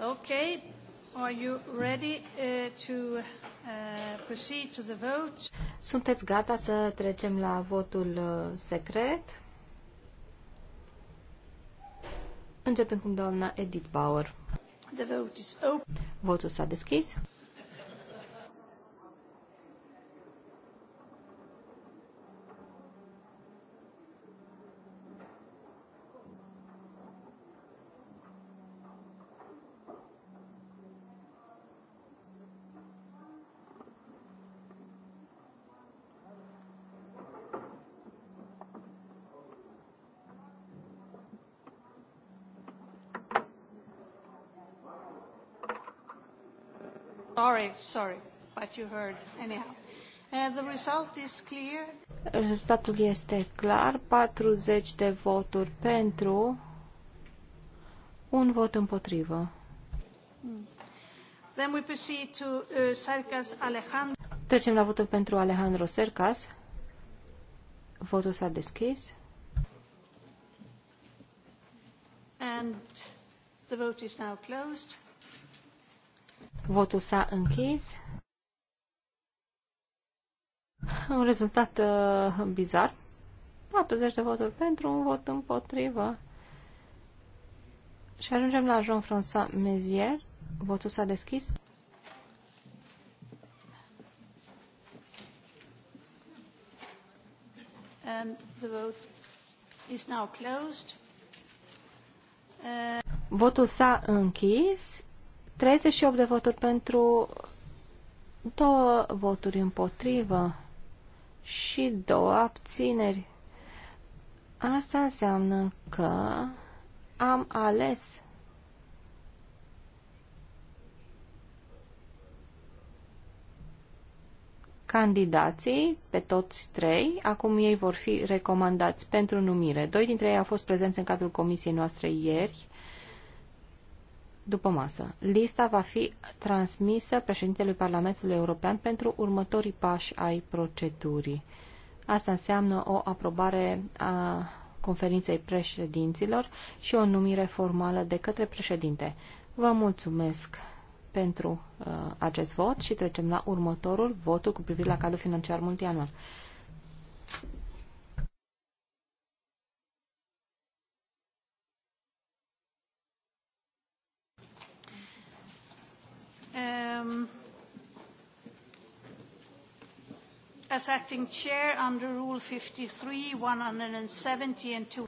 Okay. Are you ready uh, to uh, proceed to the vote? Sunteți gata să trecem la votul uh, secret? Începem cu doamna Edith Bauer. The vote is open. Votul s-a deschis. Sorry, sorry, but you heard anyhow. Uh, the result is clear. Rezultatul este clar, 40 de voturi pentru, un vot împotrivă. Hmm. Then we proceed to uh, Sercas Alejandro. Trecem la votul pentru Alejandro Sercas. Votul s-a deschis. And the vote is now closed. Votul s-a închis. Un rezultat uh, bizar. 40 de voturi pentru, un vot împotrivă. Și ajungem la Jean-François Mezier. Votul s-a deschis. And the vote is now closed. Uh... Votul s-a închis 38 de voturi pentru, două voturi împotrivă și două abțineri. Asta înseamnă că am ales candidații pe toți trei. Acum ei vor fi recomandați pentru numire. Doi dintre ei au fost prezenți în cadrul comisiei noastre ieri după masă. Lista va fi transmisă președintelui Parlamentului European pentru următorii pași ai procedurii. Asta înseamnă o aprobare a conferinței președinților și o numire formală de către președinte. Vă mulțumesc pentru uh, acest vot și trecem la următorul, votul cu privire la cadrul financiar multianual. Um, as acting chair under rule 53, 170 and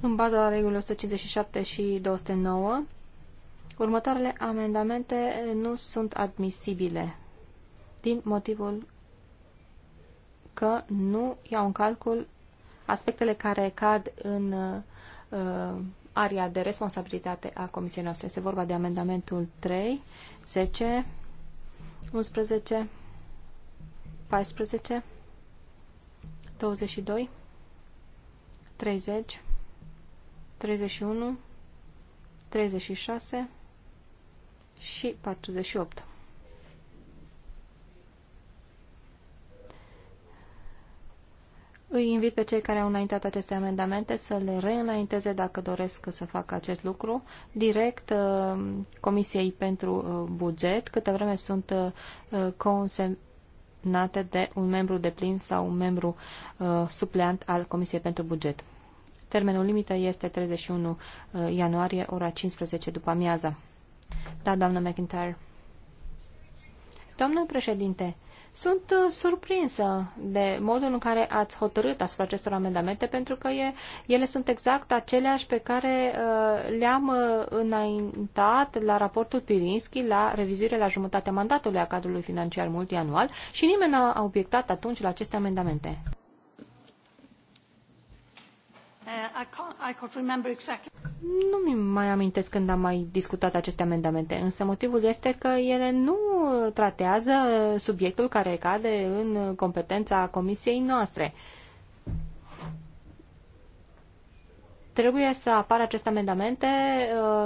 în baza regulilor și 209, următoarele amendamente nu sunt admisibile din motivul că nu iau în calcul aspectele care cad în uh, aria de responsabilitate a comisiei noastre. Este vorba de amendamentul 3, 10, 11, 14, 22, 30, 31, 36 și 48. Îi invit pe cei care au înaintat aceste amendamente să le reînainteze dacă doresc să facă acest lucru direct uh, Comisiei pentru uh, Buget, câtă vreme sunt uh, consemnate de un membru de plin sau un membru supleant al Comisiei pentru Buget. Termenul limită este 31 ianuarie, ora 15 după amiază Da, doamnă McIntyre. Domnul președinte, sunt uh, surprinsă de modul în care ați hotărât asupra acestor amendamente, pentru că e, ele sunt exact aceleași pe care uh, le-am uh, înaintat la raportul Pirinski, la revizuire la jumătatea mandatului a cadrului financiar multianual și nimeni n-a obiectat atunci la aceste amendamente. Uh, nu mi mai amintesc când am mai discutat aceste amendamente, însă motivul este că ele nu tratează subiectul care cade în competența comisiei noastre. Trebuie să apară aceste amendamente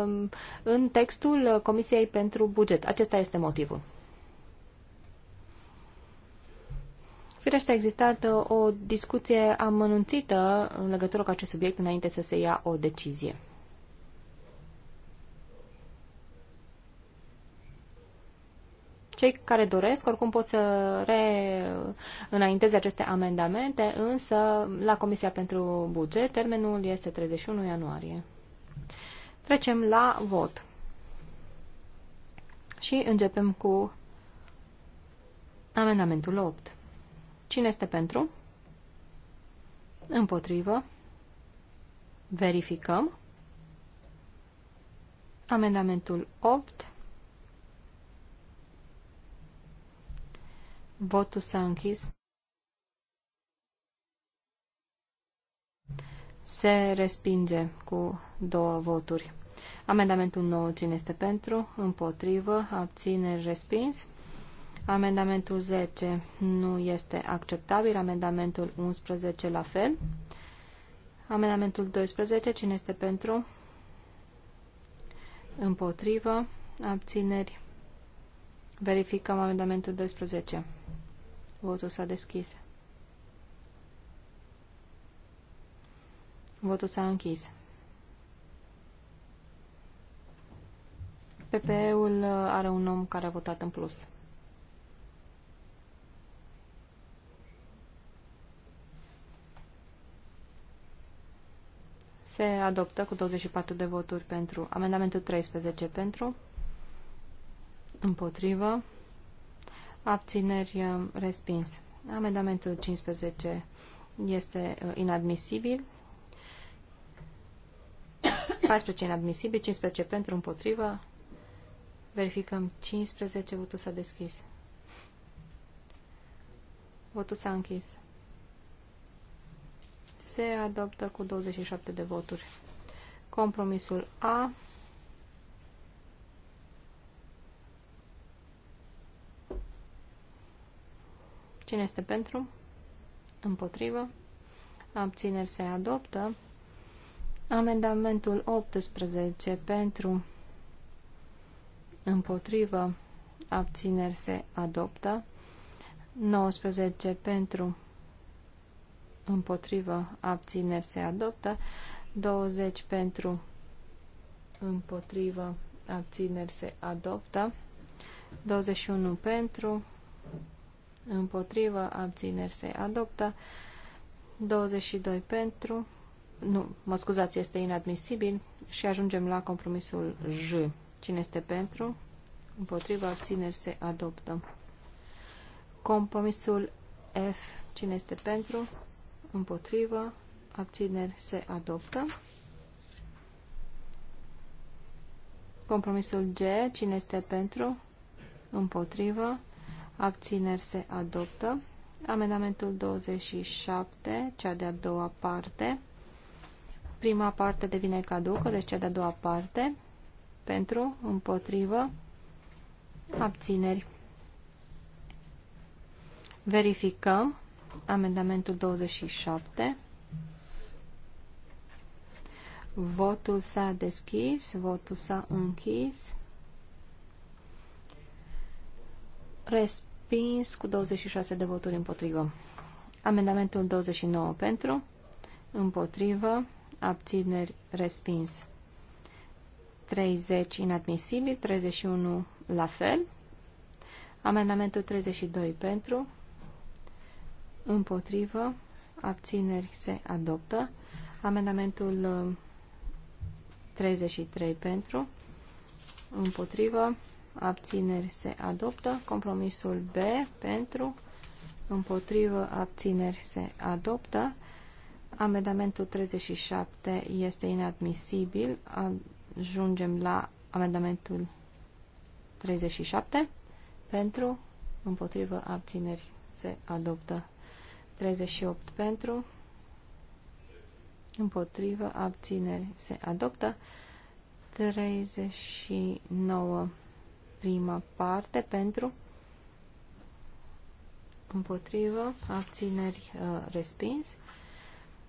um, în textul Comisiei pentru Buget. Acesta este motivul. Firește, a existat uh, o discuție amănunțită în legătură cu acest subiect înainte să se ia o decizie. Cei care doresc, oricum, pot să reînainteze aceste amendamente, însă la Comisia pentru Buget termenul este 31 ianuarie. Trecem la vot. Și începem cu amendamentul 8. Cine este pentru? Împotrivă. Verificăm. Amendamentul 8. Votul s-a închis. Se respinge cu două voturi. Amendamentul 9. Cine este pentru? Împotrivă. Abțineri. Respins. Amendamentul 10 nu este acceptabil. Amendamentul 11 la fel. Amendamentul 12. Cine este pentru? Împotrivă. Abțineri. Verificăm amendamentul 12. Votul s-a deschis. Votul s-a închis. PPE-ul are un om care a votat în plus. Se adoptă cu 24 de voturi pentru. Amendamentul 13 pentru. Împotrivă. Abțineri um, respins. Amendamentul 15 este uh, inadmisibil. 14 inadmisibil, 15 pentru, împotrivă. Verificăm 15, votul s-a deschis. Votul s-a închis se adoptă cu 27 de voturi. Compromisul A Cine este pentru? Împotrivă. Abțineri se adoptă. Amendamentul 18 pentru împotrivă. Abțineri se adoptă. 19 pentru împotrivă, abțineri se adoptă, 20 pentru, împotrivă, abțineri se adoptă, 21 pentru, împotrivă, abțineri se adoptă, 22 pentru, nu, mă scuzați, este inadmisibil și ajungem la compromisul J. Cine este pentru? Împotriva abțineri se adoptă. Compromisul F. Cine este pentru? împotrivă, abțineri se adoptă. Compromisul G, cine este pentru, împotrivă, abțineri se adoptă. Amendamentul 27, cea de-a doua parte. Prima parte devine caducă, deci cea de-a doua parte. Pentru, împotrivă, abțineri. Verificăm Amendamentul 27. Votul s-a deschis, votul s-a închis. Respins cu 26 de voturi împotrivă. Amendamentul 29 pentru, împotrivă, abțineri, respins. 30 inadmisibil, 31 la fel. Amendamentul 32 pentru, împotrivă, abțineri se adoptă. Amendamentul 33 uh, pentru, împotrivă, abțineri se adoptă. Compromisul B pentru, împotrivă, abțineri se adoptă. Amendamentul 37 este inadmisibil. Ajungem la amendamentul 37 pentru, împotrivă, abțineri se adoptă. 38 pentru, împotrivă, abțineri se adoptă. 39 prima parte pentru, împotrivă, abțineri uh, respins.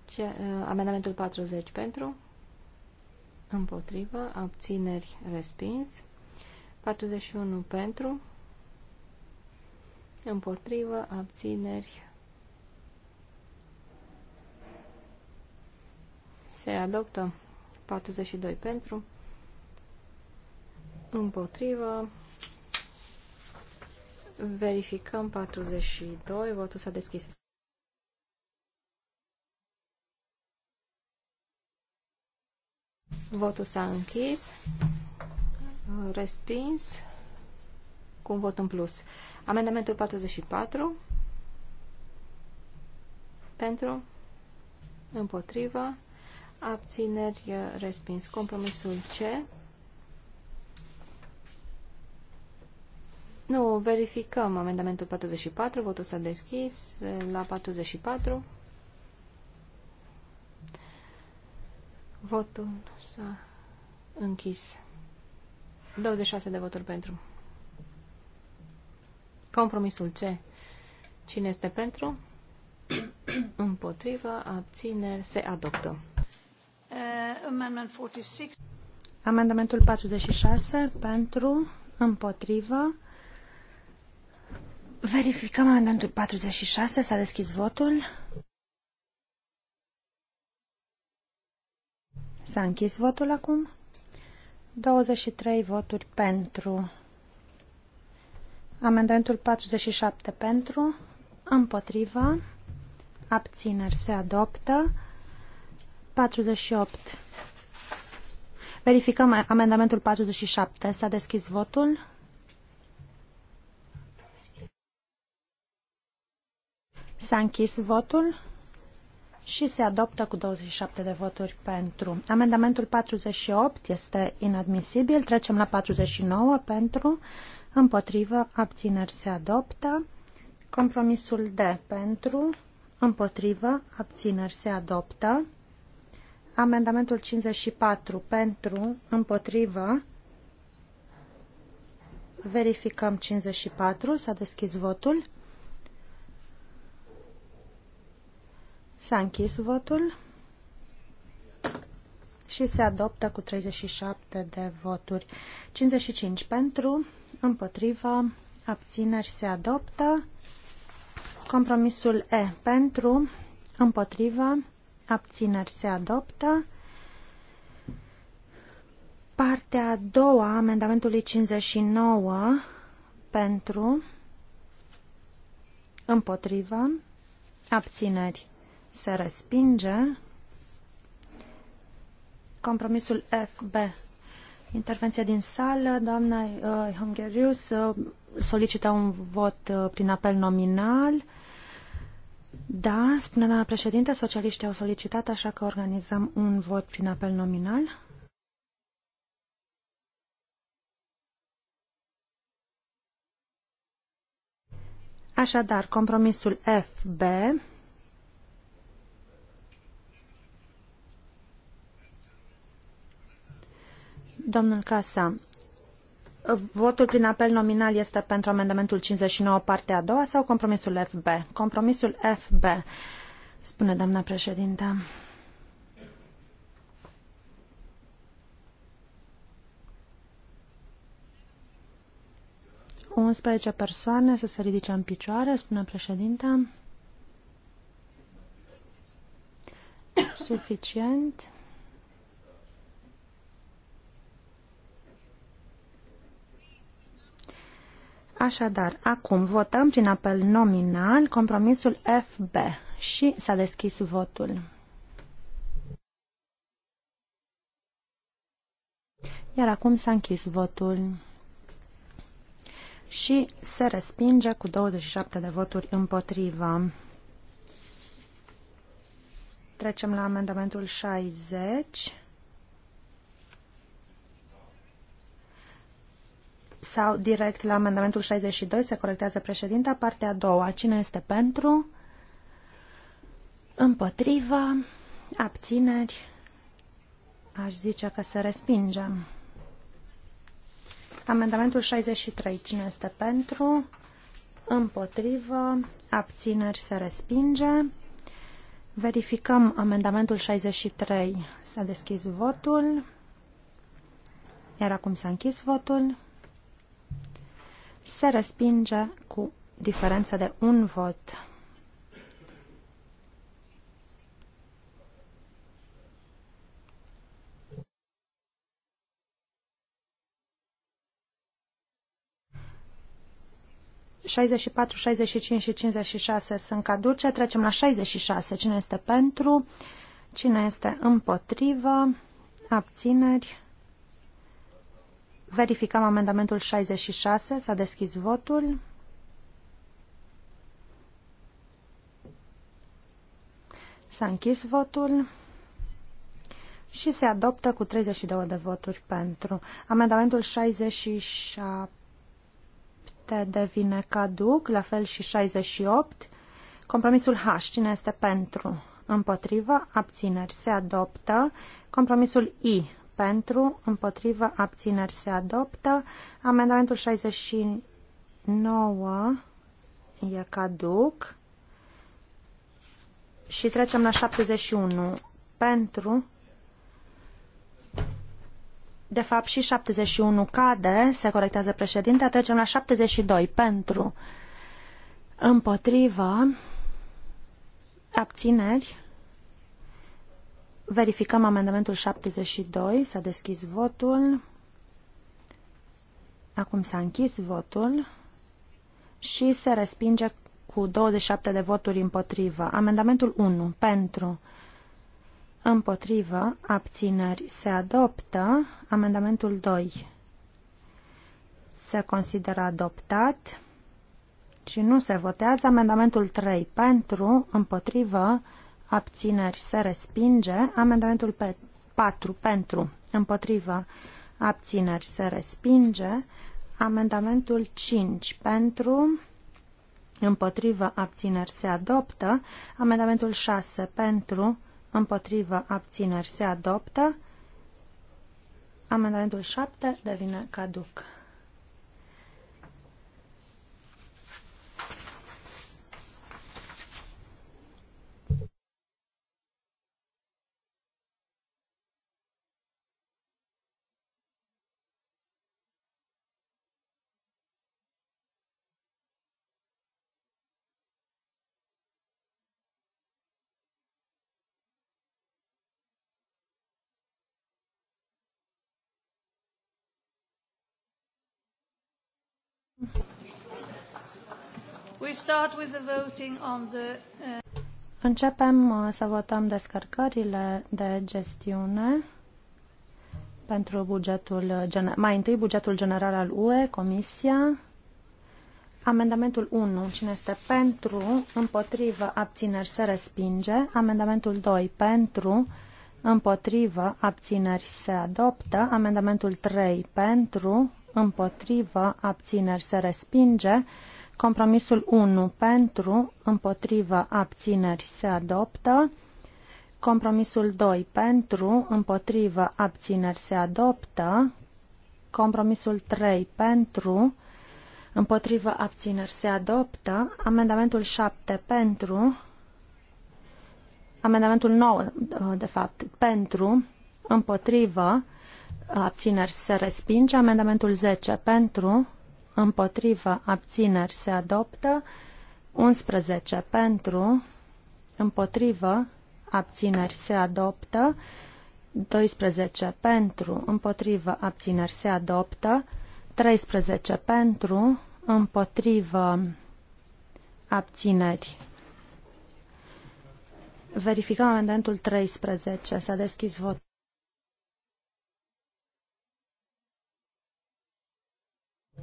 Ce, uh, amendamentul 40 pentru, împotrivă, abțineri respins. 41 pentru, împotrivă, abțineri se adoptă 42 pentru, împotrivă, verificăm 42, votul s-a deschis. Votul s-a închis, respins, cu un vot în plus. Amendamentul 44, pentru, împotrivă, abțineri, respins. Compromisul C. Nu, verificăm amendamentul 44, votul s-a deschis la 44. Votul s-a închis. 26 de voturi pentru. Compromisul C. Cine este pentru? Împotrivă, abțineri, se adoptă. Uh, amendamentul 46 pentru, împotrivă. Verificăm amendamentul 46. S-a deschis votul. S-a închis votul acum. 23 voturi pentru. Amendamentul 47 pentru. împotrivă Abțineri se adoptă. 48. Verificăm amendamentul 47. S-a deschis votul. S-a închis votul și se adoptă cu 27 de voturi pentru. Amendamentul 48 este inadmisibil. Trecem la 49 pentru, împotrivă, abțineri se adoptă. Compromisul D pentru, împotrivă, abțineri se adoptă. Amendamentul 54 pentru, împotrivă. Verificăm 54. S-a deschis votul. S-a închis votul și se adoptă cu 37 de voturi. 55 pentru, împotrivă, abțineri se adoptă. Compromisul E pentru, împotrivă, abțineri se adoptă. Partea a doua amendamentului 59 pentru, împotrivă, abțineri se respinge. Compromisul FB. Intervenția din sală, doamna uh, Hungerius uh, solicită un vot uh, prin apel nominal. Uh, da, spune la președinte, socialiștii au solicitat, așa că organizăm un vot prin apel nominal. Așadar, compromisul FB Domnul Casa, Votul prin apel nominal este pentru amendamentul 59, partea a doua, sau compromisul FB? Compromisul FB, spune doamna președintă. Unsprezece persoane să se ridice în picioare, spune președinta. Suficient. Așadar, acum votăm prin apel nominal compromisul FB și s-a deschis votul. Iar acum s-a închis votul și se respinge cu 27 de voturi împotriva. Trecem la amendamentul 60. sau direct la amendamentul 62, se corectează președinta, partea a doua. Cine este pentru? Împotriva? Abțineri? Aș zice că se respinge. Amendamentul 63. Cine este pentru? Împotrivă? Abțineri? Se respinge. Verificăm amendamentul 63. S-a deschis votul. Iar acum s-a închis votul se respinge cu diferență de un vot. șaizeci patru, șaizeci cinci și cincizeci șase sunt caduce. Trecem la șaizeci șase. Cine este pentru? Cine este împotrivă? Abțineri? Verificăm amendamentul 66. S-a deschis votul. S-a închis votul și se adoptă cu 32 de voturi pentru. Amendamentul 67 devine caduc, la fel și 68. Compromisul H, cine este pentru? Împotrivă, abțineri, se adoptă. Compromisul I, pentru, împotrivă, abțineri se adoptă. Amendamentul 69 e caduc. Și trecem la 71. Pentru, de fapt și 71 cade, se corectează președinte, trecem la 72. Pentru, împotrivă, abțineri Verificăm amendamentul 72. S-a deschis votul. Acum s-a închis votul și se respinge cu 27 de voturi împotrivă. Amendamentul 1. Pentru. Împotrivă. Abțineri. Se adoptă. Amendamentul 2. Se consideră adoptat și nu se votează. Amendamentul 3. Pentru. Împotrivă abțineri se respinge. Amendamentul 4 pentru, împotrivă, abțineri se respinge. Amendamentul 5 pentru, împotrivă, abțineri se adoptă. Amendamentul 6 pentru, împotrivă, abțineri se adoptă. Amendamentul 7 devine caduc. We start with the voting on the, uh... Începem uh, să votăm descărcările de gestiune pentru bugetul, mai întâi bugetul general al UE, Comisia. Amendamentul 1, cine este pentru, împotrivă, abțineri, se respinge. Amendamentul 2, pentru, împotrivă, abțineri, se adoptă. Amendamentul 3, pentru, împotrivă, abțineri, se respinge. Compromisul 1 pentru, împotrivă, abțineri se adoptă. Compromisul 2 pentru, împotrivă, abțineri se adoptă. Compromisul 3 pentru, împotrivă, abțineri se adoptă. Amendamentul 7 pentru, amendamentul 9, de fapt, pentru, împotrivă, abțineri se respinge. Amendamentul 10 pentru, împotrivă, abțineri se adoptă, 11 pentru, împotrivă, abțineri se adoptă, 12 pentru, împotrivă, abțineri se adoptă, 13 pentru, împotrivă, abțineri. Verificăm amendamentul 13. S-a deschis votul.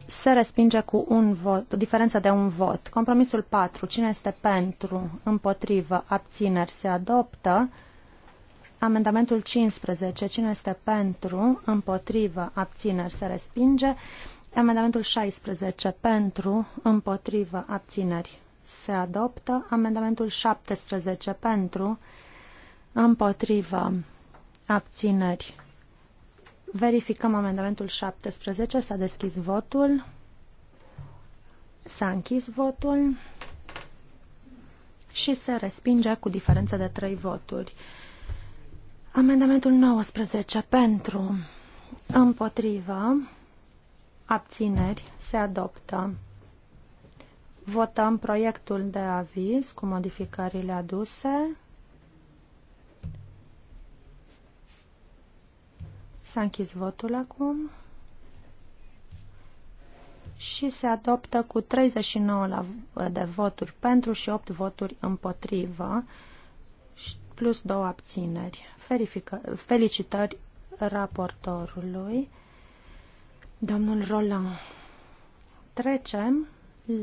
se respinge cu un vot, o diferență de un vot. Compromisul 4. Cine este pentru, împotrivă, abțineri, se adoptă. Amendamentul 15. Cine este pentru, împotrivă, abțineri, se respinge. Amendamentul 16. Pentru, împotrivă, abțineri, se adoptă. Amendamentul 17. Pentru, împotrivă, abțineri, Verificăm amendamentul 17. S-a deschis votul. S-a închis votul și se respinge cu diferență de 3 voturi. Amendamentul 19 pentru, împotrivă, abțineri, se adoptă. Votăm proiectul de aviz cu modificările aduse. S-a închis votul acum. Și se adoptă cu 39 de voturi pentru și 8 voturi împotrivă plus două abțineri. Ferifică, felicitări raportorului, domnul Roland. Trecem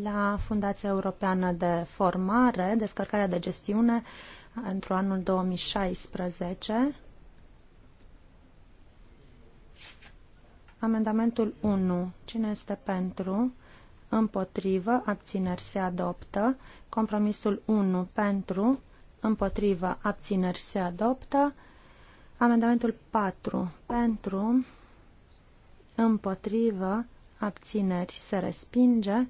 la Fundația Europeană de Formare, descărcarea de gestiune într-un anul 2016. Amendamentul 1. Cine este pentru? Împotrivă. Abțineri se adoptă. Compromisul 1. Pentru. Împotrivă. Abțineri se adoptă. Amendamentul 4. Pentru. Împotrivă. Abțineri se respinge.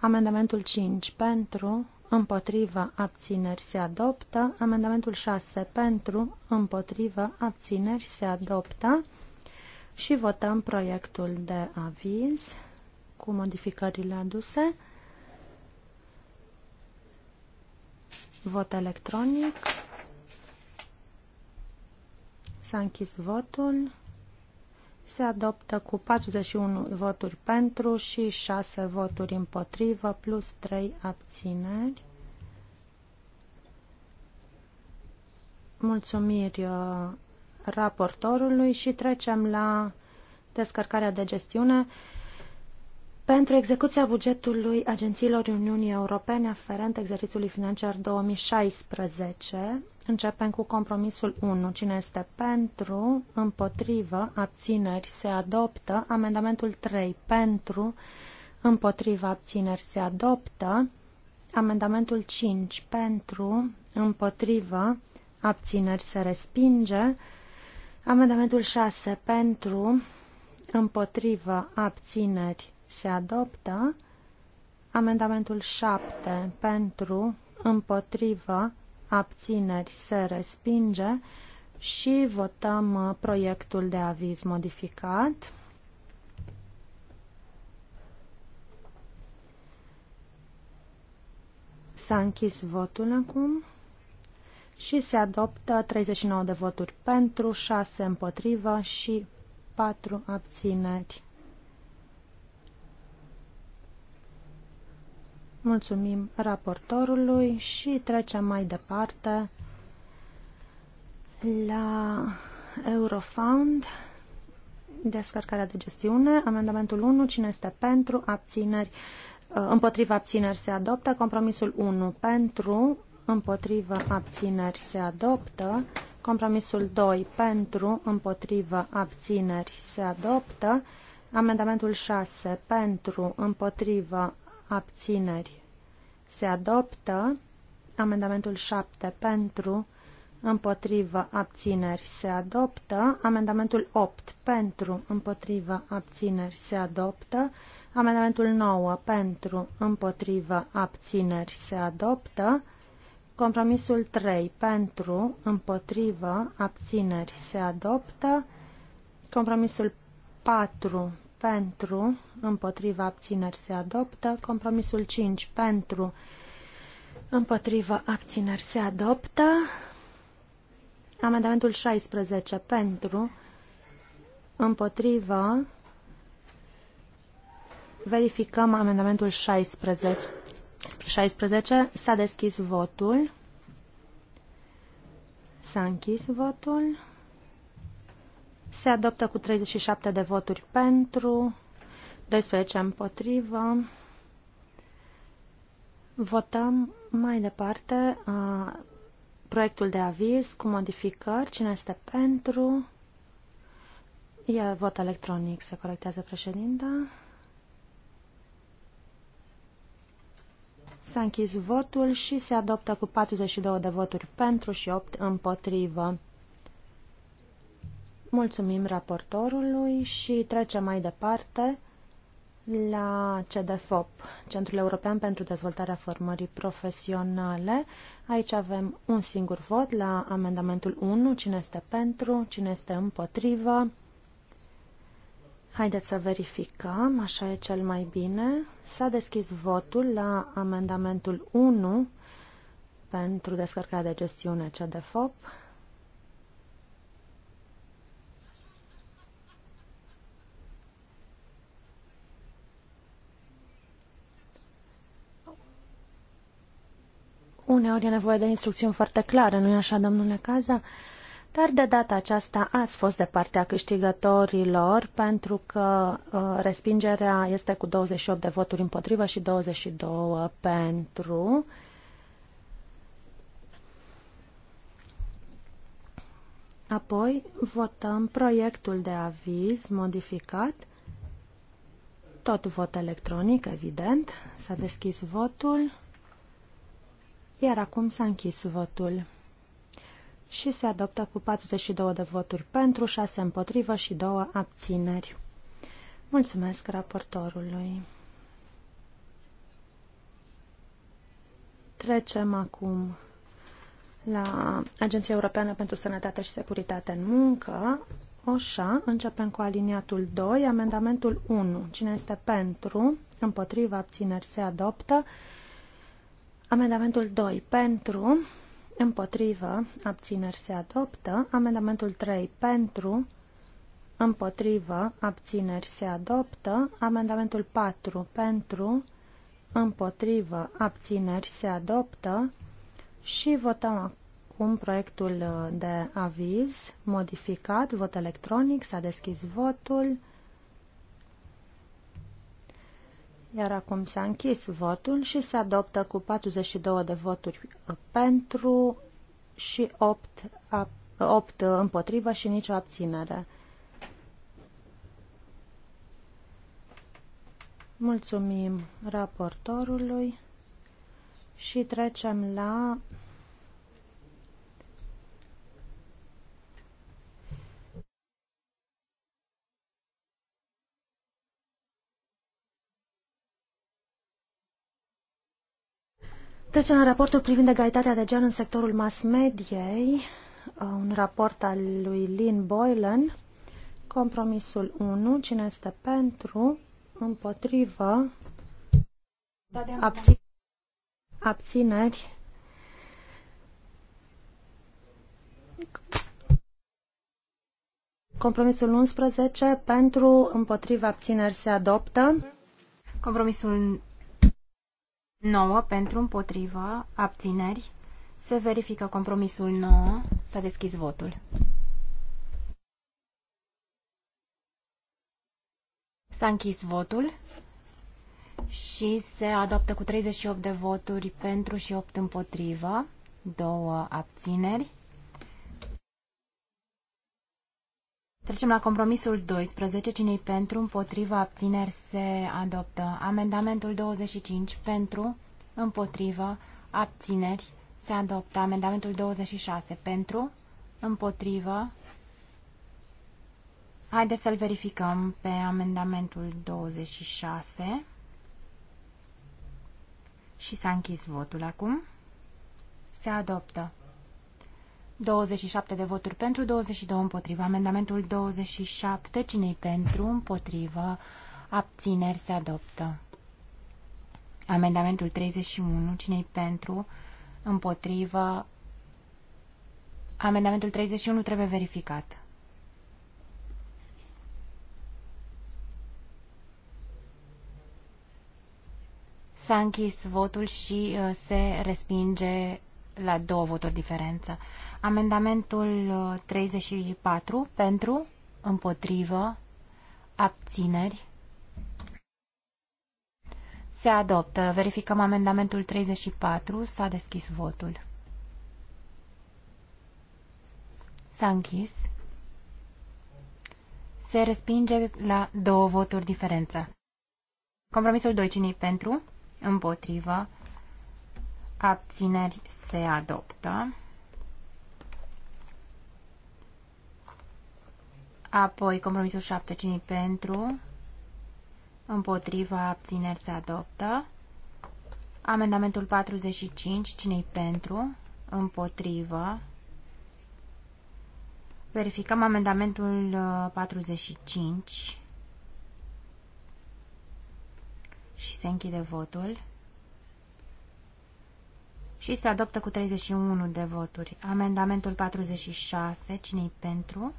Amendamentul 5. Pentru. Împotrivă. Abțineri se adoptă. Amendamentul 6. Pentru. Împotrivă. Abțineri se adoptă și votăm proiectul de aviz cu modificările aduse. Vot electronic. S-a închis votul. Se adoptă cu 41 voturi pentru și 6 voturi împotrivă, plus 3 abțineri. Mulțumiri uh, raportorului și trecem la descărcarea de gestiune pentru execuția bugetului agențiilor Uniunii Europene aferent exercițiului financiar 2016. Începem cu compromisul 1. Cine este pentru, împotrivă, abțineri, se adoptă. Amendamentul 3. Pentru, împotrivă, abțineri, se adoptă. Amendamentul 5. Pentru, împotrivă, abțineri, se respinge. Amendamentul 6 pentru, împotrivă, abțineri se adoptă. Amendamentul 7 pentru, împotrivă, abțineri se respinge și votăm uh, proiectul de aviz modificat. S-a închis votul acum și se adoptă 39 de voturi pentru, 6 împotrivă și 4 abțineri. Mulțumim raportorului și trecem mai departe la Eurofound, descărcarea de gestiune, amendamentul 1, cine este pentru, abțineri, împotriva abțineri se adoptă, compromisul 1 pentru, împotrivă, abțineri se adoptă. Compromisul 2 pentru, împotrivă, abțineri se adoptă. Amendamentul 6 pentru, împotrivă, abțineri se adoptă. Amendamentul 7 pentru, împotrivă, abțineri se adoptă. Amendamentul 8 pentru, împotrivă, abțineri se adoptă. Amendamentul 9 pentru, împotrivă, abțineri se adoptă. Compromisul 3 pentru, împotrivă, abțineri se adoptă. Compromisul 4 pentru, împotrivă, abțineri se adoptă. Compromisul 5 pentru, împotrivă, abțineri se adoptă. Amendamentul 16 pentru, împotrivă, verificăm amendamentul 16. 16. S-a deschis votul. S-a închis votul. Se adoptă cu 37 de voturi pentru, 12 împotrivă. Votăm mai departe a, proiectul de aviz cu modificări. Cine este pentru? E vot electronic, se corectează președinta. S-a închis votul și se adoptă cu 42 de voturi pentru și 8 împotrivă. Mulțumim raportorului și trecem mai departe la CDFOP, Centrul European pentru Dezvoltarea Formării Profesionale. Aici avem un singur vot la amendamentul 1, cine este pentru, cine este împotrivă, Haideți să verificăm, așa e cel mai bine. S-a deschis votul la amendamentul 1 pentru descărcarea de gestiune CDFOP. Uneori e nevoie de instrucțiuni foarte clare, nu-i așa, domnule Caza? dar de data aceasta ați fost de partea câștigătorilor pentru că uh, respingerea este cu 28 de voturi împotrivă și 22 pentru. Apoi votăm proiectul de aviz modificat. Tot vot electronic, evident. S-a deschis votul. Iar acum s-a închis votul și se adoptă cu 42 de voturi pentru, 6 împotrivă și 2 abțineri. Mulțumesc raportorului. Trecem acum la Agenția Europeană pentru Sănătate și Securitate în Muncă, Oșa, Începem cu aliniatul 2, amendamentul 1. Cine este pentru, împotriva, abțineri, se adoptă. Amendamentul 2, pentru, Împotrivă, abțineri se adoptă. Amendamentul 3 pentru. Împotrivă, abțineri se adoptă. Amendamentul 4 pentru. Împotrivă, abțineri se adoptă. Și votăm acum proiectul uh, de aviz modificat, vot electronic, s-a deschis votul. Iar acum s-a închis votul și se adoptă cu 42 de voturi pentru și 8, 8 împotrivă și nicio abținere. Mulțumim raportorului și trecem la Trecem la raportul privind egalitatea de gen în sectorul mass-mediei, uh, un raport al lui Lynn Boylan. Compromisul 1. Cine este pentru? Împotrivă? Abțineri? abțineri. Compromisul 11. Pentru, împotrivă, abțineri se adoptă. Compromisul 9 pentru împotrivă, abțineri. Se verifică compromisul 9. S-a deschis votul. S-a închis votul și se adoptă cu 38 de voturi pentru și 8 împotrivă, două abțineri. Trecem la compromisul 12. Cine-i pentru, împotriva, abțineri, se adoptă. Amendamentul 25. Pentru, împotriva, abțineri, se adoptă. Amendamentul 26. Pentru, împotrivă. Haideți să-l verificăm pe amendamentul 26. Și s-a închis votul acum. Se adoptă. 27 de voturi pentru, 22 împotriva. Amendamentul 27, cine pentru, împotrivă, abțineri se adoptă. Amendamentul 31, cine pentru, împotrivă. Amendamentul 31 trebuie verificat. S-a închis votul și uh, se respinge la două voturi diferență. Amendamentul 34 uh, pentru, împotrivă, abțineri. Se adoptă. Verificăm amendamentul 34. S-a deschis votul. S-a închis. Se respinge la două voturi diferență. Compromisul 2. cine pentru? Împotrivă abțineri se adoptă. Apoi compromisul 7, cine pentru, împotriva, abțineri se adoptă. Amendamentul 45, cine pentru, împotrivă. Verificăm amendamentul 45 uh, și se închide votul și se adoptă cu 31 de voturi. Amendamentul 46, cine pentru?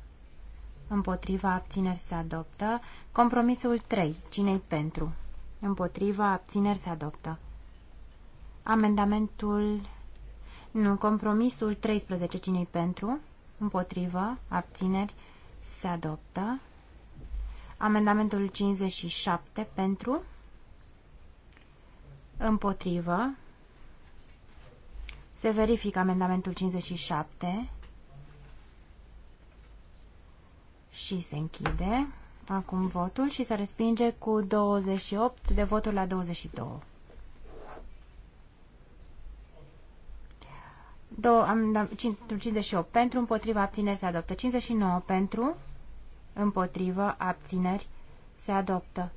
Împotriva, abțineri se adoptă. Compromisul 3, cine pentru? Împotriva, abțineri se adoptă. Amendamentul... Nu, compromisul 13, cine pentru? Împotriva, abțineri se adoptă. Amendamentul 57, pentru? Împotrivă, se verifică amendamentul 57 și se închide acum votul și se respinge cu 28 de voturi la 22. Do, am, 58 pentru, împotriva abțineri se adoptă. 59 pentru, împotrivă abțineri se adoptă.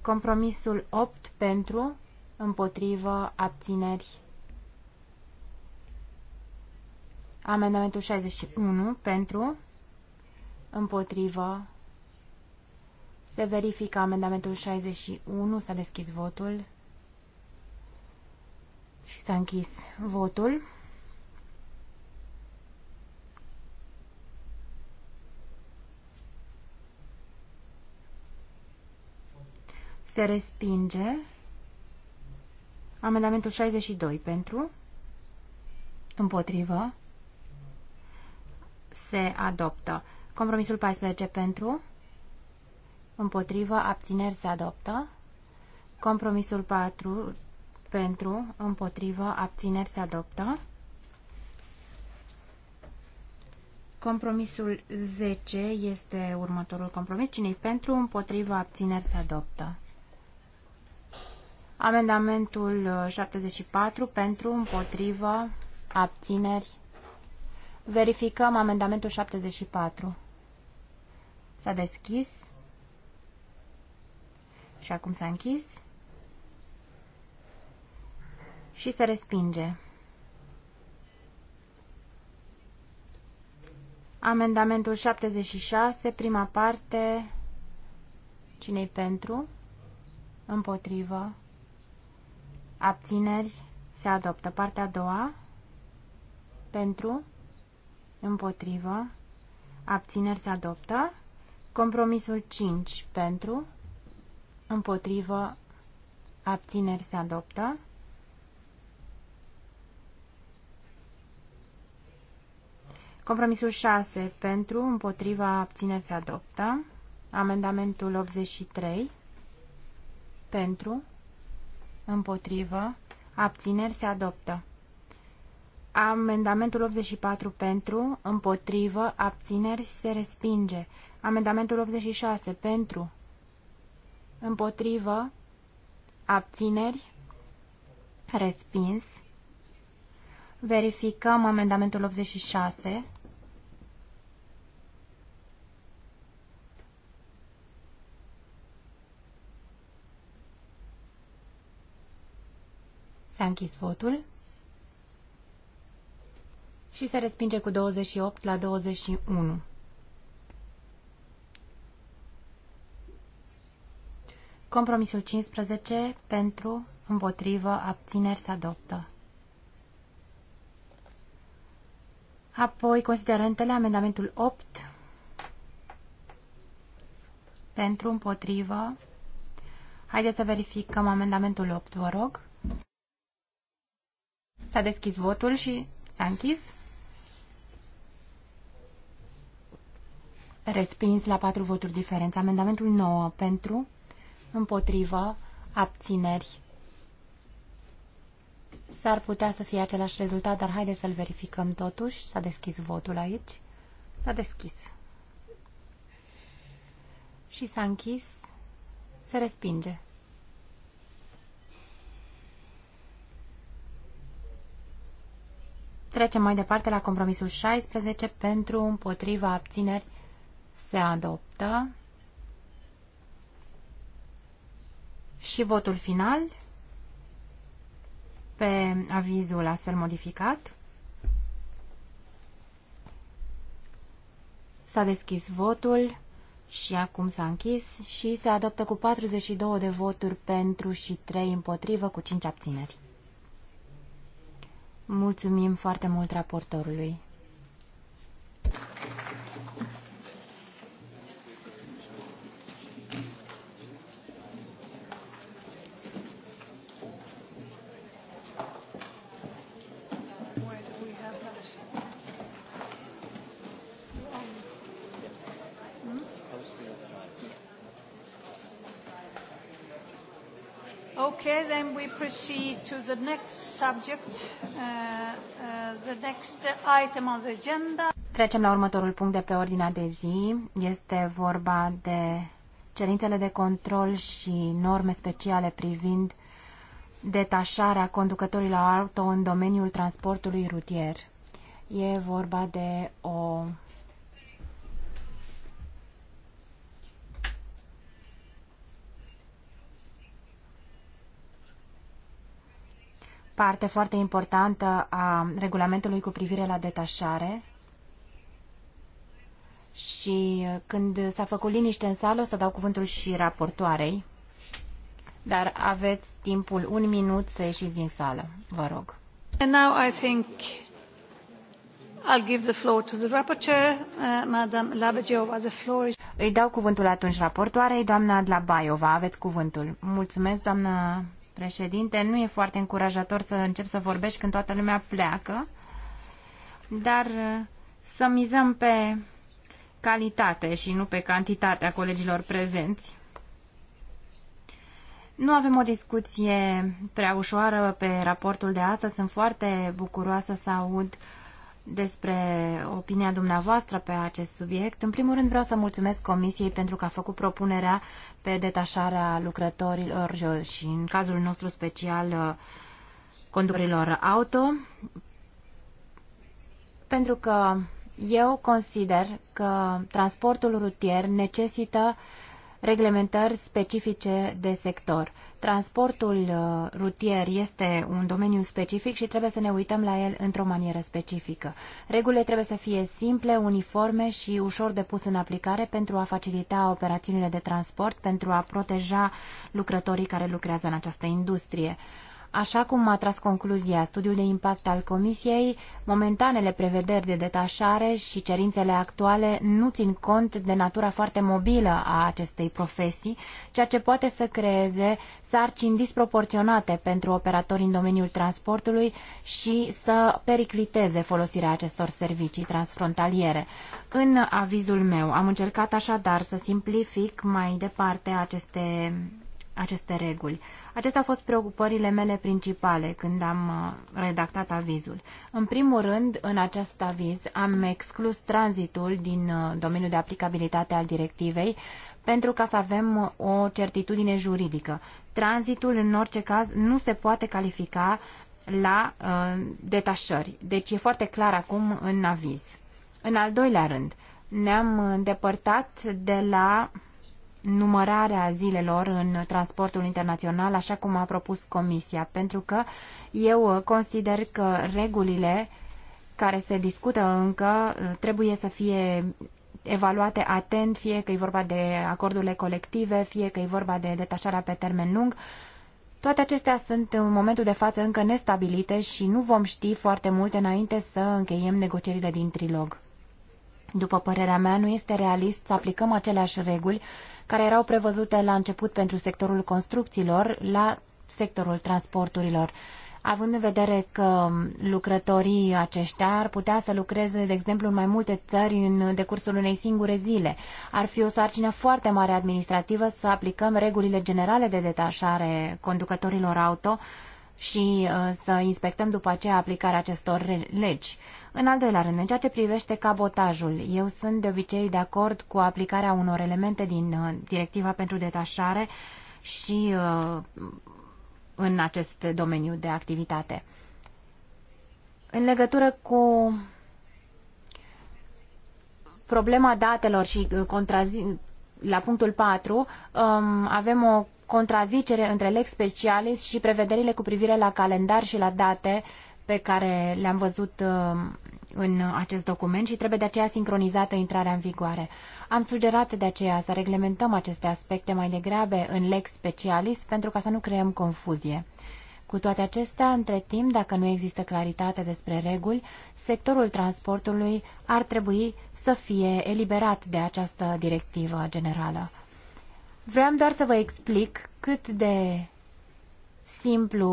Compromisul 8 pentru, împotrivă abțineri Amendamentul 61 pentru, împotrivă, se verifică amendamentul 61, s-a deschis votul și s-a închis votul. Se respinge amendamentul 62 pentru, împotrivă, se adoptă. Compromisul 14 pentru, împotrivă, abțineri se adoptă. Compromisul 4 pentru, împotrivă, abțineri se adoptă. Compromisul 10 este următorul compromis. cine pentru, împotrivă, abțineri se adoptă. Amendamentul 74 pentru, împotrivă, abțineri Verificăm amendamentul 74. S-a deschis și acum s-a închis și se respinge. Amendamentul 76, prima parte, cine pentru? Împotrivă. Abțineri, se adoptă. Partea a doua, pentru, Împotrivă. Abțineri se adoptă. Compromisul 5 pentru. Împotrivă. Abțineri se adoptă. Compromisul 6 pentru. Împotriva. Abțineri se adoptă. Amendamentul 83 pentru. Împotrivă. Abțineri se adoptă. Amendamentul 84 pentru, împotrivă, abțineri, se respinge. Amendamentul 86 pentru, împotrivă, abțineri, respins. Verificăm amendamentul 86. S-a închis votul și se respinge cu 28 la 21. Compromisul 15 pentru, împotrivă, abțineri se adoptă. Apoi, considerentele, amendamentul 8 pentru, împotrivă. Haideți să verificăm amendamentul 8, vă rog. S-a deschis votul și s-a închis. Respins la patru voturi diferență. Amendamentul 9 pentru, împotrivă, abțineri. S-ar putea să fie același rezultat, dar haideți să-l verificăm totuși. S-a deschis votul aici. S-a deschis. Și s-a închis. Se respinge. Trecem mai departe la compromisul 16 pentru împotriva abțineri se adoptă. Și votul final pe avizul astfel modificat. S-a deschis votul și acum s-a închis și se adoptă cu 42 de voturi pentru și 3 împotrivă cu 5 abțineri. Mulțumim foarte mult raportorului. Okay, then we proceed to the next subject, uh, uh, the next item on the agenda. Trecem la următorul punct de pe ordinea de zi. Este vorba de cerințele de control și norme speciale privind detașarea conducătorilor auto în domeniul transportului rutier. E vorba de o parte foarte importantă a regulamentului cu privire la detașare și când s-a făcut liniște în sală o să dau cuvântul și raportoarei, dar aveți timpul un minut să ieșiți din sală, vă rog. And now I think I'll give the floor to the rapporteur, uh, Madame Labajova. The floor is... Îi dau cuvântul atunci raportoarei, doamna Dlabaiova, aveți cuvântul. Mulțumesc, doamna președinte. Nu e foarte încurajator să încep să vorbești când toată lumea pleacă, dar uh, să mizăm pe calitate și nu pe cantitatea colegilor prezenți. Nu avem o discuție prea ușoară pe raportul de astăzi. Sunt foarte bucuroasă să aud uh, despre opinia dumneavoastră pe acest subiect. În primul rând vreau să mulțumesc Comisiei pentru că a făcut propunerea pe detașarea lucrătorilor și în cazul nostru special conducătorilor auto, pentru că eu consider că transportul rutier necesită reglementări specifice de sector. Transportul uh, rutier este un domeniu specific și trebuie să ne uităm la el într-o manieră specifică. Regulile trebuie să fie simple, uniforme și ușor de pus în aplicare pentru a facilita operațiunile de transport, pentru a proteja lucrătorii care lucrează în această industrie. Așa cum a tras concluzia studiul de impact al Comisiei, momentanele prevederi de detașare și cerințele actuale nu țin cont de natura foarte mobilă a acestei profesii, ceea ce poate să creeze sarcini disproporționate pentru operatori în domeniul transportului și să pericliteze folosirea acestor servicii transfrontaliere. În avizul meu am încercat așadar să simplific mai departe aceste aceste reguli. Acestea au fost preocupările mele principale când am uh, redactat avizul. În primul rând, în acest aviz am exclus tranzitul din uh, domeniul de aplicabilitate al directivei pentru ca să avem uh, o certitudine juridică. Tranzitul, în orice caz, nu se poate califica la uh, detașări. Deci e foarte clar acum în aviz. În al doilea rând, ne-am îndepărtat de la uh, numărarea zilelor în transportul internațional, așa cum a propus Comisia, pentru că eu uh, consider că regulile care se discută încă uh, trebuie să fie evaluate atent, fie că e vorba de acordurile colective, fie că e vorba de detașarea pe termen lung. Toate acestea sunt în momentul de față încă nestabilite și nu vom ști foarte multe înainte să încheiem negocierile din trilog. După părerea mea, nu este realist să aplicăm aceleași reguli care erau prevăzute la început pentru sectorul construcțiilor la sectorul transporturilor. Având în vedere că lucrătorii aceștia ar putea să lucreze, de exemplu, în mai multe țări în decursul unei singure zile, ar fi o sarcină foarte mare administrativă să aplicăm regulile generale de detașare conducătorilor auto și uh, să inspectăm după aceea aplicarea acestor legi. În al doilea rând, în ceea ce privește cabotajul, eu sunt de obicei de acord cu aplicarea unor elemente din uh, directiva pentru detașare și uh, în acest domeniu de activitate. În legătură cu problema datelor și uh, contrazi... la punctul 4 um, avem o contrazicere între lex specialis și prevederile cu privire la calendar și la date uh, pe care le-am văzut uh, în acest document și trebuie de aceea sincronizată intrarea în vigoare. Am sugerat de aceea să reglementăm aceste aspecte mai degrabe în lex specialis pentru ca să nu creăm confuzie. Cu toate acestea, între timp, dacă nu există claritate despre reguli, sectorul transportului ar trebui să fie eliberat de această directivă generală. Vreau doar să vă explic cât de simplu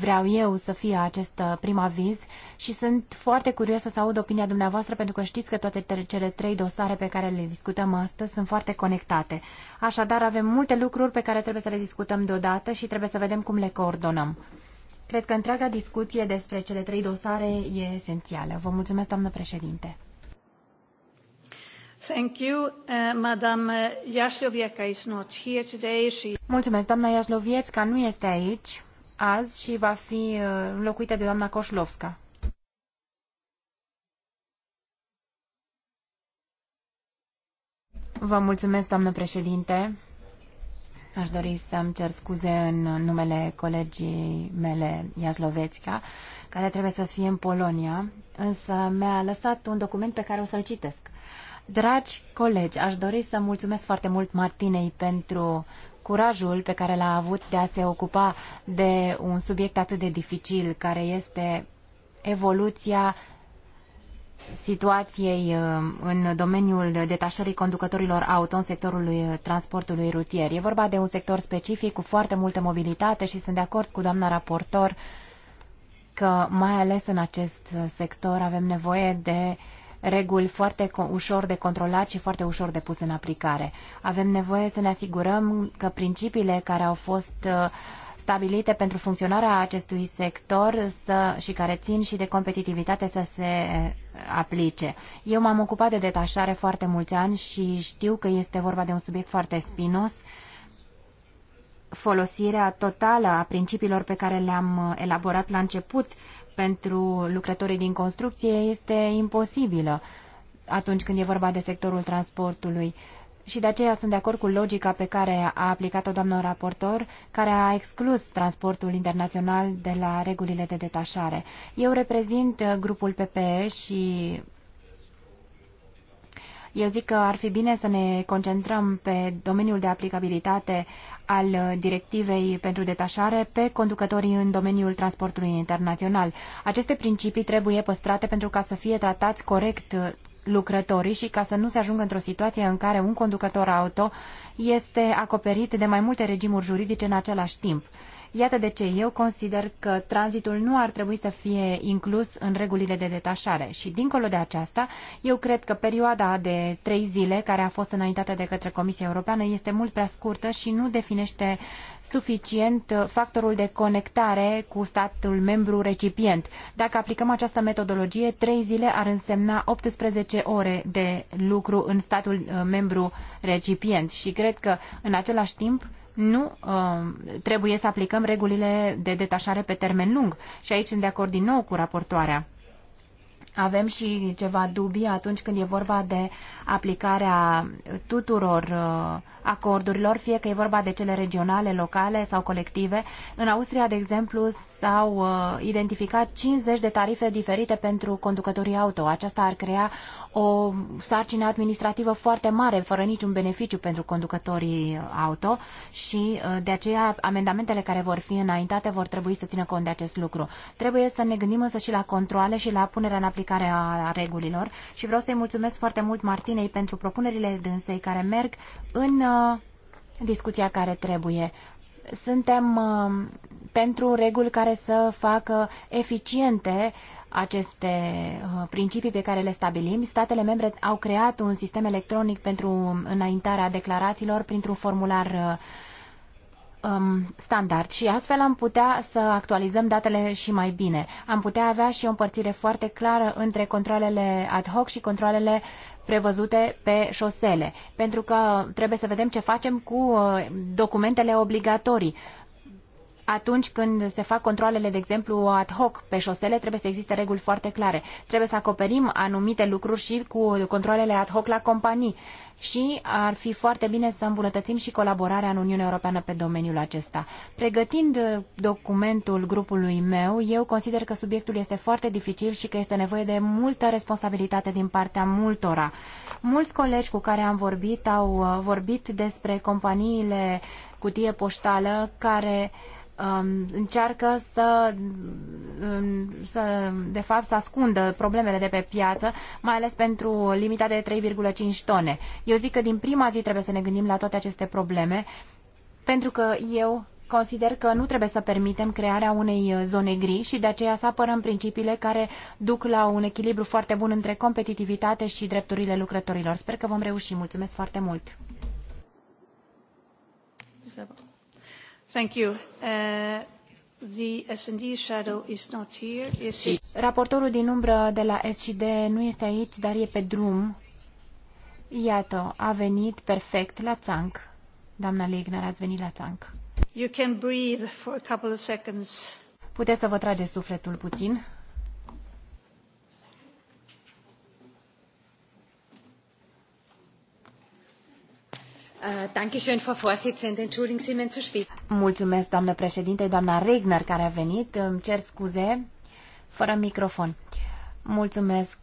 vreau eu să fie acest uh, prim aviz și sunt foarte curioasă să aud opinia dumneavoastră pentru că știți că toate cele trei dosare pe care le discutăm astăzi sunt foarte conectate. Așadar, avem multe lucruri pe care trebuie să le discutăm deodată și trebuie să vedem cum le coordonăm. Cred că întreaga discuție despre cele trei dosare e esențială. Vă mulțumesc, doamnă președinte. Thank you. Uh, Madam is not here today. She... Mulțumesc, doamna Jaslovietska nu este aici azi și va fi uh, înlocuită de doamna Koșlovska. Vă mulțumesc, doamnă președinte. Aș dori să-mi cer scuze în numele colegii mele, Iaslovețca, care trebuie să fie în Polonia, însă mi-a lăsat un document pe care o să-l citesc. Dragi colegi, aș dori să mulțumesc foarte mult Martinei pentru curajul pe care l-a avut de a se ocupa de un subiect atât de dificil, care este evoluția situației uh, în domeniul detașării conducătorilor auto în sectorul uh, transportului rutier. E vorba de un sector specific cu foarte multă mobilitate și sunt de acord cu doamna raportor că mai ales în acest uh, sector avem nevoie de uh, reguli foarte ușor de controlat și foarte ușor de pus în aplicare. Avem nevoie să ne asigurăm că principiile care au fost uh, stabilite pentru funcționarea acestui sector să, și care țin și de competitivitate să se uh, aplice. Eu m-am ocupat de detașare foarte mulți ani și știu că este vorba de un subiect foarte spinos folosirea totală a principiilor pe care le-am uh, elaborat la început pentru lucrătorii din construcție este imposibilă atunci când e vorba de sectorul transportului. Și de aceea sunt de acord cu logica pe care a aplicat-o doamnă raportor, care a exclus transportul internațional de la regulile de detașare. Eu reprezint uh, grupul PPE și eu zic că ar fi bine să ne concentrăm pe domeniul de aplicabilitate al uh, directivei pentru detașare pe conducătorii în domeniul transportului internațional. Aceste principii trebuie păstrate pentru ca să fie tratați corect uh, lucrătorii și ca să nu se ajungă într-o situație în care un conducător auto este acoperit de mai multe regimuri juridice în același timp. Iată de ce eu consider că tranzitul nu ar trebui să fie inclus în regulile de detașare și, dincolo de aceasta, eu cred că perioada de trei zile care a fost înaintată de către Comisia Europeană este mult prea scurtă și nu definește suficient factorul de conectare cu statul membru recipient. Dacă aplicăm această metodologie, trei zile ar însemna 18 ore de lucru în statul uh, membru recipient și cred că, în același timp, nu um, trebuie să aplicăm regulile de detașare pe termen lung. Și aici sunt de acord din nou cu raportoarea. Avem și ceva dubii atunci când e vorba de aplicarea tuturor uh, acordurilor, fie că e vorba de cele regionale, locale sau colective. În Austria, de exemplu, s-au uh, identificat 50 de tarife diferite pentru conducătorii auto. Aceasta ar crea o sarcină administrativă foarte mare, fără niciun beneficiu pentru conducătorii auto și uh, de aceea amendamentele care vor fi înaintate vor trebui să țină cont de acest lucru. Trebuie să ne gândim însă și la controle și la punerea în aplicare a regulilor și vreau să-i mulțumesc foarte mult Martinei pentru propunerile dânsei care merg în uh, discuția care trebuie. Suntem uh, pentru reguli care să facă eficiente aceste uh, principii pe care le stabilim. Statele membre au creat un sistem electronic pentru înaintarea declarațiilor printr-un formular uh, um, standard și astfel am putea să actualizăm datele și mai bine. Am putea avea și o împărțire foarte clară între controlele ad hoc și controlele prevăzute pe șosele, pentru că trebuie să vedem ce facem cu uh, documentele obligatorii atunci când se fac controlele, de exemplu, ad hoc pe șosele, trebuie să existe reguli foarte clare. Trebuie să acoperim anumite lucruri și cu controlele ad hoc la companii. Și ar fi foarte bine să îmbunătățim și colaborarea în Uniunea Europeană pe domeniul acesta. Pregătind uh, documentul grupului meu, eu consider că subiectul este foarte dificil și că este nevoie de multă responsabilitate din partea multora. Mulți colegi cu care am vorbit au uh, vorbit despre companiile cutie poștală care uh, um, încearcă să, um, să, de fapt, să ascundă problemele de pe piață, mai ales pentru limita de 3,5 tone. Eu zic că din prima zi trebuie să ne gândim la toate aceste probleme, pentru că eu consider că nu trebuie să permitem crearea unei uh, zone gri și de aceea să apărăm principiile care duc la un echilibru foarte bun între competitivitate și drepturile lucrătorilor. Sper că vom reuși. Mulțumesc foarte mult! Uh, raportorul din umbră de la S&D nu este aici, dar e pe drum. Iată, a venit perfect la țanc. Doamna Legner, ați venit la țanc. You can breathe for a couple of seconds. Puteți să vă trageți sufletul puțin. Äh, Mulțumesc, doamnă președinte, doamna Regner care a venit. Îmi cer scuze, fără microfon. Mulțumesc.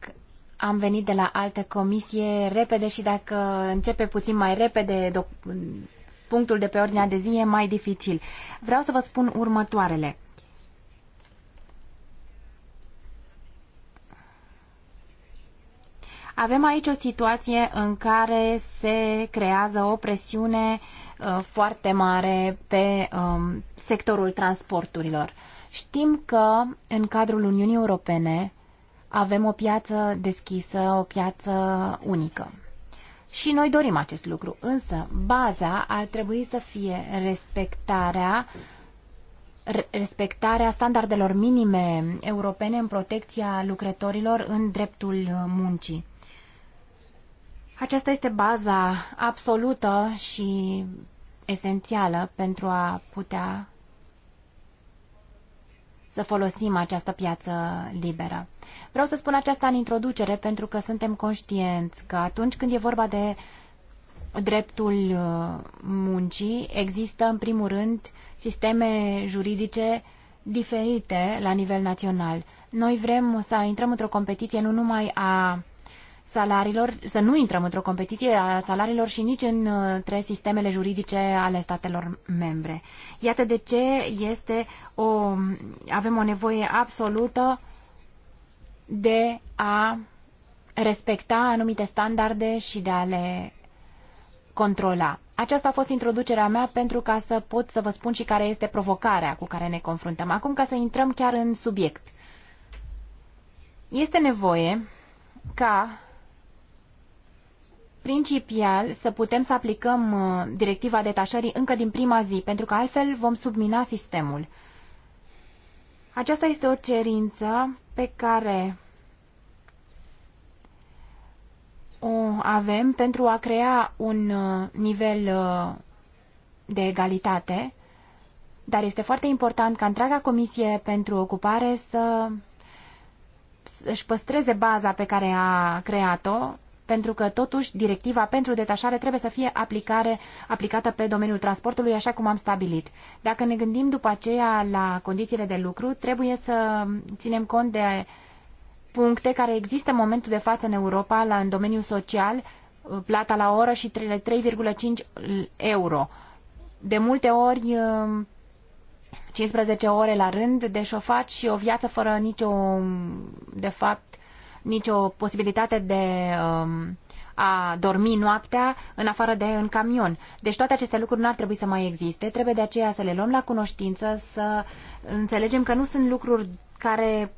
Am venit de la altă comisie repede și dacă începe puțin mai repede punctul de pe ordinea de zi e mai dificil. Vreau să vă spun următoarele. Avem aici o situație în care se creează o presiune uh, foarte mare pe um, sectorul transporturilor. Știm că în cadrul Uniunii Europene avem o piață deschisă, o piață unică. Și noi dorim acest lucru, însă baza ar trebui să fie respectarea respectarea standardelor minime europene în protecția lucrătorilor în dreptul muncii. Aceasta este baza absolută și esențială pentru a putea să folosim această piață liberă. Vreau să spun aceasta în introducere pentru că suntem conștienți că atunci când e vorba de dreptul uh, muncii, există în primul rând sisteme juridice diferite la nivel național. Noi vrem să intrăm într-o competiție nu numai a salariilor, să nu intrăm într-o competiție a salariilor și nici între sistemele juridice ale statelor membre. Iată de ce este o, avem o nevoie absolută de a respecta anumite standarde și de a le controla. Aceasta a fost introducerea mea pentru ca să pot să vă spun și care este provocarea cu care ne confruntăm. Acum ca să intrăm chiar în subiect. Este nevoie ca principial să putem să aplicăm uh, directiva detașării încă din prima zi, pentru că altfel vom submina sistemul. Aceasta este o cerință pe care o avem pentru a crea un uh, nivel uh, de egalitate, dar este foarte important ca întreaga Comisie pentru Ocupare să își păstreze baza pe care a creat-o pentru că totuși directiva pentru detașare trebuie să fie aplicare, aplicată pe domeniul transportului, așa cum am stabilit. Dacă ne gândim după aceea la condițiile de lucru, trebuie să ținem cont de puncte care există în momentul de față în Europa la, în domeniul social, plata la oră și 3,5 euro. De multe ori 15 um, ore la rând de șofat și o viață fără nicio, de fapt, nicio posibilitate de um, a dormi noaptea în afară de în camion. Deci toate aceste lucruri nu ar trebui să mai existe, trebuie de aceea să le luăm la cunoștință, să înțelegem că nu sunt lucruri care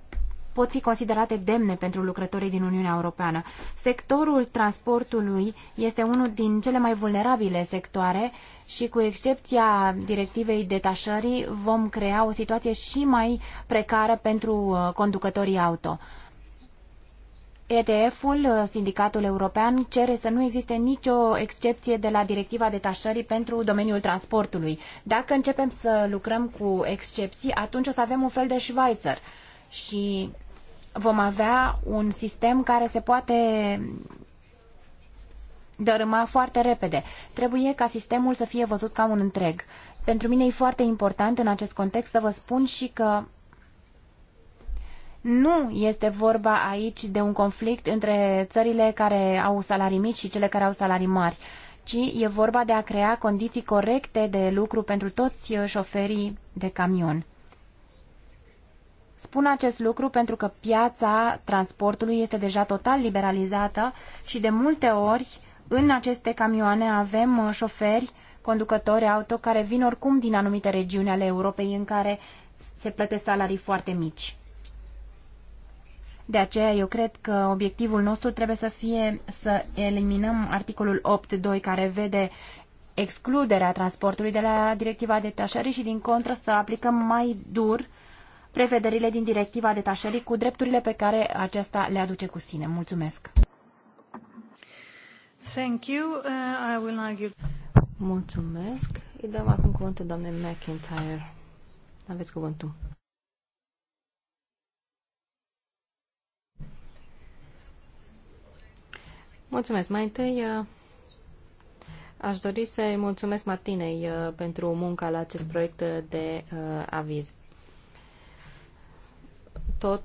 pot fi considerate demne pentru lucrătorii din Uniunea Europeană. Sectorul transportului este unul din cele mai vulnerabile sectoare și cu excepția directivei detașării vom crea o situație și mai precară pentru uh, conducătorii auto. ETF-ul, Sindicatul European, cere să nu existe nicio excepție de la directiva detașării pentru domeniul transportului. Dacă începem să lucrăm cu excepții, atunci o să avem un fel de Schweizer și vom avea un sistem care se poate dărâma foarte repede. Trebuie ca sistemul să fie văzut ca un întreg. Pentru mine e foarte important în acest context să vă spun și că nu este vorba aici de un conflict între țările care au salarii mici și cele care au salarii mari, ci e vorba de a crea condiții corecte de lucru pentru toți uh, șoferii de camion. Spun acest lucru pentru că piața transportului este deja total liberalizată și de multe ori în aceste camioane avem uh, șoferi, conducători auto care vin oricum din anumite regiuni ale Europei în care se plătesc salarii foarte mici. De aceea eu cred că obiectivul nostru trebuie să fie să eliminăm articolul 8.2 care vede excluderea transportului de la directiva detașării și din contră să aplicăm mai dur prevederile din directiva detașării cu drepturile pe care aceasta le aduce cu sine. Mulțumesc! Thank you. Uh, I will argue. give... Mulțumesc. Îi dăm acum cuvântul doamnei McIntyre. Aveți cuvântul. Mulțumesc. Mai întâi uh, aș dori să-i mulțumesc Martinei uh, pentru munca la acest proiect de uh, aviz. Tot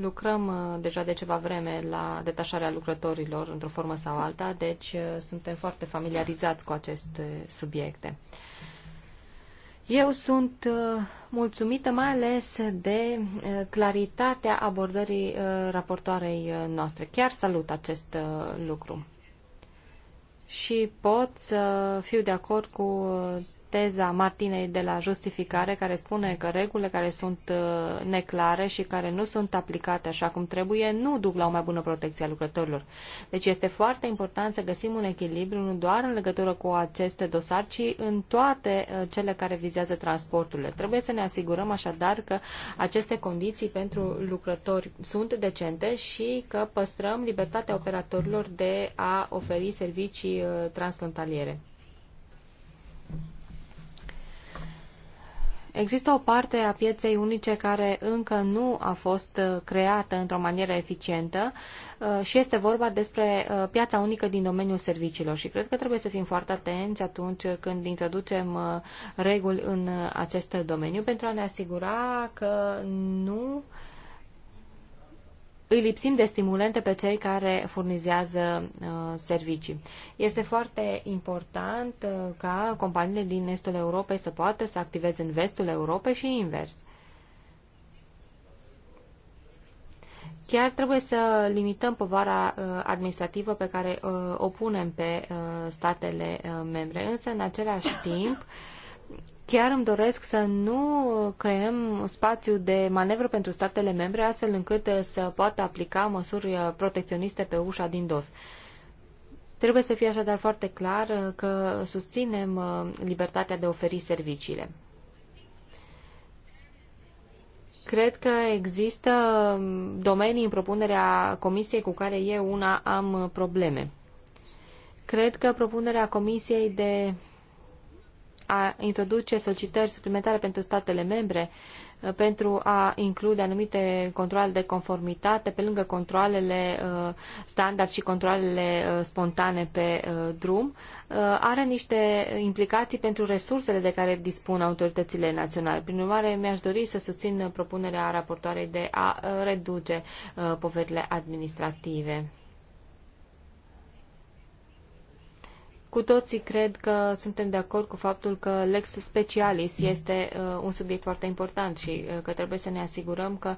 lucrăm deja de ceva vreme la detașarea lucrătorilor într-o formă sau alta, deci suntem foarte familiarizați cu aceste subiecte. Eu sunt uh, mulțumită mai ales de uh, claritatea abordării uh, raportoarei noastre. Chiar salut acest lucru. Și pot să fiu de acord cu teza Martinei de la justificare, care spune că regulile care sunt uh, neclare și care nu sunt aplicate așa cum trebuie, nu duc la o mai bună protecție a lucrătorilor. Deci este foarte important să găsim un echilibru, nu doar în legătură cu aceste dosar, ci în toate uh, cele care vizează transporturile. Trebuie să ne asigurăm așadar că aceste condiții pentru lucrători sunt decente și că păstrăm libertatea operatorilor de a oferi servicii uh, transfrontaliere. Există o parte a pieței unice care încă nu a fost uh, creată într-o manieră eficientă uh, și este vorba despre uh, piața unică din domeniul serviciilor și cred că trebuie să fim foarte atenți atunci când introducem reguli în acest domeniu pentru a ne asigura că nu îi lipsim de stimulente pe cei care furnizează uh, servicii. Este foarte important uh, ca companiile din estul Europei să poată să activeze în vestul Europei și invers. Chiar trebuie să limităm povara uh, administrativă pe care o punem pe statele membre, însă în același timp Chiar îmi doresc să nu creăm spațiu de manevră pentru statele membre, astfel încât uh, să poată aplica măsuri uh, protecționiste pe ușa din dos. Trebuie să fie așadar foarte clar uh, că susținem libertatea de a oferi serviciile. Cred că există um, domenii în propunerea Comisiei cu care eu una am probleme. Cred că propunerea Comisiei de a introduce solicitări suplimentare pentru statele membre uh, pentru a include anumite controle de conformitate pe lângă controlele uh, standard și controlele uh, spontane pe drum, are niște implicații pentru resursele de care dispun autoritățile naționale. Prin urmare, mi-aș dori să susțin propunerea raportoarei de a reduce poverile administrative. Cu toții cred că suntem de acord cu faptul că lex specialis este uh, un subiect foarte important și uh, că trebuie să ne asigurăm că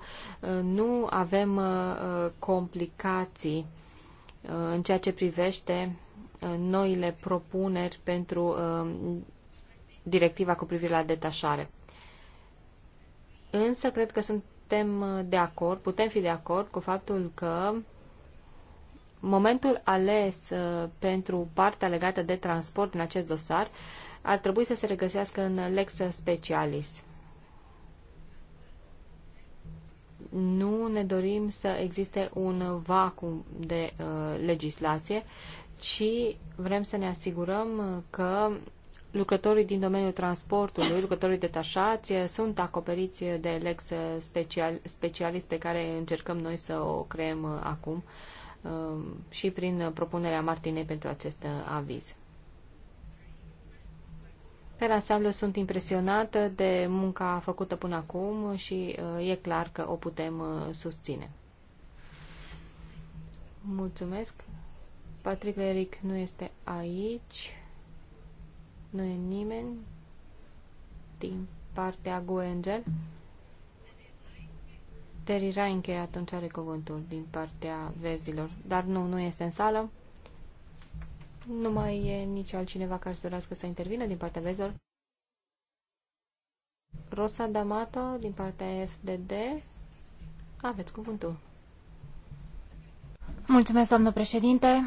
uh, nu avem complicații în ceea ce privește noile propuneri pentru directiva cu privire la detașare. Însă cred că suntem de acord, putem fi de acord cu faptul că momentul ales uh, pentru partea legată de transport în acest dosar ar trebui să se regăsească în lex specialis. Nu ne dorim să existe un vacuum de uh, legislație, ci vrem să ne asigurăm că lucrătorii din domeniul transportului, lucrătorii detașați, uh, sunt acoperiți de lex special, specialist pe care încercăm noi să o creăm uh, acum. Uh, Um, și prin propunerea Martinei pentru acest uh, aviz. Pe ansamblu sunt impresionată de munca făcută până acum și uh, e clar că o putem uh, susține. Mulțumesc. Patrick Leric nu este aici. Nu e nimeni din partea Guengel. Terry Reinke atunci are cuvântul din partea verzilor. Dar nu, nu este în sală. Nu mai e nici altcineva care să dorească să intervină din partea verzilor. Rosa D'Amato din partea FDD. Aveți cuvântul. Mulțumesc, doamnă președinte.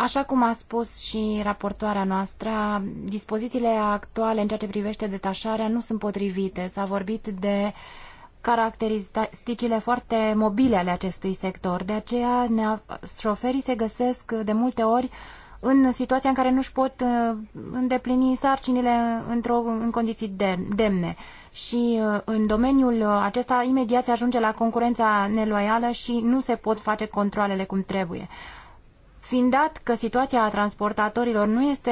Așa cum a spus și raportoarea noastră, dispozițiile actuale în ceea ce privește detașarea nu sunt potrivite. S-a vorbit de caracteristicile foarte mobile ale acestui sector. De aceea, șoferii se găsesc de multe ori în situația în care nu-și pot uh, îndeplini sarcinile într-o, în condiții demne. Și uh, în domeniul acesta, imediat se ajunge la concurența neloială și nu se pot face controlele cum trebuie. Fiind dat că situația a transportatorilor nu este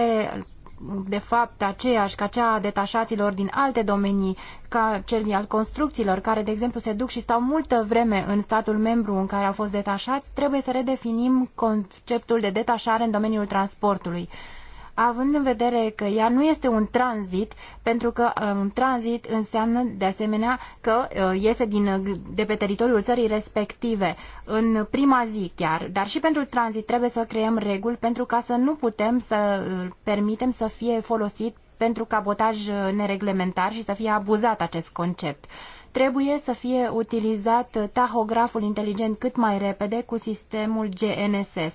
de fapt aceeași ca cea a detașaților din alte domenii, ca cel al construcțiilor, care, de exemplu, se duc și stau multă vreme în statul membru în care au fost detașați, trebuie să redefinim conceptul de detașare în domeniul transportului având în vedere că ea nu este un tranzit, pentru că uh, un tranzit înseamnă de asemenea că uh, iese din, uh, de pe teritoriul țării respective în prima zi chiar, dar și pentru tranzit trebuie să creăm reguli pentru ca să nu putem să permitem să fie folosit pentru cabotaj nereglementar și să fie abuzat acest concept. Trebuie să fie utilizat tahograful inteligent cât mai repede cu sistemul GNSS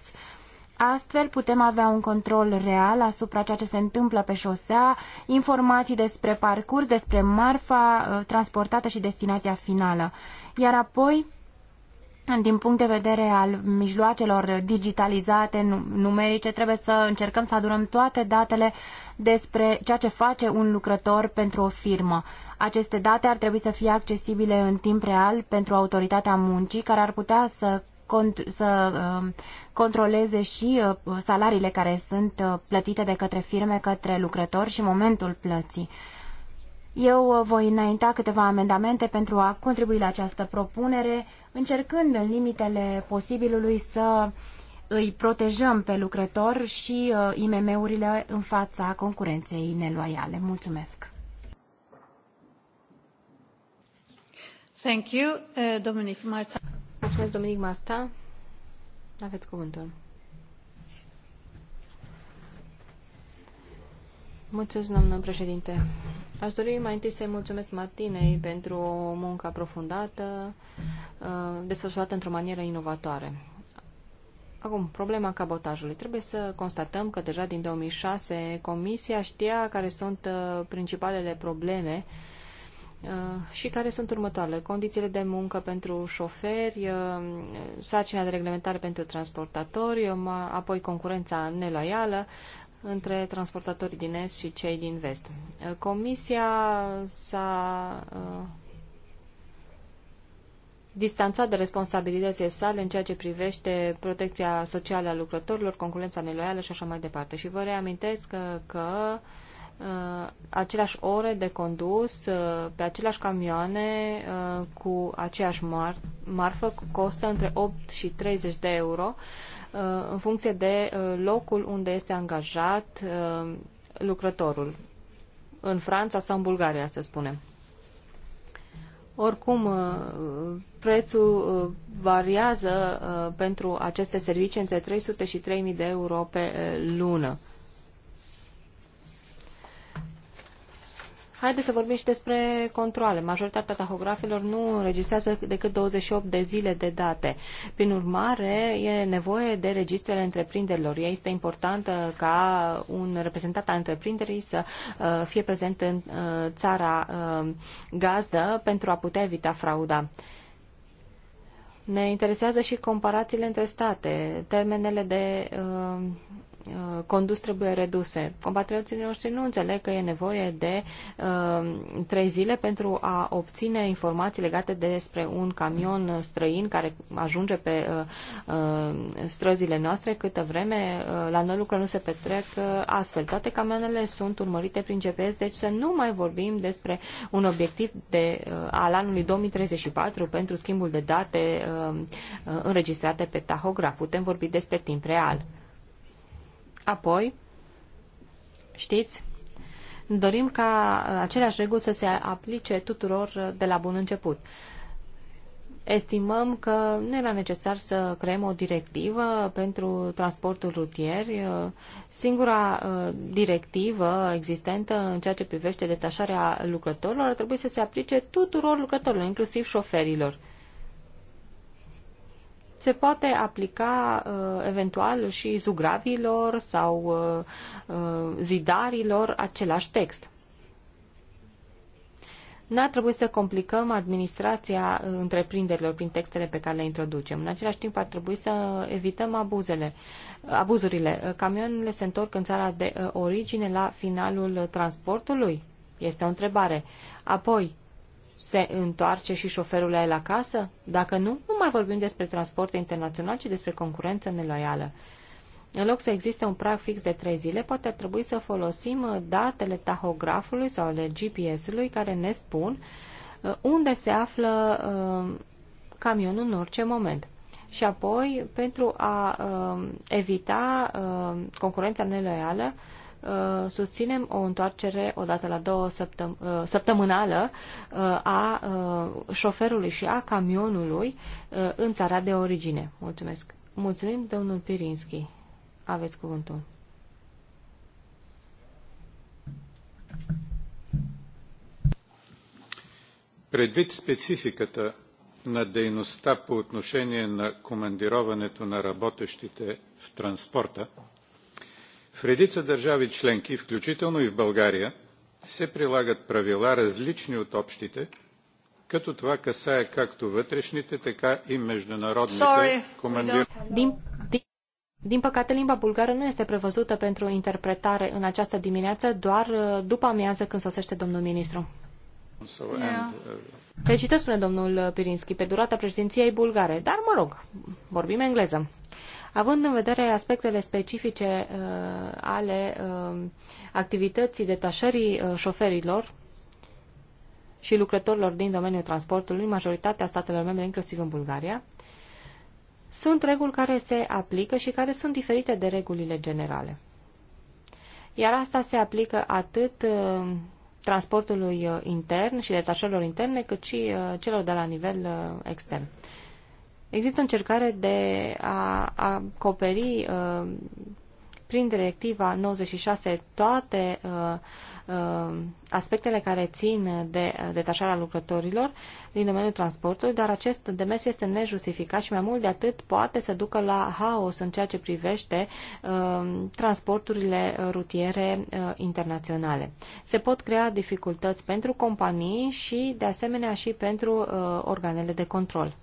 Astfel putem avea un control real asupra ceea ce se întâmplă pe șosea, informații despre parcurs, despre marfa uh, transportată și destinația finală. Iar apoi, din punct de vedere al mijloacelor digitalizate, numerice, trebuie să încercăm să adunăm toate datele despre ceea ce face un lucrător pentru o firmă. Aceste date ar trebui să fie accesibile în timp real pentru autoritatea muncii, care ar putea să cont- să uh, controleze și uh, salariile care sunt uh, plătite de către firme, către lucrători și momentul plății. Eu voi înainta câteva amendamente pentru a contribui la această propunere, încercând în limitele posibilului să îi protejăm pe lucrător și IMM-urile în fața concurenței neloiale. Mulțumesc! Thank you, Dominic Martin. Mulțumesc, Dominic Masta. Aveți cuvântul. Mulțumesc, domnul președinte. Aș dori mai întâi să-i mulțumesc Martinei pentru o muncă aprofundată, uh, desfășurată într-o manieră inovatoare. Acum, problema cabotajului. Trebuie să constatăm că deja din 2006 Comisia știa care sunt uh, principalele probleme uh, Uh, și care sunt următoarele. Condițiile de muncă pentru șoferi, uh, sarcina de reglementare pentru transportatori, um, apoi concurența neloială între transportatorii din Est și cei din Vest. Uh, comisia s-a distanțat de responsabilitățile sale în ceea ce privește protecția socială a lucrătorilor, concurența neloială și așa mai departe. Și vă reamintesc că, că uh, Uh, aceleași ore de condus uh, pe aceleași camioane uh, cu aceeași mar- marfă costă între 8 și 30 de euro în funcție de locul unde este angajat lucrătorul în Franța sau în Bulgaria, să spunem. Oricum, prețul variază pentru aceste servicii între 300 și 3000 de euro pe lună. Haideți să vorbim și despre controle. Majoritatea tahografilor nu înregistrează decât 28 de zile de date. Prin urmare, e nevoie de registrele întreprinderilor. Ea este importantă ca un reprezentant al întreprinderii să uh, fie prezent în uh, țara uh, gazdă pentru a putea evita frauda. Ne interesează și comparațiile între state, termenele de uh, Uh, condus trebuie reduse. Compatrioții noștri nu înțeleg că e nevoie de uh, trei uh, zile pentru a obține informații legate despre un camion străin care ajunge pe uh, uh străzile noastre câtă vreme la noi lucrurile nu se petrec astfel. Toate camionele sunt urmărite prin GPS, deci să nu mai vorbim despre un obiectiv de, al anului 2034 pentru schimbul de date înregistrate pe tahograf. Putem vorbi despre timp real. Apoi, știți, dorim ca aceleași reguli să se aplice tuturor de la bun început. Estimăm că nu era necesar să creăm o directivă pentru transportul rutier. Singura uh, directivă existentă în ceea ce privește detașarea lucrătorilor ar trebui să se aplice tuturor lucrătorilor, inclusiv șoferilor se poate aplica uh, eventual și zugravilor sau uh, uh zidarilor același text. N-ar trebui să complicăm administrația uh, întreprinderilor prin textele pe care le introducem. În același timp ar trebui să evităm abuzele, abuzurile. Uh, camioanele se întorc în țara de origine la finalul transportului? Este o întrebare. Apoi, se întoarce și șoferul la casă? Dacă nu, nu mai vorbim despre transport internațional, ci despre concurență neloială. În loc să existe un prag fix de 3 zile, poate ar trebui să folosim uh, datele tahografului sau ale GPS-ului care ne spun uh, unde se află uh, camionul în orice moment. Și apoi, pentru a evita concurența neloială, Uh, susținem o întoarcere odată la două săptăm- uh, săptămânală uh, a șoferului și a camionului în țara de origine. Mulțumesc. Mulțumim, domnul Pirinski. Aveți cuvântul. Предвид спецификата на дейността по отношение на командироването на работещите в транспорта, В редица държави членки, включително и в България, се прилагат правила различни от общите, като това касае както вътрешните, така и международните командирани. Din, păcate, limba bulgară nu este prevăzută pentru interpretare în această dimineață, doar uh, după amiază când sosește domnul ministru. So, uh, Felicitări, spune domnul Pirinski, pe durata președinției bulgare, dar mă rog, vorbim engleză. Având în vedere aspectele specifice uh, ale um, activității detașării uh, șoferilor, și lucrătorilor din domeniul transportului, majoritatea statelor membre, inclusiv în Bulgaria, sunt reguli care se aplică și care sunt diferite de regulile generale. Iar asta se aplică atât uh, transportului intern și detașărilor interne, cât și celor de la nivel extern. Există o încercare de a acoperi uh, prin directiva 96 toate uh, uh, aspectele care țin de detașarea lucrătorilor din domeniul transportului, dar acest demers este nejustificat și mai mult de atât poate să ducă la haos în ceea ce privește transporturile rutiere internaționale. Se pot crea dificultăți pentru companii și, de asemenea, și pentru organele de control.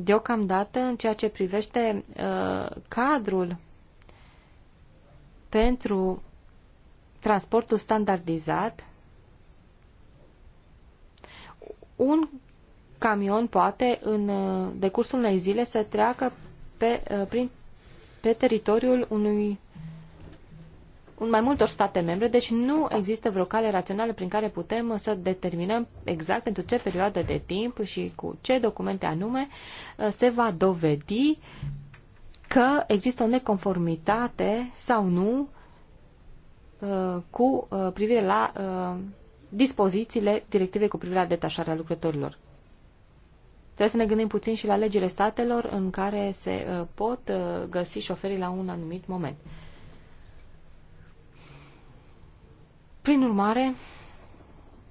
Deocamdată, în ceea ce privește uh, cadrul pentru transportul standardizat, un camion poate în uh, decursul unei zile să treacă pe, uh, prin, pe teritoriul unui în mai multor state membre, deci nu există vreo cale rațională prin care putem să determinăm exact pentru ce perioadă de timp și cu ce documente anume uh, se va dovedi că există o neconformitate sau nu uh, cu uh, privire la dispozițiile directivei cu privire la detașarea lucrătorilor. Trebuie să ne gândim puțin și la legile statelor în care se pot găsi șoferii la un anumit moment. Prin urmare,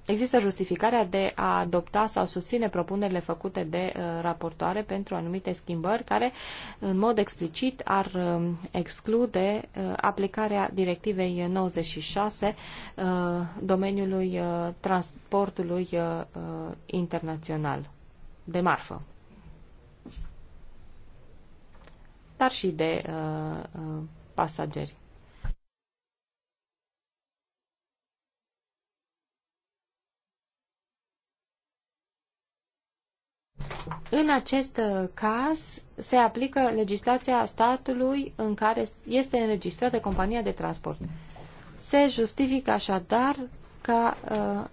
există justificarea de a adopta sau susține propunerile făcute de uh, raportoare pentru anumite schimbări care, în mod explicit, ar uh, exclude uh, aplicarea directivei 96 uh, domeniului uh, transportului uh, uh, internațional de marfă. dar și de uh, uh, pasageri. În acest uh, caz se aplică legislația statului în care este înregistrată compania de transport. Se justifică așadar ca uh,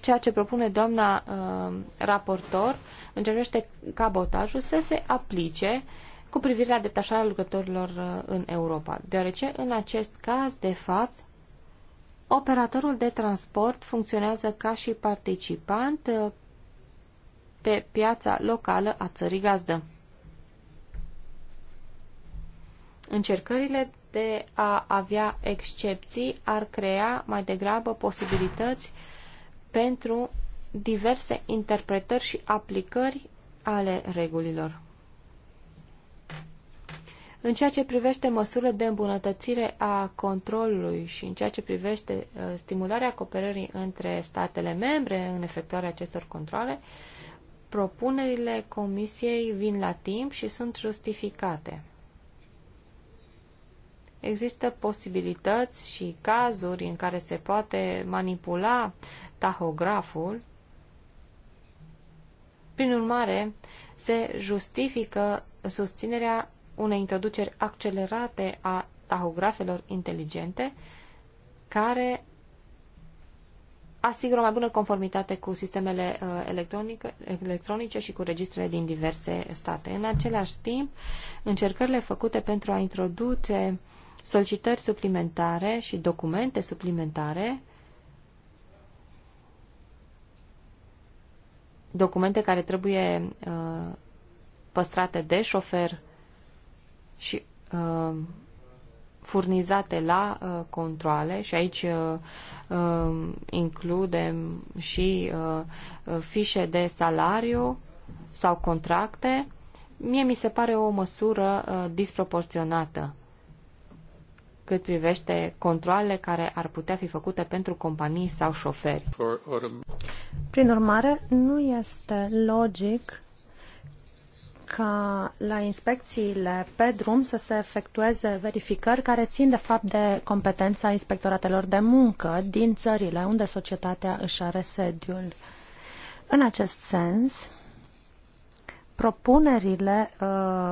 ceea ce propune doamna uh, raportor încercește cabotajul să se aplice cu privire la detașarea lucrătorilor uh, în Europa, deoarece în acest caz, de fapt, operatorul de transport funcționează ca și participant uh, pe piața locală a țării gazdă. Încercările de a avea excepții ar crea mai degrabă posibilități pentru diverse interpretări și aplicări ale regulilor. În ceea ce privește măsurile de îmbunătățire a controlului și în ceea ce privește uh, stimularea cooperării între statele membre în efectuarea acestor controle, propunerile comisiei vin la timp și sunt justificate. Există posibilități și cazuri în care se poate manipula tahograful. Prin urmare, se justifică susținerea unei introduceri accelerate a tahografelor inteligente care asigură o mai bună conformitate cu sistemele uh, electronice și cu registrele din diverse state. În același timp, încercările făcute pentru a introduce solicitări suplimentare și documente suplimentare documente care trebuie uh, păstrate de șofer și uh, furnizate la uh, controle și aici uh, uh, includem și uh, uh, fișe de salariu sau contracte, mie mi se pare o măsură uh, disproporționată cât privește controlele care ar putea fi făcute pentru companii sau șoferi. Prin urmare, nu este logic ca la inspecțiile pe drum să se efectueze verificări care țin de fapt de competența inspectoratelor de muncă din țările unde societatea își are sediul. În acest sens, propunerile uh,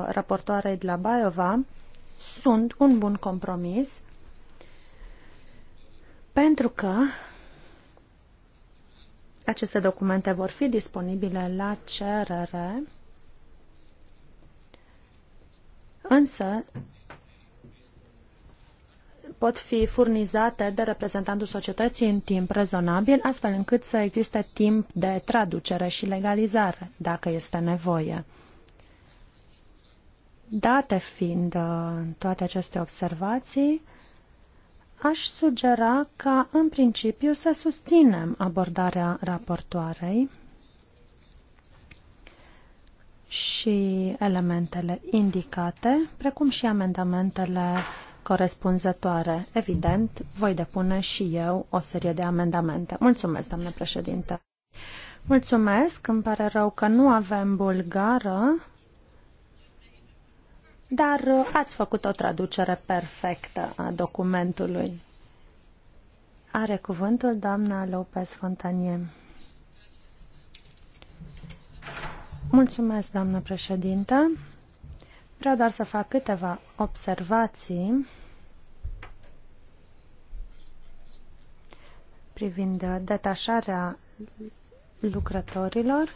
raportoarei de la Baiova sunt un bun compromis pentru că aceste documente vor fi disponibile la cerere însă pot fi furnizate de reprezentantul societății în timp rezonabil, astfel încât să existe timp de traducere și legalizare, dacă este nevoie. Date fiind uh, toate aceste observații, aș sugera ca, în principiu, să susținem abordarea raportoarei și elementele indicate, precum și amendamentele corespunzătoare. Evident, voi depune și eu o serie de amendamente. Mulțumesc, doamnă președinte. Mulțumesc, îmi pare rău că nu avem bulgară, dar ați făcut o traducere perfectă a documentului. Are cuvântul doamna Lopez Fontanie. Mulțumesc, doamnă președintă. Vreau doar să fac câteva observații privind detașarea lucrătorilor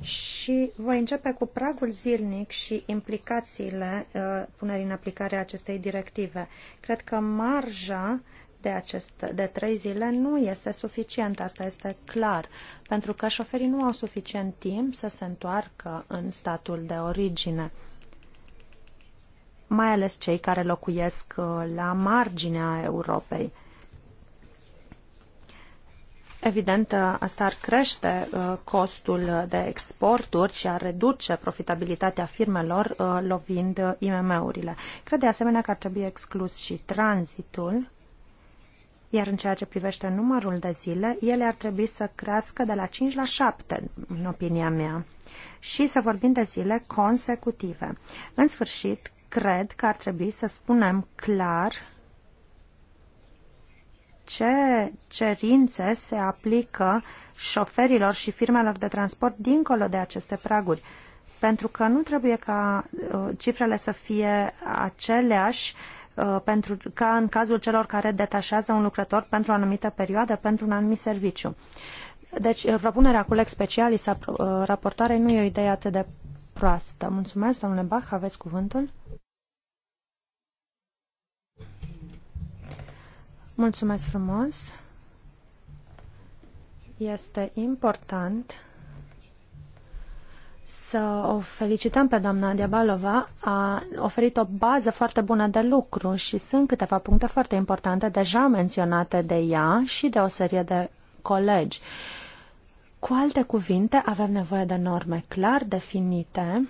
și voi începe cu pragul zilnic și implicațiile uh, punerii în aplicare a acestei directive. Cred că marja uh, de, acest, de trei zile nu este suficient, asta este clar, pentru că șoferii nu au suficient timp să se întoarcă în statul de origine mai ales cei care locuiesc uh, la marginea Europei. Evident, uh, asta ar crește uh, costul de exporturi și ar reduce profitabilitatea firmelor lovind IMM-urile. Cred de asemenea că ar trebui exclus și tranzitul iar în ceea ce privește numărul de zile, ele ar trebui să crească de la 5 la 7, în opinia mea, și să vorbim de zile consecutive. În sfârșit, cred că ar trebui să spunem clar ce cerințe se aplică șoferilor și firmelor de transport dincolo de aceste praguri. Pentru că nu trebuie ca uh, cifrele să fie aceleași uh, Uh, pentru ca în cazul celor care detașează un lucrător pentru o anumită perioadă pentru un anumit serviciu. Deci, uh, propunerea cu lex specialis a uh, nu e o idee atât de proastă. Mulțumesc, domnule Bach, aveți cuvântul. Mulțumesc frumos. Este important să o felicităm pe doamna Diabalova. A oferit o bază foarte bună de lucru și sunt câteva puncte foarte importante deja menționate de ea și de o serie de colegi. Cu alte cuvinte, avem nevoie de norme clar definite,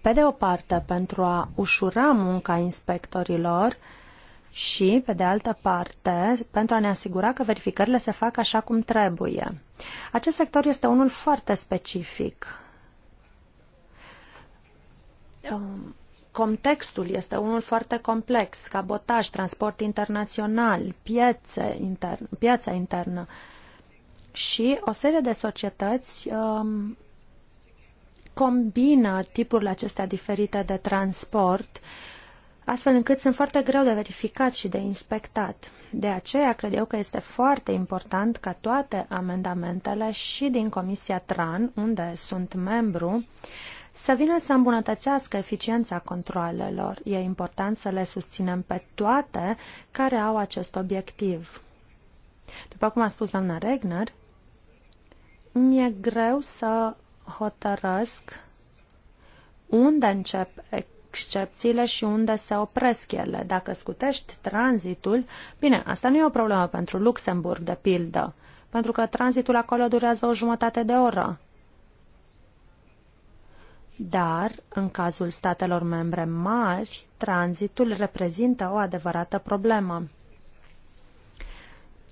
pe de o parte pentru a ușura munca inspectorilor, și, pe de altă parte, pentru a ne asigura că verificările se fac așa cum trebuie. Acest sector este unul foarte specific. Um, contextul este unul foarte complex, cabotaj, transport internațional, piețe intern, piața internă și o serie de societăți um, combină tipurile acestea diferite de transport uh, astfel încât sunt foarte greu de verificat și de inspectat. De aceea, cred eu că este foarte important ca toate amendamentele și din Comisia TRAN, unde sunt membru, să vină să îmbunătățească eficiența controlelor. E important să le susținem pe toate care au acest obiectiv. După cum a spus doamna Regner, mi-e greu să hotărăsc unde încep excepțiile și unde se opresc ele. Dacă scutești tranzitul, bine, asta nu e o problemă pentru Luxemburg, de pildă, pentru că tranzitul acolo durează o jumătate de oră. Dar, în cazul statelor membre mari, tranzitul reprezintă o adevărată problemă.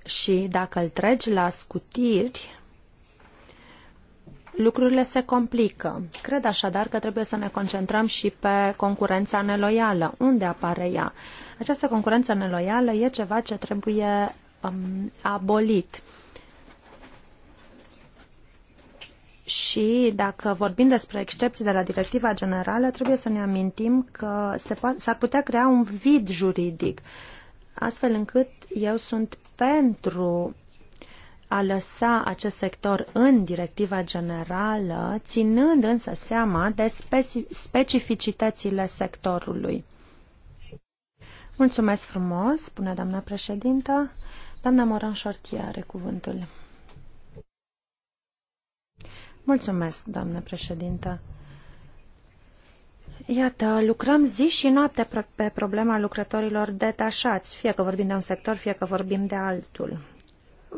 Și dacă îl tregi la scutiri, lucrurile se complică. Cred așadar că trebuie să ne concentrăm și pe concurența neloială. Unde apare ea? Această concurență neloială e ceva ce trebuie um, abolit. Și dacă vorbim despre excepții de la directiva generală, trebuie să ne amintim că s-ar putea crea un vid juridic, astfel încât eu sunt pentru a lăsa acest sector în directiva generală, ținând însă seama de specificitățile sectorului. Mulțumesc frumos, spune doamna președintă. Doamna Moran Șortia are cuvântul. Mulțumesc, doamna președintă. Iată, lucrăm zi și noapte pe problema lucrătorilor detașați, fie că vorbim de un sector, fie că vorbim de altul.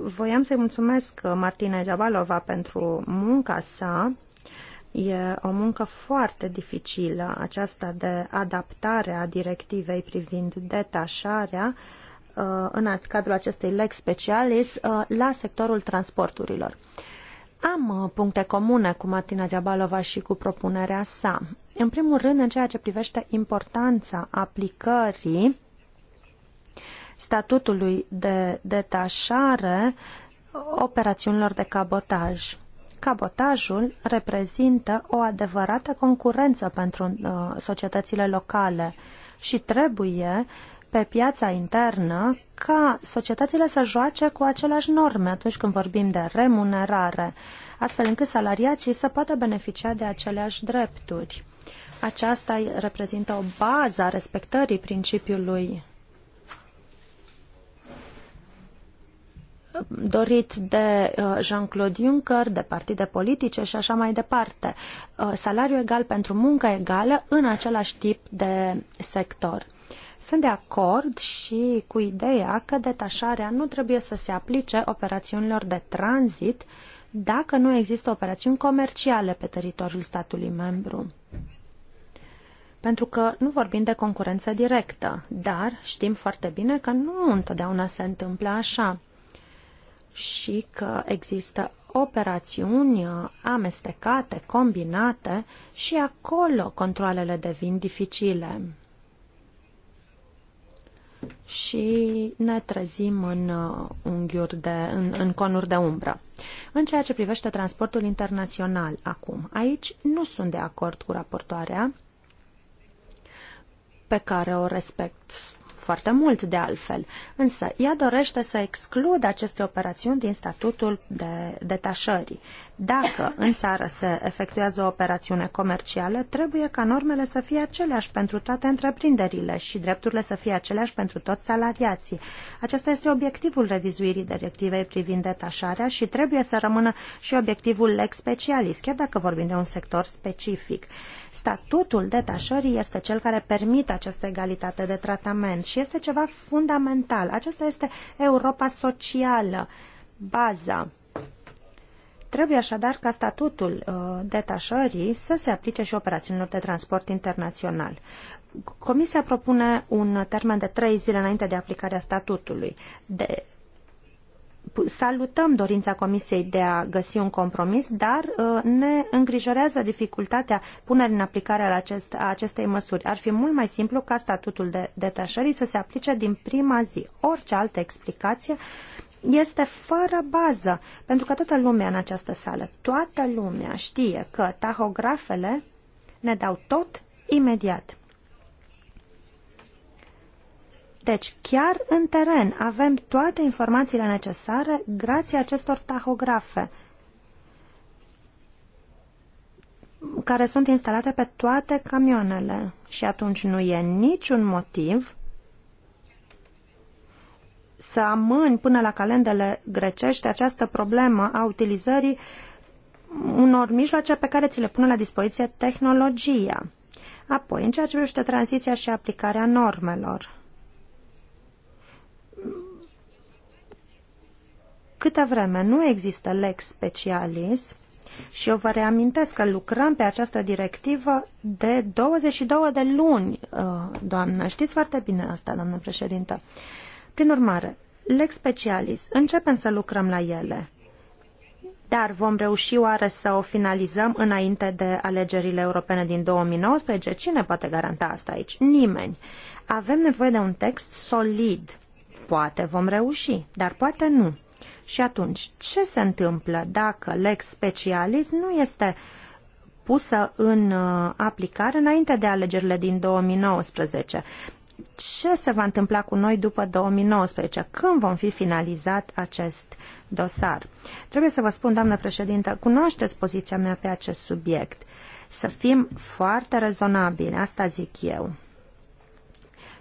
Voiam să-i mulțumesc uh, Martina Jabalova pentru munca sa. E o muncă foarte dificilă aceasta de adaptare a directivei privind detașarea uh, în cadrul acestei lex specialis uh, la sectorul transporturilor. Am puncte comune cu Martina Jabalova și cu propunerea sa. În primul rând, în ceea ce privește importanța aplicării statutului de detașare operațiunilor de cabotaj. Cabotajul reprezintă o adevărată concurență pentru uh, societățile locale și trebuie pe piața internă ca societățile să joace cu aceleași norme atunci când vorbim de remunerare, astfel încât salariații să poată beneficia de aceleași drepturi. Aceasta reprezintă o bază a respectării principiului dorit de uh, Jean-Claude Juncker, de partide politice și așa mai departe. Uh, salariu egal pentru muncă egală în același tip de sector. Sunt de acord și cu ideea că detașarea nu trebuie să se aplice operațiunilor de tranzit dacă nu există operațiuni comerciale pe teritoriul statului membru. Pentru că nu vorbim de concurență directă, dar știm foarte bine că nu întotdeauna se întâmplă așa și că există operațiuni amestecate, combinate și acolo controlele devin dificile. Și ne trezim în, uh, unghiuri de, în, în conuri de umbră. În ceea ce privește transportul internațional acum, aici nu sunt de acord cu raportoarea pe care o respect foarte mult de altfel. Însă, ea dorește să excludă aceste operațiuni din statutul de detașării. Dacă în țară se efectuează o operațiune comercială, trebuie ca normele să fie aceleași pentru toate întreprinderile și drepturile să fie aceleași pentru toți salariații. Acesta este obiectivul revizuirii directivei privind detașarea și trebuie să rămână și obiectivul lex specialis, chiar dacă vorbim de un sector specific. Statutul detașării este cel care permite această egalitate de tratament și este ceva fundamental. Aceasta este Europa socială, baza. Trebuie așadar ca statutul uh, detașării să se aplice și operațiunilor de transport internațional. Comisia propune un termen de trei zile înainte de aplicarea statutului. De, salutăm dorința Comisiei de a găsi un compromis, dar uh, ne îngrijorează dificultatea punerii în aplicare a acest, a acestei măsuri. Ar fi mult mai simplu ca statutul de detașării să se aplice din prima zi. Orice altă explicație este fără bază, pentru că toată lumea în această sală, toată lumea știe că tahografele ne dau tot imediat. Deci, chiar în teren avem toate informațiile necesare grație acestor tahografe care sunt instalate pe toate camioanele și atunci nu e niciun motiv să amâni până la calendele grecești această problemă a utilizării unor mijloace pe care ți le pune la dispoziție tehnologia. Apoi, în ceea ce privește tranziția și aplicarea normelor. Câtă vreme nu există lex specialis, și eu vă reamintesc că lucrăm pe această directivă de 22 de luni, uh, doamnă. Știți foarte bine asta, doamnă președintă. Prin urmare, lex specialis, începem să lucrăm la ele. Dar vom reuși oare să o finalizăm înainte de alegerile europene din 2019? Cine poate garanta asta aici? Nimeni. Avem nevoie de un text solid. Poate vom reuși, dar poate nu. Și atunci, ce se întâmplă dacă lex specialis nu este pusă în uh, aplicare înainte de alegerile din 2019? Ce se va întâmpla cu noi după 2019? Când vom fi finalizat acest dosar? Trebuie să vă spun, doamnă președintă, cunoașteți poziția mea pe acest subiect. Să fim foarte rezonabili, asta zic eu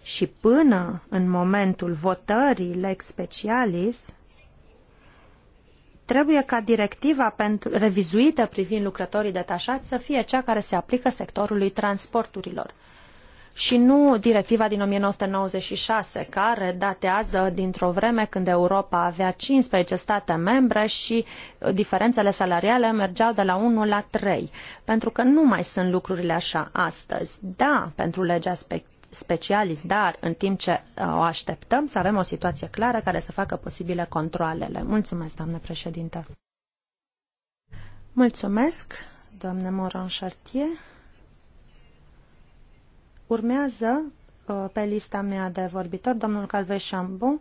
și până în momentul votării lex specialis, trebuie ca directiva pentru, revizuită privind lucrătorii detașați să fie cea care se aplică sectorului transporturilor și nu directiva din 1996, care datează dintr-o vreme când Europa avea 15 state membre și uh, diferențele salariale mergeau de la 1 la 3, pentru că nu mai sunt lucrurile așa astăzi. Da, pentru legea specialiști, dar în timp ce uh, o așteptăm să avem o situație clară care să facă posibile controlele. Mulțumesc, doamnă președinte. Mulțumesc, doamnă Moran Chartier. Urmează uh, pe lista mea de vorbitor domnul Calvei Chambon,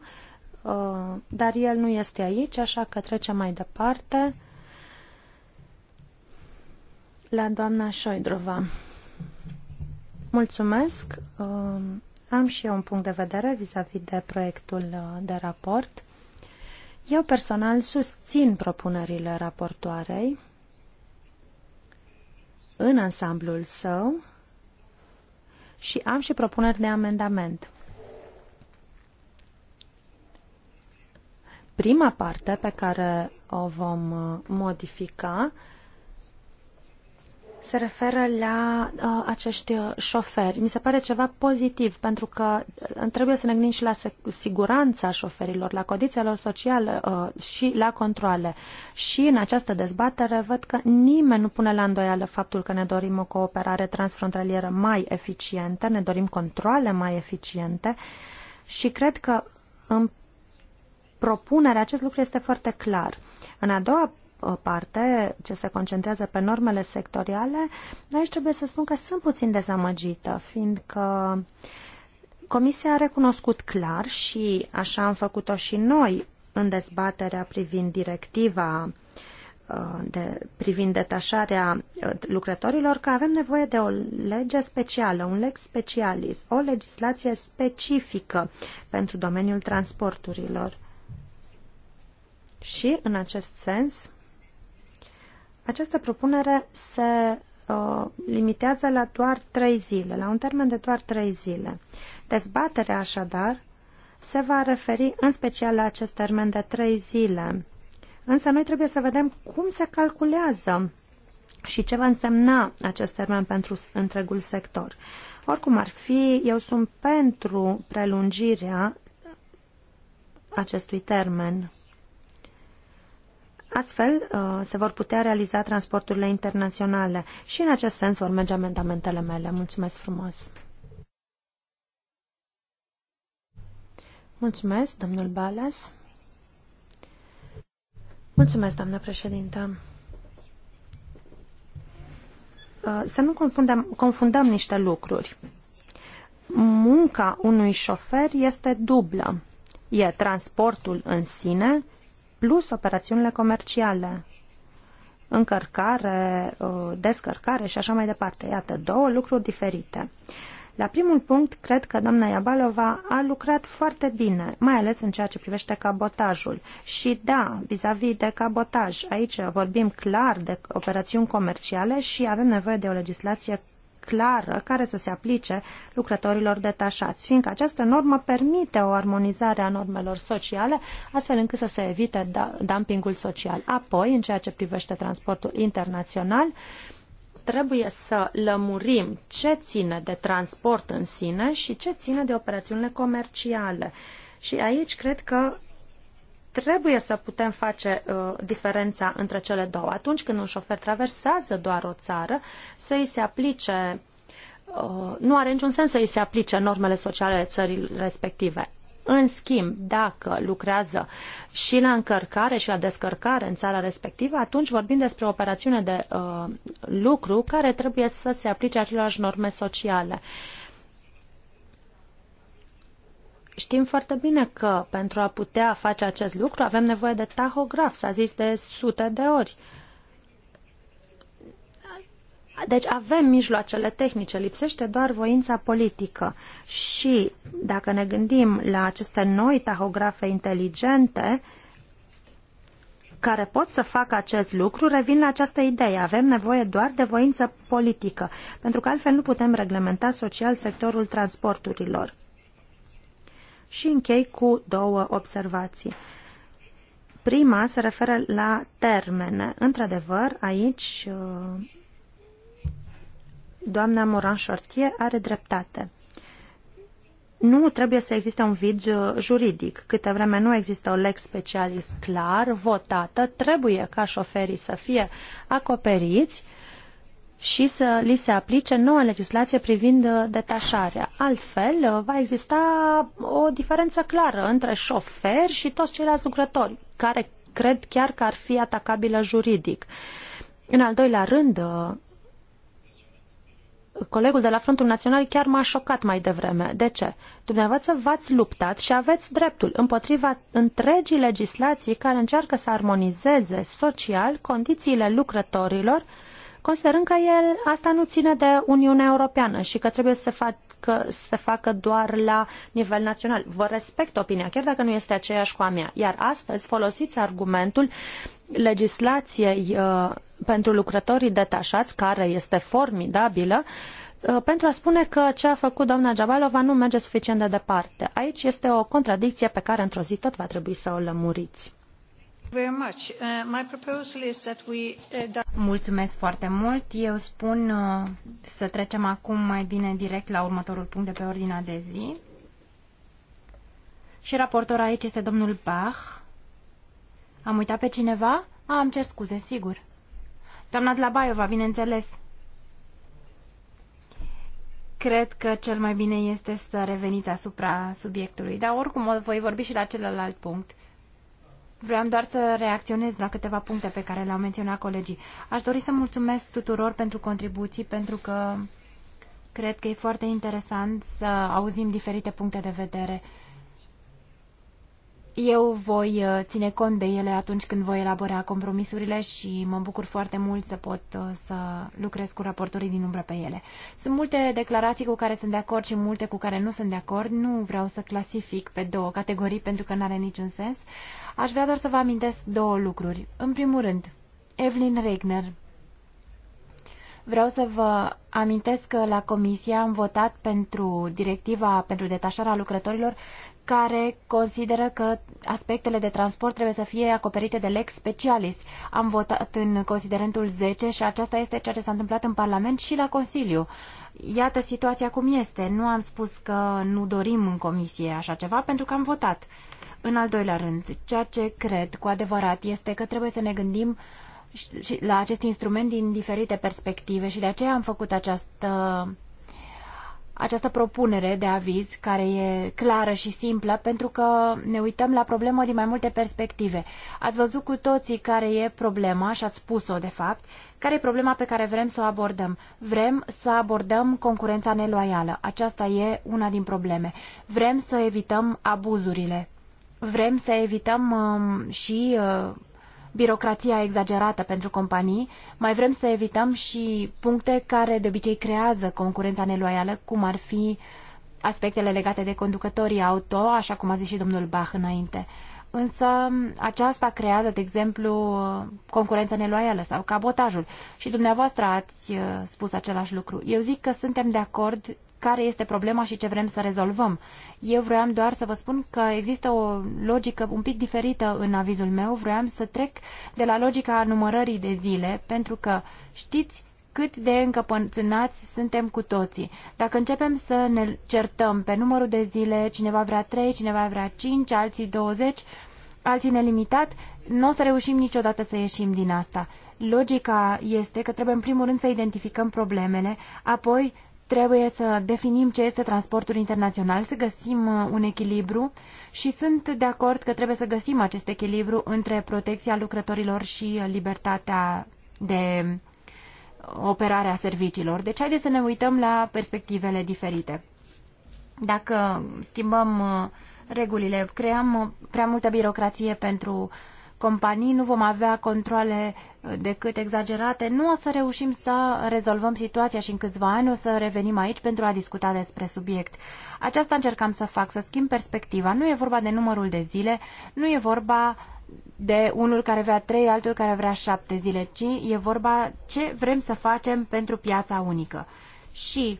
uh, dar el nu este aici, așa că trecem mai departe la doamna Șoidrova. Mulțumesc. Um, am și eu un punct de vedere vis-a-vis -vis de proiectul uh, de raport. Eu personal susțin propunerile raportoarei în ansamblul său și am și propuneri de amendament. Prima parte pe care o vom uh, modifica se referă la uh, acești uh, șoferi. Mi se pare ceva pozitiv, pentru că uh, trebuie să ne gândim și la siguranța șoferilor, la condițiile lor sociale uh, și la controle. Și în această dezbatere văd că nimeni nu pune la îndoială faptul că ne dorim o cooperare transfrontalieră mai eficientă, ne dorim controle mai eficiente și cred că în propunerea acest lucru este foarte clar. În a doua parte ce se concentrează pe normele sectoriale, aici trebuie să spun că sunt puțin dezamăgită, fiindcă Comisia a recunoscut clar și așa am făcut-o și noi în dezbaterea privind directiva uh, de, privind detașarea uh, lucrătorilor, că avem nevoie de o lege specială, un lex specialis, o legislație specifică pentru domeniul transporturilor. Și, în acest sens, această propunere se uh, limitează la doar trei zile, la un termen de doar trei zile. Dezbaterea, așadar, se va referi în special la acest termen de trei zile. Însă noi trebuie să vedem cum se calculează și ce va însemna acest termen pentru întregul sector. Oricum ar fi, eu sunt pentru prelungirea acestui termen. Astfel uh, se vor putea realiza transporturile internaționale și în acest sens vor merge amendamentele mele. Mulțumesc frumos! Mulțumesc, domnul Balas. Mulțumesc, doamnă președintă. Uh, să nu confundăm, confundăm niște lucruri. Munca unui șofer este dublă. E transportul în sine plus operațiunile comerciale, încărcare, uh, descărcare și așa mai departe. Iată, două lucruri diferite. La primul punct, cred că doamna Iabalova a lucrat foarte bine, mai ales în ceea ce privește cabotajul. Și da, vis-a-vis -vis de cabotaj, aici vorbim clar de operațiuni comerciale și avem nevoie de o legislație clară care să se aplice lucrătorilor detașați, fiindcă această normă permite o armonizare a normelor sociale, astfel încât să se evite da, dumpingul social. Apoi, în ceea ce privește transportul internațional, trebuie să lămurim ce ține de transport în sine și ce ține de operațiunile comerciale. Și aici cred că trebuie să putem face uh, diferența între cele două. Atunci când un șofer traversează doar o țară, să îi se aplice, uh, nu are niciun sens să îi se aplice normele sociale ale țării respective. În schimb, dacă lucrează și la încărcare și la descărcare în țara respectivă, atunci vorbim despre o operațiune de uh, lucru care trebuie să se aplice aceleași norme sociale. Uh, Știm foarte bine că pentru a putea face acest lucru avem nevoie de tahograf, s-a zis de sute de ori. Deci avem mijloacele tehnice, lipsește doar voința politică. Și dacă ne gândim la aceste noi tahografe inteligente care pot să facă acest lucru, revin la această idee. Avem nevoie doar de voință politică, pentru că altfel nu putem reglementa social sectorul transporturilor și închei cu două observații. Prima se referă la termene. Într-adevăr, aici uh, doamna Moran Chartier are dreptate. Nu trebuie să existe un vid uh, juridic. Câte vreme nu există o lex specialis clar, votată, trebuie ca șoferii să fie acoperiți uh, și să li se aplice noua legislație privind uh, detașarea. Altfel, uh, va exista o diferență clară între șoferi și toți ceilalți lucrători, care cred chiar că ar fi atacabilă juridic. În al doilea rând, uh, colegul de la Frontul Național chiar m-a șocat mai devreme. De ce? Dumneavoastră v-ați luptat și aveți dreptul împotriva întregii legislații care încearcă să armonizeze social condițiile lucrătorilor considerând că el, asta nu ține de Uniunea Europeană și că trebuie să se facă, să se facă doar la nivel național. Vă respect opinia, chiar dacă nu este aceeași cu a mea. Iar astăzi folosiți argumentul legislației uh, pentru lucrătorii detașați, care este formidabilă, uh, pentru a spune că ce a făcut doamna Jabalova nu merge suficient de departe. Aici este o contradicție pe care într-o zi tot va trebui să o lămuriți. Mulțumesc foarte mult. Eu spun uh, să trecem acum mai bine direct la următorul punct de pe ordinea de zi. Și raportor aici este domnul Bach. Am uitat pe cineva? A, ah, am cer scuze, sigur. Doamna de la Baiova, bineînțeles. Cred că cel mai bine este să reveniți asupra subiectului, dar oricum voi vorbi și la celălalt punct. Vreau doar să reacționez la câteva puncte pe care le-au menționat colegii. Aș dori să mulțumesc tuturor pentru contribuții, pentru că cred că e foarte interesant să auzim diferite puncte de vedere. Eu voi uh, ține cont de ele atunci când voi elabora compromisurile și mă bucur foarte mult să pot uh, să lucrez cu raportorii din umbră pe ele. Sunt multe declarații cu care sunt de acord și multe cu care nu sunt de acord. Nu vreau să clasific pe două categorii pentru că nu are niciun sens. Aș vrea doar să vă amintesc două lucruri. În primul rând, Evelyn Regner. Vreau să vă amintesc că la comisie am votat pentru directiva pentru detașarea lucrătorilor care consideră că aspectele de transport trebuie să fie acoperite de lex specialis. Am votat în considerentul 10 și aceasta este ceea ce s-a întâmplat în Parlament și la Consiliu. Iată situația cum este. Nu am spus că nu dorim în comisie așa ceva pentru că am votat. În al doilea rând, ceea ce cred cu adevărat este că trebuie să ne gândim și la acest instrument din diferite perspective și de aceea am făcut această, această propunere de aviz care e clară și simplă pentru că ne uităm la problemă din mai multe perspective. Ați văzut cu toții care e problema și ați spus-o de fapt, care e problema pe care vrem să o abordăm? Vrem să abordăm concurența neloială. Aceasta e una din probleme. Vrem să evităm abuzurile vrem să evităm um, și uh, birocrația exagerată pentru companii, mai vrem să evităm și puncte care de obicei creează concurența neloială, cum ar fi aspectele legate de conducătorii auto, așa cum a zis și domnul Bach înainte. Însă um, aceasta creează, de exemplu, uh, concurența neloială sau cabotajul. Și dumneavoastră ați uh, spus același lucru. Eu zic că suntem de acord care este problema și ce vrem să rezolvăm. Eu vroiam doar să vă spun că există o logică un pic diferită în avizul meu. Vroiam să trec de la logica numărării de zile, pentru că știți cât de încăpățânați suntem cu toții. Dacă începem să ne certăm pe numărul de zile, cineva vrea 3, cineva vrea 5, alții 20, alții nelimitat, nu o să reușim niciodată să ieșim din asta. Logica este că trebuie în primul rând să identificăm problemele, apoi Trebuie să definim ce este transportul internațional, să găsim uh, un echilibru și sunt de acord că trebuie să găsim acest echilibru între protecția lucrătorilor și uh, libertatea de uh, operare a serviciilor. Deci haideți să ne uităm la perspectivele diferite. Dacă schimbăm regulile, creăm prea multă birocrație pentru uh, companii, nu vom avea controle uh, decât exagerate, nu o să reușim să rezolvăm situația și în câțiva ani o să revenim aici pentru a discuta despre subiect. Aceasta încercam să fac, să schimb perspectiva. Nu e vorba de numărul de zile, nu e vorba de unul care vrea trei, altul care vrea șapte zile, ci e vorba ce vrem să facem pentru piața unică. Și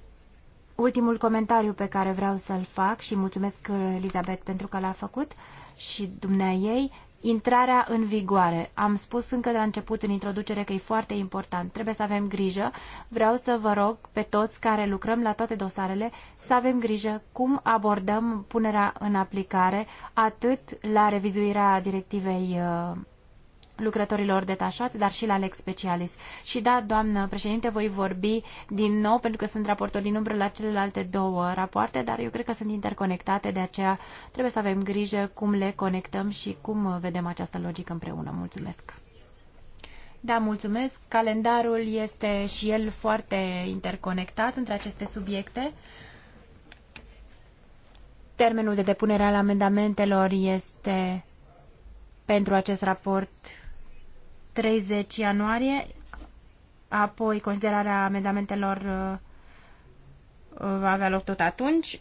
ultimul comentariu pe care vreau să-l fac și mulțumesc uh, Elizabeth pentru că l-a făcut și dumnea ei Intrarea în vigoare. Am spus încă de la început în introducere că e foarte important. Trebuie să avem grijă. Vreau să vă rog pe toți care lucrăm la toate dosarele să avem grijă cum abordăm punerea în aplicare atât la revizuirea directivei uh, lucrătorilor detașați, dar și la Lex Specialis. Și da, doamnă președinte, voi vorbi din nou, pentru că sunt raportor din umbră la celelalte două rapoarte, dar eu cred că sunt interconectate, de aceea trebuie să avem grijă cum le conectăm și cum vedem această logică împreună. Mulțumesc! Da, mulțumesc. Calendarul este și el foarte interconectat între aceste subiecte. Termenul de depunere al amendamentelor este pentru acest raport 30 ianuarie, apoi considerarea amendamentelor uh, va avea loc tot atunci. 27-28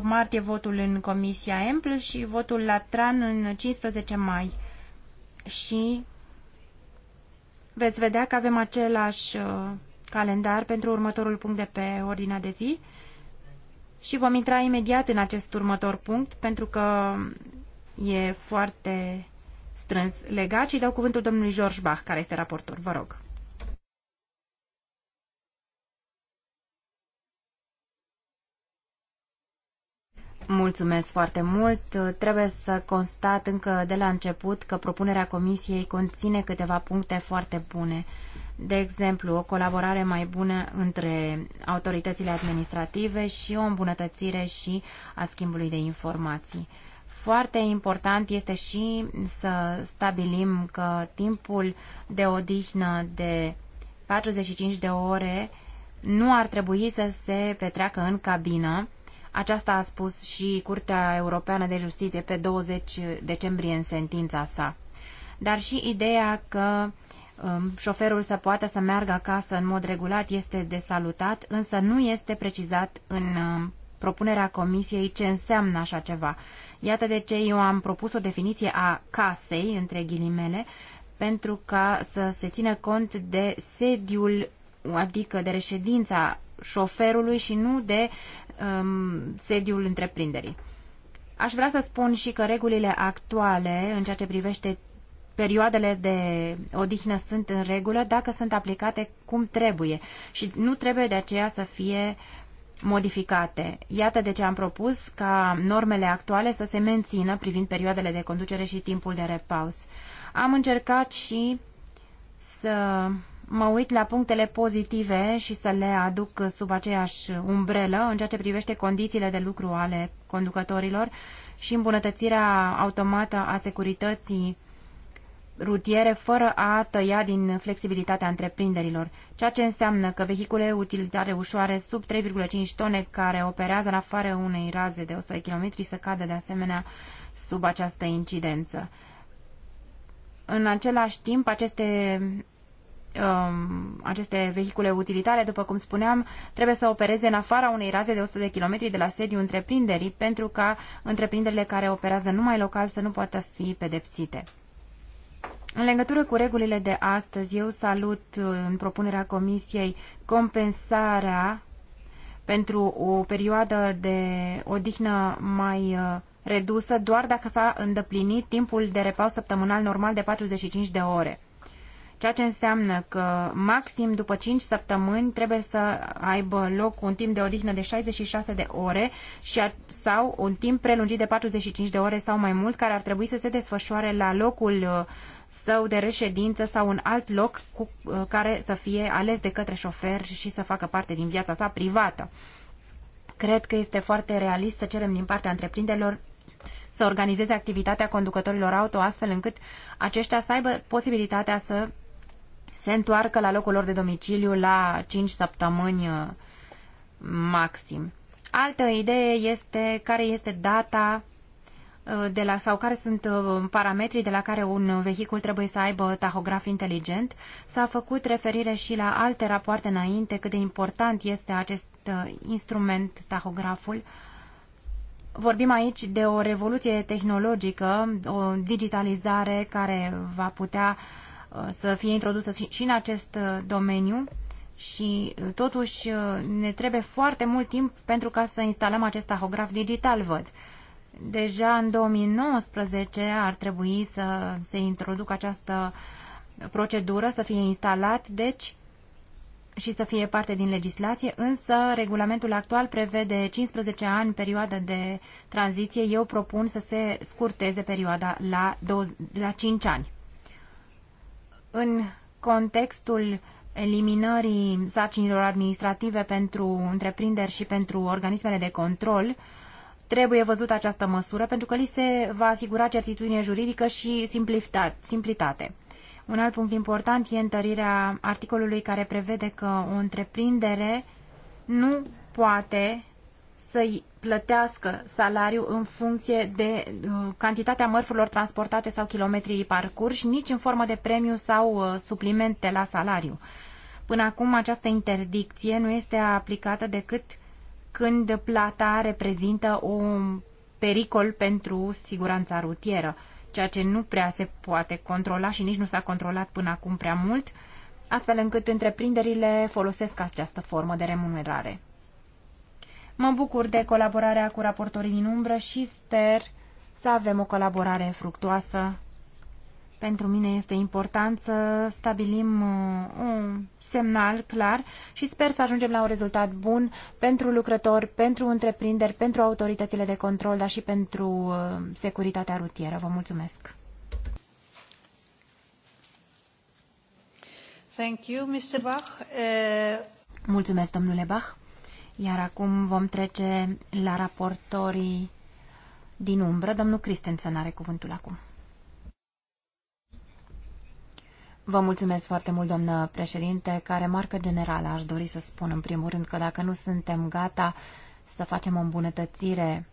martie votul în Comisia Empl și votul la TRAN în 15 mai. Și veți vedea că avem același uh, calendar pentru următorul punct de pe ordinea de zi și vom intra imediat în acest următor punct pentru că e foarte strâns legat și dau cuvântul domnului George Bach, care este raportor. Vă rog. Mulțumesc foarte mult. Trebuie să constat încă de la început că propunerea comisiei conține câteva puncte foarte bune. De exemplu, o colaborare mai bună între autoritățile administrative și o îmbunătățire și a schimbului de informații. Foarte important este și să stabilim că timpul de odihnă de 45 de ore nu ar trebui să se petreacă în cabină. Aceasta a spus și Curtea Europeană de Justiție pe 20 decembrie în sentința sa. Dar și ideea că um, șoferul să poată să meargă acasă în mod regulat este de salutat, însă nu este precizat în um, propunerea comisiei ce înseamnă așa ceva. Iată de ce eu am propus o definiție a casei, între ghilimele, pentru ca să se țină cont de sediul, adică de reședința șoferului și nu de um, sediul întreprinderii. Aș vrea să spun și că regulile actuale în ceea ce privește perioadele de odihnă sunt în regulă dacă sunt aplicate cum trebuie și nu trebuie de aceea să fie uh, modificate. Iată de ce am propus ca normele actuale să se mențină privind perioadele de conducere și timpul de repaus. Am încercat și să mă uit la punctele pozitive și să le aduc sub aceeași umbrelă în ceea ce privește condițiile de lucru ale conducătorilor și îmbunătățirea automată a securității rutiere fără a tăia din flexibilitatea întreprinderilor, ceea ce înseamnă că vehicule utilitare ușoare sub 3,5 tone care operează în afară unei raze de 100 km să cadă de asemenea sub această incidență. În același timp, aceste um, aceste vehicule utilitare, după cum spuneam, trebuie să opereze în afara unei raze de 100 de km de la sediul întreprinderii, pentru ca întreprinderile care operează numai local să nu poată fi pedepsite. În legătură cu regulile de astăzi, eu salut uh, în propunerea Comisiei compensarea pentru o perioadă de odihnă mai uh, redusă doar dacă s-a îndeplinit timpul de repaus săptămânal normal de 45 de ore. Ceea ce înseamnă că maxim după 5 săptămâni trebuie să aibă loc un timp de odihnă de 66 de ore și a, sau un timp prelungit de 45 de ore sau mai mult care ar trebui să se desfășoare la locul uh, său de reședință sau un alt loc cu uh, care să fie ales de către șofer și să facă parte din viața sa privată. Cred că este foarte realist să cerem din partea întreprinderilor să organizeze activitatea conducătorilor auto astfel încât aceștia să aibă posibilitatea să se întoarcă la locul lor de domiciliu la 5 săptămâni uh, maxim. Altă idee este care este data Uh, de la, sau care sunt uh, parametrii de la care un vehicul trebuie să aibă tahograf inteligent. S-a făcut referire și la alte rapoarte înainte cât de important este acest uh, instrument, tahograful. Vorbim aici de o revoluție tehnologică, o digitalizare care va putea să fie introdusă și în acest domeniu și totuși ne trebuie foarte mult timp pentru ca să instalăm acest tahograf digital, văd deja în 2019 ar trebui să se introducă această procedură, să fie instalat, deci, și să fie parte din legislație, însă regulamentul actual prevede 15 ani perioadă de tranziție. Eu propun să se scurteze perioada la, 20, la 5 ani. În contextul eliminării sarcinilor administrative pentru întreprinderi și pentru organismele de control, uh, Trebuie văzut această măsură pentru că li se va asigura certitudine juridică și simplitate. Un alt punct important e întărirea articolului care prevede că o întreprindere nu poate să-i plătească salariu în funcție de uh, cantitatea mărfurilor transportate sau kilometrii parcurși, nici în formă de premiu sau uh, suplimente la salariu. Până acum această interdicție nu este aplicată decât când plata reprezintă un pericol pentru siguranța rutieră, ceea ce nu prea se poate controla și nici nu s-a controlat până acum prea mult, astfel încât întreprinderile folosesc această formă de remunerare. Mă bucur de colaborarea cu raportorii din umbră și sper să avem o colaborare fructuoasă pentru mine este important să stabilim uh, un semnal clar și sper să ajungem la un rezultat bun pentru lucrători, pentru întreprinderi, pentru autoritățile de control, dar și pentru uh, securitatea rutieră. Vă mulțumesc! Thank you, Mr. Bach. Uh... Mulțumesc, domnule Bach. Iar acum vom trece la raportorii din umbră. Domnul Christensen are cuvântul acum. Vă mulțumesc foarte mult, doamnă președinte. Ca remarcă generală aș dori să spun în primul rând că dacă nu suntem gata să facem o îmbunătățire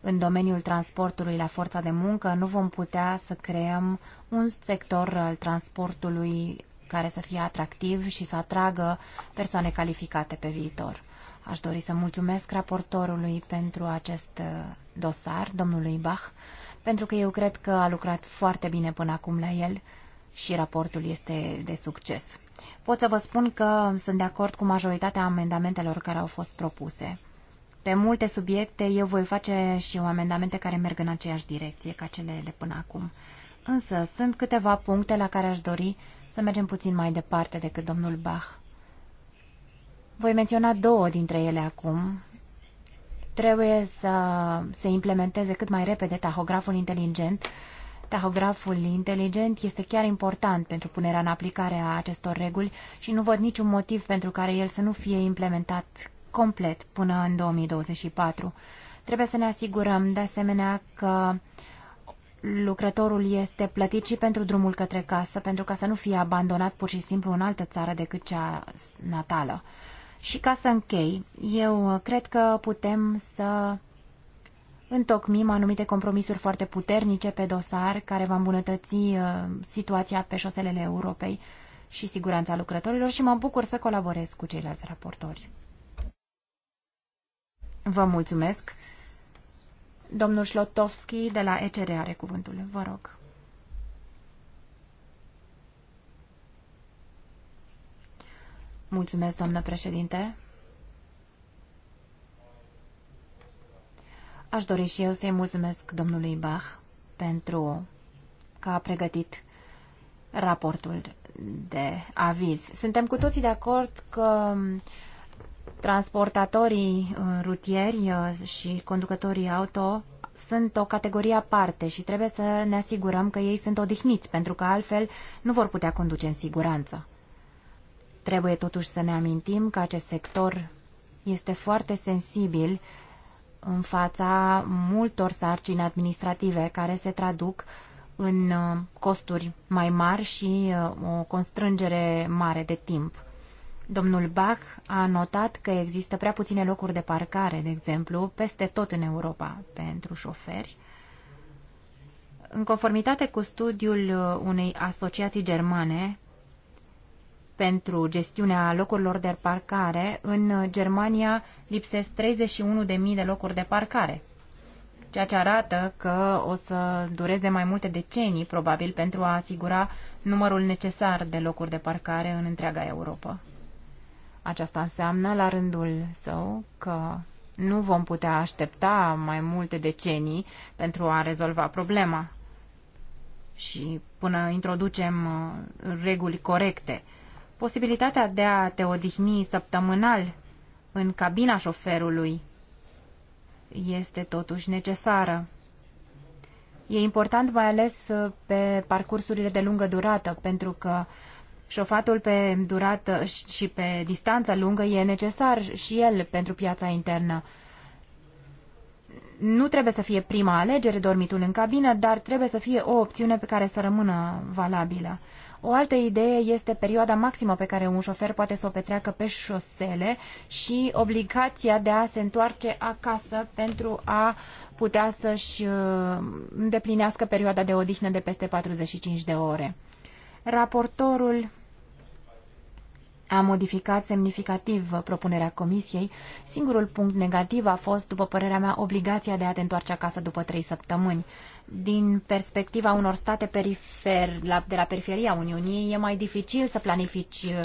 în domeniul transportului la forța de muncă, nu vom putea să creăm un sector al transportului care să fie atractiv și să atragă persoane calificate pe viitor. Aș dori să mulțumesc raportorului pentru acest uh, dosar, domnului Bach, pentru că eu cred că a lucrat foarte bine până acum la el și raportul este de succes. Pot să vă spun că sunt de acord cu majoritatea amendamentelor care au fost propuse. Pe multe subiecte eu voi face și amendamente care merg în aceeași direcție ca cele de până acum. Însă sunt câteva puncte la care aș dori să mergem puțin mai departe decât domnul Bach. Voi menționa două dintre ele acum. Trebuie să se implementeze cât mai repede tahograful inteligent Tahograful inteligent este chiar important pentru punerea în aplicare a acestor reguli și nu văd niciun motiv pentru care el să nu fie implementat complet până în 2024. Trebuie să ne asigurăm, de asemenea, că lucrătorul este plătit și pentru drumul către casă, pentru ca să nu fie abandonat pur și simplu în altă țară decât cea natală. Și ca să închei, eu cred că putem să întocmim anumite compromisuri foarte puternice pe dosar care va îmbunătăți uh, situația pe șoselele Europei și siguranța lucrătorilor și mă bucur să colaborez cu ceilalți raportori. Vă mulțumesc. Domnul Șlotovski de la ECR are cuvântul. Vă rog. Mulțumesc, doamnă președinte. Aș dori și eu să-i mulțumesc domnului Bach pentru că a pregătit raportul de aviz. Suntem cu toții de acord că transportatorii uh, rutieri uh, și conducătorii auto sunt o categorie aparte și trebuie să ne asigurăm că ei sunt odihniți, pentru că altfel nu vor putea conduce în siguranță. Trebuie totuși să ne amintim că acest sector este foarte sensibil în fața multor sarcini administrative care se traduc în uh, costuri mai mari și uh, o constrângere mare de timp. Domnul Bach a notat că există prea puține locuri de parcare, de exemplu, peste tot în Europa pentru șoferi. În conformitate cu studiul uh, unei asociații germane, pentru gestiunea locurilor de parcare, în Germania lipsesc 31.000 de locuri de parcare, ceea ce arată că o să dureze mai multe decenii, probabil, pentru a asigura numărul necesar de locuri de parcare în întreaga Europa. Aceasta înseamnă, la rândul său, că nu vom putea aștepta mai multe decenii pentru a rezolva problema și până introducem uh, reguli corecte posibilitatea de a te odihni săptămânal în cabina șoferului este totuși necesară. E important mai ales uh, pe parcursurile de lungă durată, pentru că șofatul pe durată și pe distanță lungă e necesar și el pentru piața internă. Nu trebuie să fie prima alegere dormitul în cabină, dar trebuie să fie o opțiune pe care să rămână valabilă. O altă idee este perioada maximă pe care un șofer poate să o petreacă pe șosele și obligația de a se întoarce acasă pentru a putea să-și uh, îndeplinească perioada de odihnă de peste 45 de ore. Raportorul a modificat semnificativ propunerea comisiei. Singurul punct negativ a fost, după părerea mea, obligația de a te întoarce acasă după trei săptămâni din perspectiva unor state perifer, la, de la periferia Uniunii, e mai dificil să planifici uh,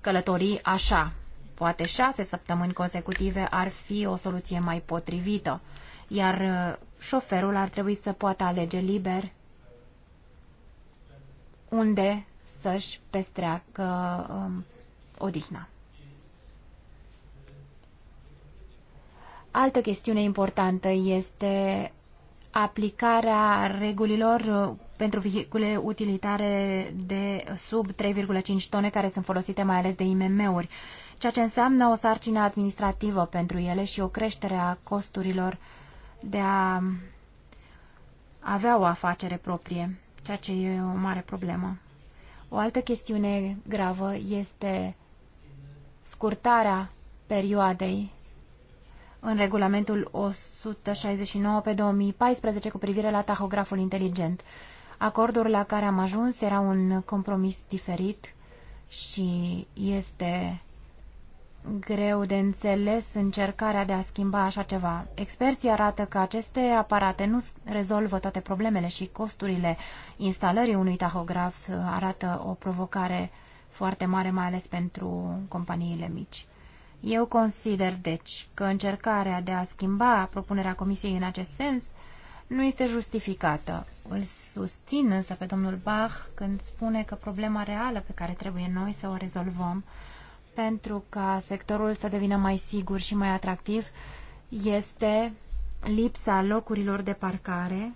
călătorii așa. Poate șase săptămâni consecutive ar fi o soluție mai potrivită, iar uh, șoferul ar trebui să poată alege liber unde să-și pestreacă um, odihna. Altă chestiune importantă este aplicarea regulilor uh, pentru vehicule utilitare de sub 3,5 tone care sunt folosite mai ales de IMM-uri, ceea ce înseamnă o sarcină administrativă pentru ele și o creștere a costurilor de a avea o afacere proprie, ceea ce e o mare problemă. O altă chestiune gravă este scurtarea perioadei în regulamentul 169 pe 2014 cu privire la tahograful inteligent. Acordul la care am ajuns era un compromis diferit și este greu de înțeles încercarea de a schimba așa ceva. Experții arată că aceste aparate nu rezolvă toate problemele și costurile instalării unui tahograf arată o provocare foarte mare, mai ales pentru companiile mici. Eu consider, deci, că încercarea de a schimba propunerea Comisiei în acest sens nu este justificată. Îl susțin însă pe domnul Bach când spune că problema reală pe care trebuie noi să o rezolvăm pentru ca sectorul să devină mai sigur și mai atractiv este lipsa locurilor de parcare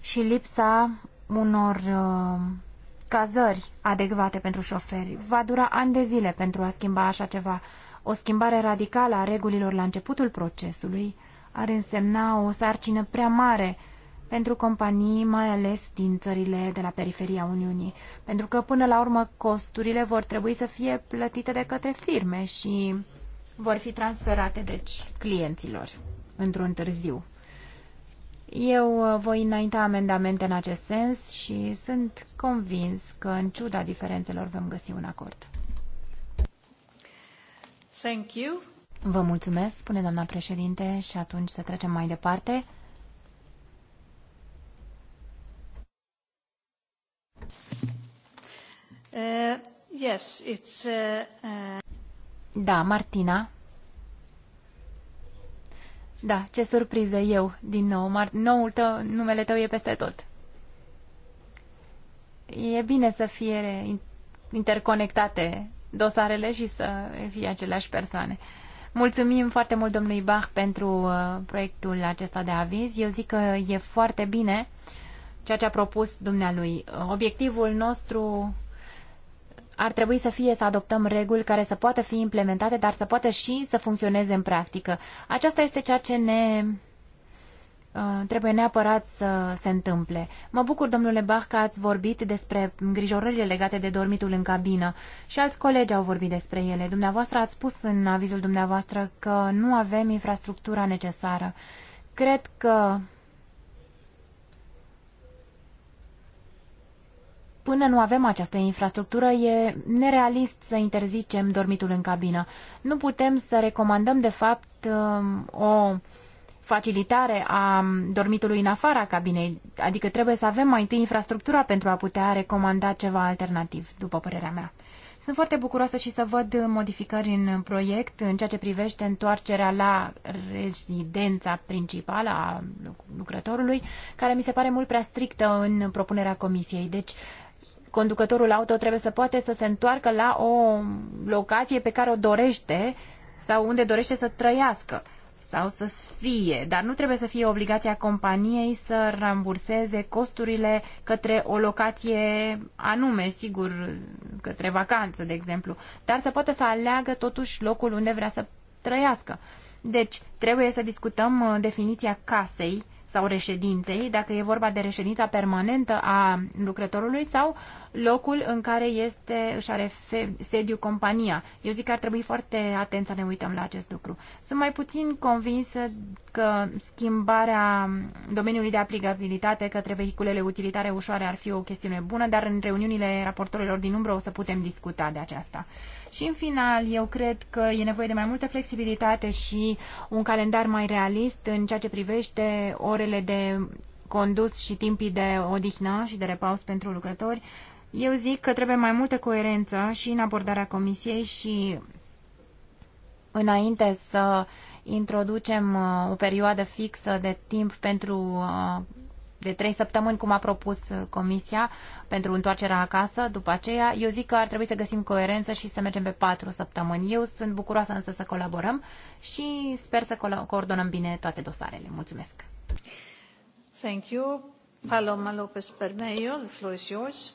și lipsa unor uh, cazări adecvate pentru șoferi. Va dura ani de zile pentru a schimba așa ceva. O schimbare radicală a regulilor la începutul procesului ar însemna o sarcină prea mare pentru companii, mai ales din țările de la periferia Uniunii, pentru că până la urmă costurile vor trebui să fie plătite de către firme și vor fi transferate, deci, clienților într-un târziu. Eu uh, voi înainta amendamente în acest sens și sunt convins că, în ciuda diferențelor, vom găsi un acord. Thank you. Vă mulțumesc, spune doamna președinte, și atunci să trecem mai departe. Uh, yes, it's, uh, uh... Da, Martina. Da, ce surpriză eu din nou. Mar- noul tău, numele tău e peste tot. E bine să fie interconectate dosarele și să fie aceleași persoane. Mulțumim foarte mult domnului Bach pentru uh, proiectul acesta de aviz. Eu zic că e foarte bine ceea ce a propus dumnealui. Obiectivul nostru ar trebui să fie să adoptăm reguli care să poată fi implementate, dar să poată și să funcționeze în practică. Aceasta este ceea ce ne uh, trebuie neapărat să se întâmple. Mă bucur, domnule Bach, că ați vorbit despre îngrijorările legate de dormitul în cabină și alți colegi au vorbit despre ele. Dumneavoastră ați spus în avizul dumneavoastră că nu avem infrastructura necesară. Cred că Până nu avem această infrastructură, e nerealist să interzicem dormitul în cabină. Nu putem să recomandăm, de fapt, um, o facilitare a dormitului în afara cabinei, adică trebuie să avem mai întâi infrastructura pentru a putea recomanda ceva alternativ, după părerea mea. Sunt foarte bucuroasă și să văd modificări în proiect în ceea ce privește întoarcerea la rezidența principală a lucrătorului, care mi se pare mult prea strictă în propunerea comisiei. Deci conducătorul auto trebuie să poate să se întoarcă la o locație pe care o dorește sau unde dorește să trăiască sau să fie, dar nu trebuie să fie obligația companiei să ramburseze costurile către o locație anume, sigur, către vacanță, de exemplu, dar să poată să aleagă totuși locul unde vrea să trăiască. Deci, trebuie să discutăm uh, definiția casei sau reședinței, dacă e vorba de reședința permanentă a lucrătorului sau locul în care este, își are sediu compania. Eu zic că ar trebui foarte atent să ne uităm la acest lucru. Sunt mai puțin convinsă că schimbarea domeniului de aplicabilitate către vehiculele utilitare ușoare ar fi o chestiune bună, dar în reuniunile raportorilor din umbră o să putem discuta de aceasta. Și în final, eu cred că e nevoie de mai multă flexibilitate și un calendar mai realist în ceea ce privește orele de condus și timpii de odihnă și de repaus pentru lucrători. Eu zic că trebuie mai multă coerență și în abordarea comisiei și înainte să introducem uh, o perioadă fixă de timp pentru uh, de trei săptămâni, cum a propus uh, Comisia pentru întoarcerea acasă, după aceea, eu zic că ar trebui să găsim coerență și să mergem pe patru săptămâni. Eu sunt bucuroasă însă să colaborăm și sper să coordonăm bine toate dosarele. Mulțumesc! Thank you. Paloma López Permeio, the floor is yours.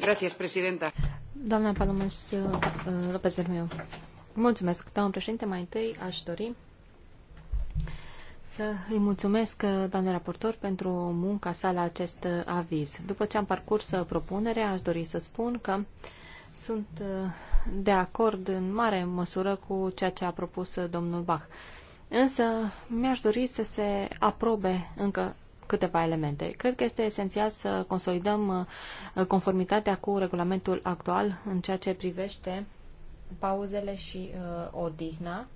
Gracias, Presidenta. Doamna Paloma uh, López Permeio. Mulțumesc, Doamna președinte. Mai întâi aș dori să îi mulțumesc, doamne raportor, pentru munca sa la acest aviz. După ce am parcurs propunerea, aș dori să spun că sunt uh, de acord în mare măsură cu ceea ce a propus domnul Bach. Însă mi-aș dori să se aprobe încă câteva elemente. Cred că este esențial să consolidăm uh, conformitatea cu regulamentul actual în ceea ce privește pauzele și uh, odihna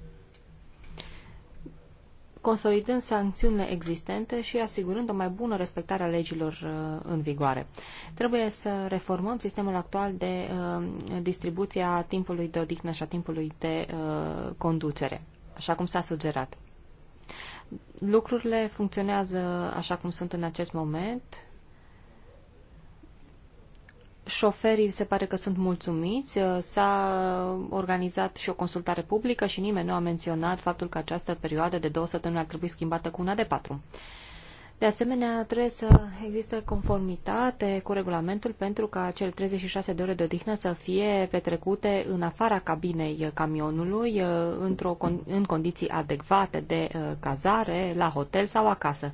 consolidând sancțiunile existente și asigurând o mai bună respectare a legilor uh, în vigoare. Trebuie să reformăm sistemul actual de uh, distribuție a timpului de odihnă și a timpului de uh, conducere, așa cum s-a sugerat. Lucrurile funcționează așa cum sunt în acest moment Șoferii se pare că sunt mulțumiți. Uh, s-a organizat și o consultare publică și nimeni nu a menționat faptul că această perioadă de două săptămâni ar trebui schimbată cu una de patru. De asemenea, trebuie să există conformitate cu regulamentul pentru ca cele 36 de ore de odihnă să fie petrecute în afara cabinei camionului, uh, într-o, în condiții adecvate de uh, cazare, la hotel sau acasă.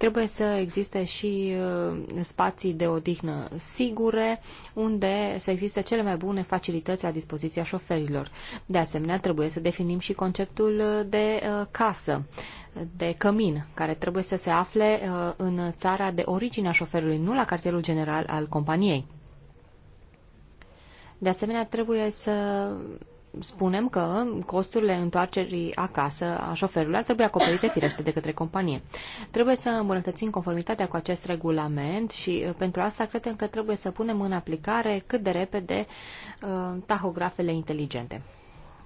Trebuie să existe și uh, spații de odihnă sigure, unde să existe cele mai bune facilități la dispoziția șoferilor. De asemenea, trebuie să definim și conceptul uh, de uh, casă de cămin, care trebuie să se afle în țara de origine a șoferului, nu la cartierul general al companiei. De asemenea, trebuie să spunem că costurile întoarcerii acasă a șoferului ar trebui acoperite firește de către companie. Trebuie să îmbunătățim conformitatea cu acest regulament și uh, pentru asta credem că trebuie să punem în aplicare cât de repede uh, tahografele inteligente.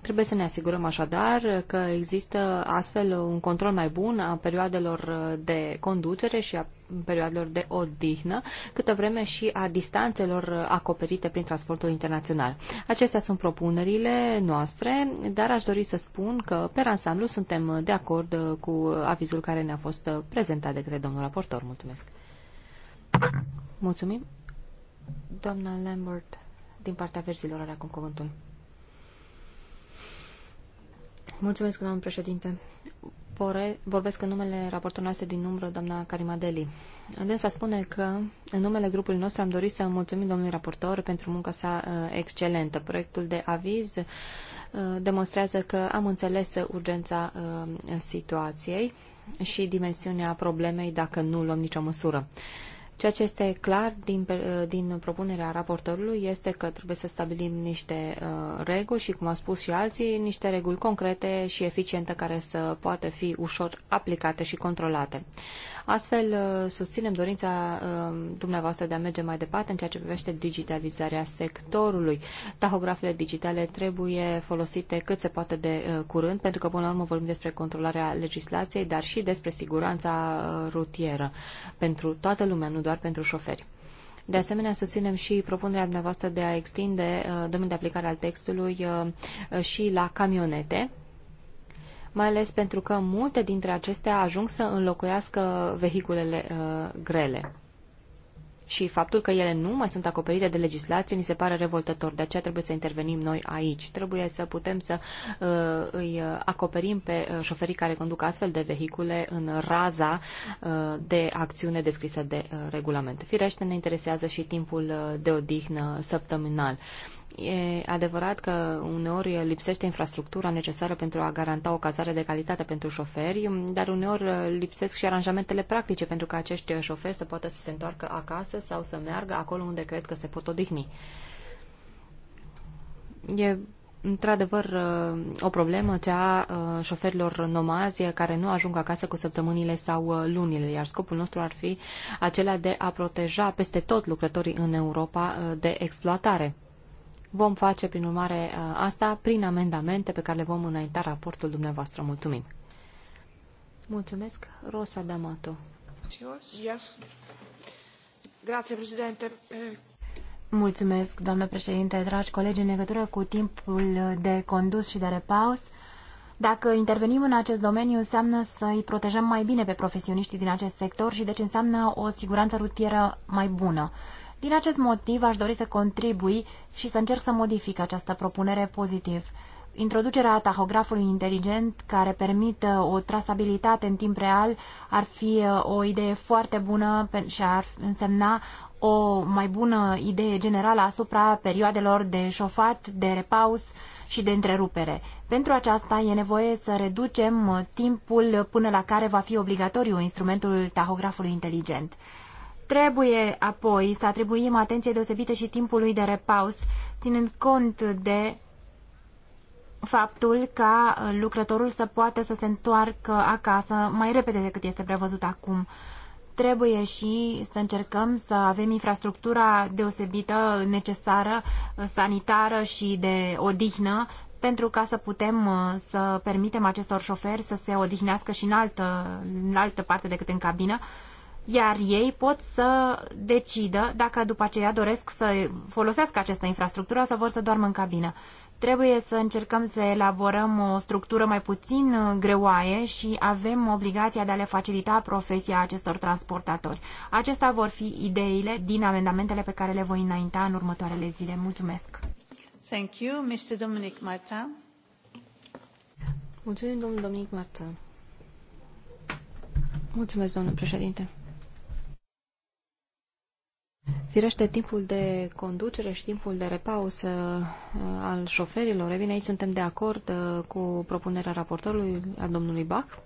Trebuie să ne asigurăm așadar că există astfel un control mai bun a perioadelor de conducere și a perioadelor de odihnă, câtă vreme și a distanțelor acoperite prin transportul internațional. Acestea sunt propunerile noastre, dar aș dori să spun că, pe ansamblu, suntem de acord cu avizul care ne-a fost prezentat de către domnul raportor. Mulțumesc! Mulțumim! Doamna Lambert, din partea verzilor, are acum cuvântul. Mulțumesc, domnul președinte. Pore, vorbesc în numele raportorului noastre din umbră, doamna Carimadeli. Dânsa spune că în numele grupului nostru am dorit să mulțumim domnului raportor pentru munca sa uh, excelentă. Proiectul de aviz uh, demonstrează că am înțeles urgența uh, situației și dimensiunea problemei dacă nu luăm nicio măsură. Ceea ce este clar din, uh, din propunerea raportorului este că trebuie să stabilim niște uh, reguli și, cum au spus și alții, niște reguli concrete și eficiente care să poată fi ușor aplicate și controlate. Astfel, uh, susținem dorința uh, dumneavoastră de a merge mai departe în ceea ce privește digitalizarea sectorului. Tahografele digitale trebuie folosite cât se poate de uh, curând, pentru că, până la urmă, vorbim despre controlarea legislației, dar și despre siguranța rutieră pentru toată lumea, nu doar pentru șoferi. De asemenea, susținem și propunerea dumneavoastră de a extinde domeniul de aplicare al textului și la camionete mai ales pentru că multe dintre acestea ajung să înlocuiască vehiculele uh, grele. Și faptul că ele nu mai sunt acoperite de legislație ni se pare revoltător. De aceea trebuie să intervenim noi aici. Trebuie să putem să uh, îi uh, acoperim pe uh, șoferii care conduc astfel de vehicule în raza uh, de acțiune descrisă de uh, regulament. Firește, ne interesează și timpul uh, de odihnă săptămânal. Uh, E adevărat că uneori lipsește infrastructura necesară pentru a garanta o cazare de calitate pentru șoferi, dar uneori lipsesc și aranjamentele practice pentru ca acești șoferi să poată să se întoarcă acasă sau să meargă acolo unde cred că se pot odihni. E într-adevăr uh, o problemă cea a uh, șoferilor nomazi care nu ajung acasă cu săptămânile sau uh, lunile, iar scopul nostru ar fi acela de a proteja peste tot lucrătorii în Europa de exploatare. Vom face, prin urmare, uh, asta prin amendamente pe care le vom înainta raportul dumneavoastră. Mulțumim! Mulțumesc, Rosa D'Amato. Yes. Grazie, președinte. Mulțumesc, doamnă președinte, dragi colegi, în legătură cu timpul de condus și de repaus. Dacă intervenim în acest domeniu, înseamnă să îi protejăm mai bine pe profesioniștii din acest sector și deci înseamnă o siguranță rutieră mai bună. Din acest motiv aș dori să contribui și să încerc să modific această propunere pozitiv. Introducerea tahografului inteligent care permită o trasabilitate în timp real ar fi uh, o idee foarte bună și ar însemna o mai bună idee generală asupra perioadelor de șofat, de repaus și de întrerupere. Pentru aceasta e nevoie să reducem uh, timpul până la care va fi obligatoriu instrumentul tahografului inteligent. Trebuie apoi să atribuim atenție deosebită și timpului de repaus, ținând cont de faptul ca uh, lucrătorul să poată să se întoarcă acasă mai repede decât este prevăzut acum. Trebuie și să încercăm să avem infrastructura deosebită, necesară, uh, sanitară și de odihnă pentru ca să putem uh, să permitem acestor șoferi să se odihnească și în altă, în altă parte decât în cabină iar ei pot să decidă dacă după aceea doresc să folosească această infrastructură sau vor să doarmă în cabină. Trebuie să încercăm să elaborăm o structură mai puțin uh, greoaie și avem obligația de a le facilita profesia acestor transportatori. Acestea vor fi ideile din amendamentele pe care le voi înainta în următoarele zile. Mulțumesc! Thank you, Mr. Dominic Marta Mulțumim, domnul Dominic Marta Mulțumesc, domnul președinte. Firește, timpul de conducere și timpul de repaus uh, al șoferilor, e bine, aici suntem de acord uh, cu propunerea raportorului a domnului Bach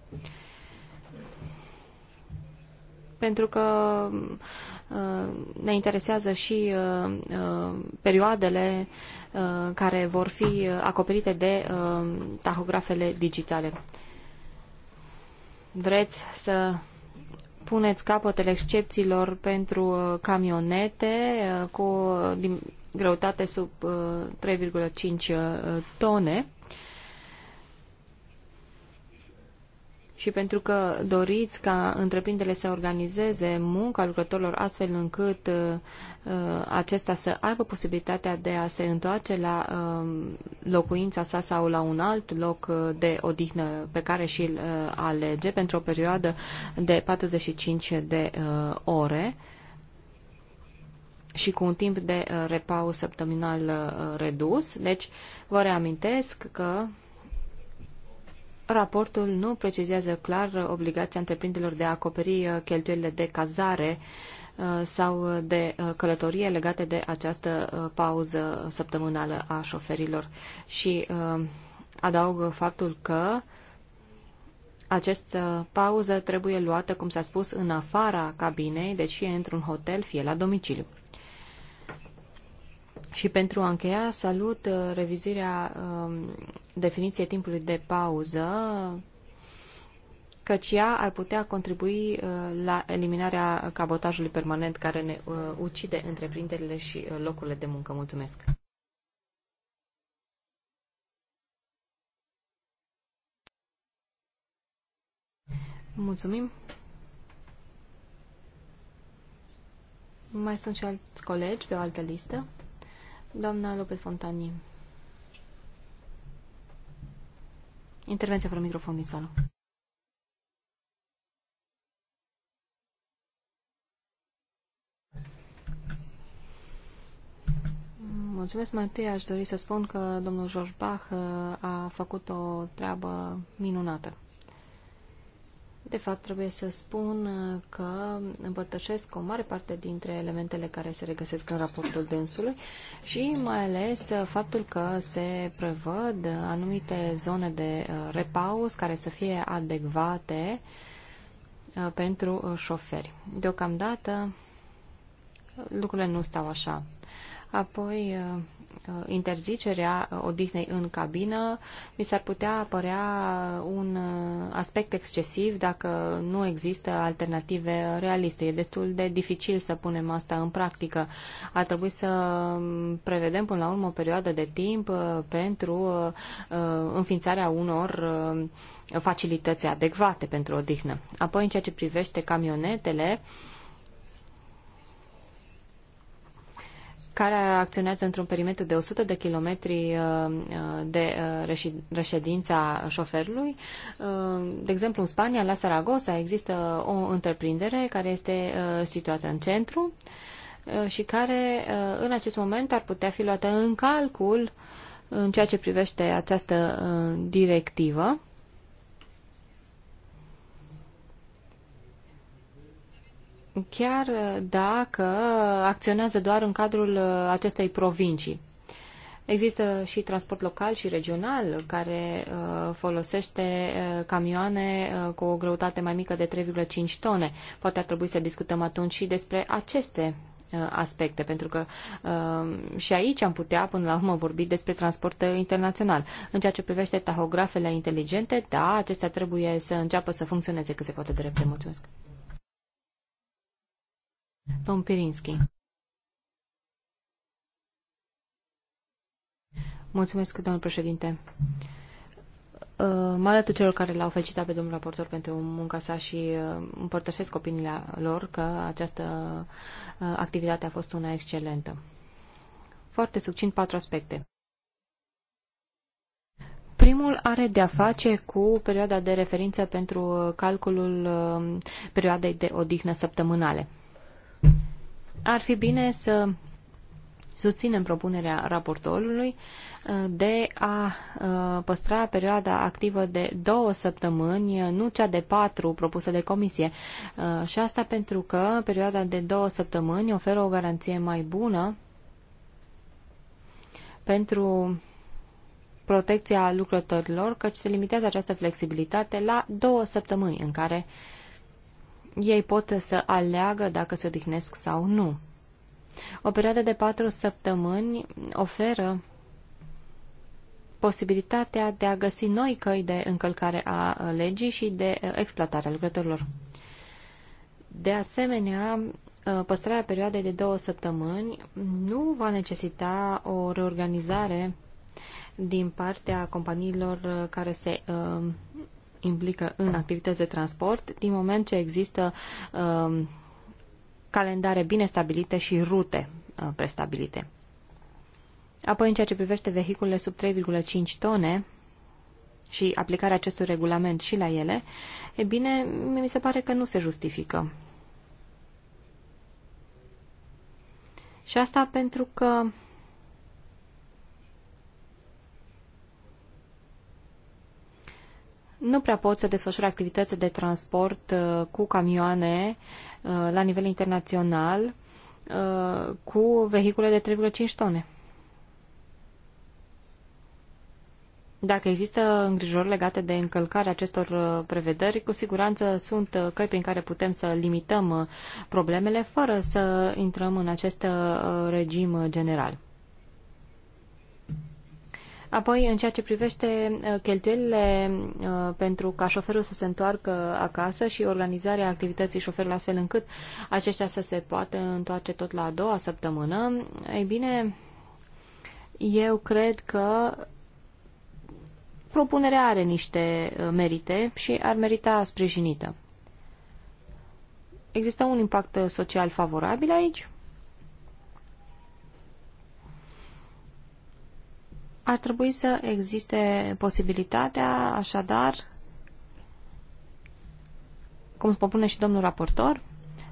pentru că uh, ne interesează și perioadele care vor fi acoperite de tahografele digitale. Vreți să puneți capătele excepțiilor pentru uh, camionete uh, cu uh, greutate sub 3,5 tone și pentru că doriți ca întreprinderile să organizeze munca lucrătorilor astfel încât uh, uh acesta să aibă posibilitatea de a se întoarce la uh, locuința sa sau la un alt loc uh, de odihnă pe care și-l uh, alege pentru o perioadă de 45 de uh, ore și cu un timp de uh, repaus săptămânal uh, redus. Deci, vă reamintesc că Raportul nu precizează clar obligația întreprinderilor de a acoperi uh, cheltuielile de cazare uh, sau de uh, călătorie legate de această pauză săptămânală a șoferilor. Și adaug faptul că această pauză trebuie luată, cum s-a spus, în afara cabinei, deci fie într-un hotel, fie la domiciliu. Și pentru a încheia, salut uh, revizuirea um, definiției timpului de pauză, căci ea ar putea contribui uh, la eliminarea cabotajului permanent care ne uh, ucide întreprinderile și locurile de muncă. Mulțumesc! Mulțumim! Mai sunt și alți colegi pe o altă listă. Doamna Lopez Fontani. Intervenție fără microfon din sală. Mulțumesc. Mai întâi aș dori să spun că domnul George Bach uh, a făcut o treabă minunată. De fapt, trebuie să spun uh, că împărtășesc o mare parte dintre elementele care se regăsesc în raportul dânsului și mai ales uh, faptul că se prevăd anumite zone de uh, repaus care să fie adecvate pentru șoferi. Deocamdată lucrurile nu stau așa. Apoi, Uh, interzicerea uh, odihnei în cabină, mi s-ar putea părea un uh, aspect excesiv dacă nu există alternative realiste. E destul de dificil să punem asta în practică. Ar trebui să um, prevedem până la urmă o perioadă de timp pentru înființarea unor facilități adecvate pentru odihnă. Apoi, în ceea ce privește camionetele, uh, care acționează într-un perimetru de 100 de kilometri uh, uh, de uh, reședința șoferului. De exemplu, în Spania, la Saragossa, există o întreprindere care este situată în centru și care în acest moment ar putea fi luată în calcul în ceea ce privește această directivă chiar uh, dacă acționează doar în cadrul uh, acestei provincii. Există și transport local și regional care uh, folosește camioane cu o greutate mai mică de 3,5 tone. Poate ar trebui să discutăm atunci și despre aceste aspecte, pentru că și aici am putea până la urmă vorbi despre transport internațional. În ceea ce privește tahografele inteligente, da, acestea trebuie să înceapă să funcționeze cât se poate de repede. Mulțumesc! Domn Pirinski. Mulțumesc, domnul președinte. Mă alătur celor care l-au felicitat pe domnul raportor pentru munca sa și uh, împărtășesc opiniile lor că această uh, activitate a fost una excelentă. Foarte succint patru aspecte. Primul are de-a face cu perioada de referință pentru calculul uh, perioadei de odihnă săptămânale ar fi bine să susținem propunerea raportorului uh, de a uh, păstra perioada activă de două săptămâni, uh, nu cea de patru propusă de comisie. Și asta pentru că perioada de două săptămâni oferă o garanție mai bună pentru protecția lucrătorilor, căci se limitează această flexibilitate la două săptămâni în care uh, ei pot să aleagă dacă se odihnesc sau nu. O perioadă de patru săptămâni oferă posibilitatea de a găsi noi căi de încălcare a legii și de uh, exploatare a lucrătorilor. De asemenea, uh, păstrarea perioadei de două săptămâni nu va necesita o reorganizare din partea companiilor uh, care se implică în activități de transport, din moment ce există um, calendare bine stabilite și rute uh, prestabilite. Apoi, în ceea ce privește vehiculele sub 3,5 tone și aplicarea acestui regulament și la ele, e bine, mi se pare că nu se justifică. Și asta pentru că nu prea pot să desfășoare activități de transport uh, cu camioane uh, la nivel internațional uh, cu vehicule de 3,5 tone. Dacă există îngrijorări legate de încălcarea acestor prevederi, cu siguranță sunt căi prin care putem să limităm problemele fără să intrăm în acest regim general. Apoi, în ceea ce privește uh, cheltuielile uh, pentru ca șoferul să se întoarcă acasă și organizarea activității șoferului astfel încât aceștia să se poată întoarce tot la a doua săptămână, ei bine, eu cred că propunerea are niște uh, merite și ar merita sprijinită. Există un impact social favorabil aici? Ar trebui să existe posibilitatea, așadar, cum propune și domnul raportor,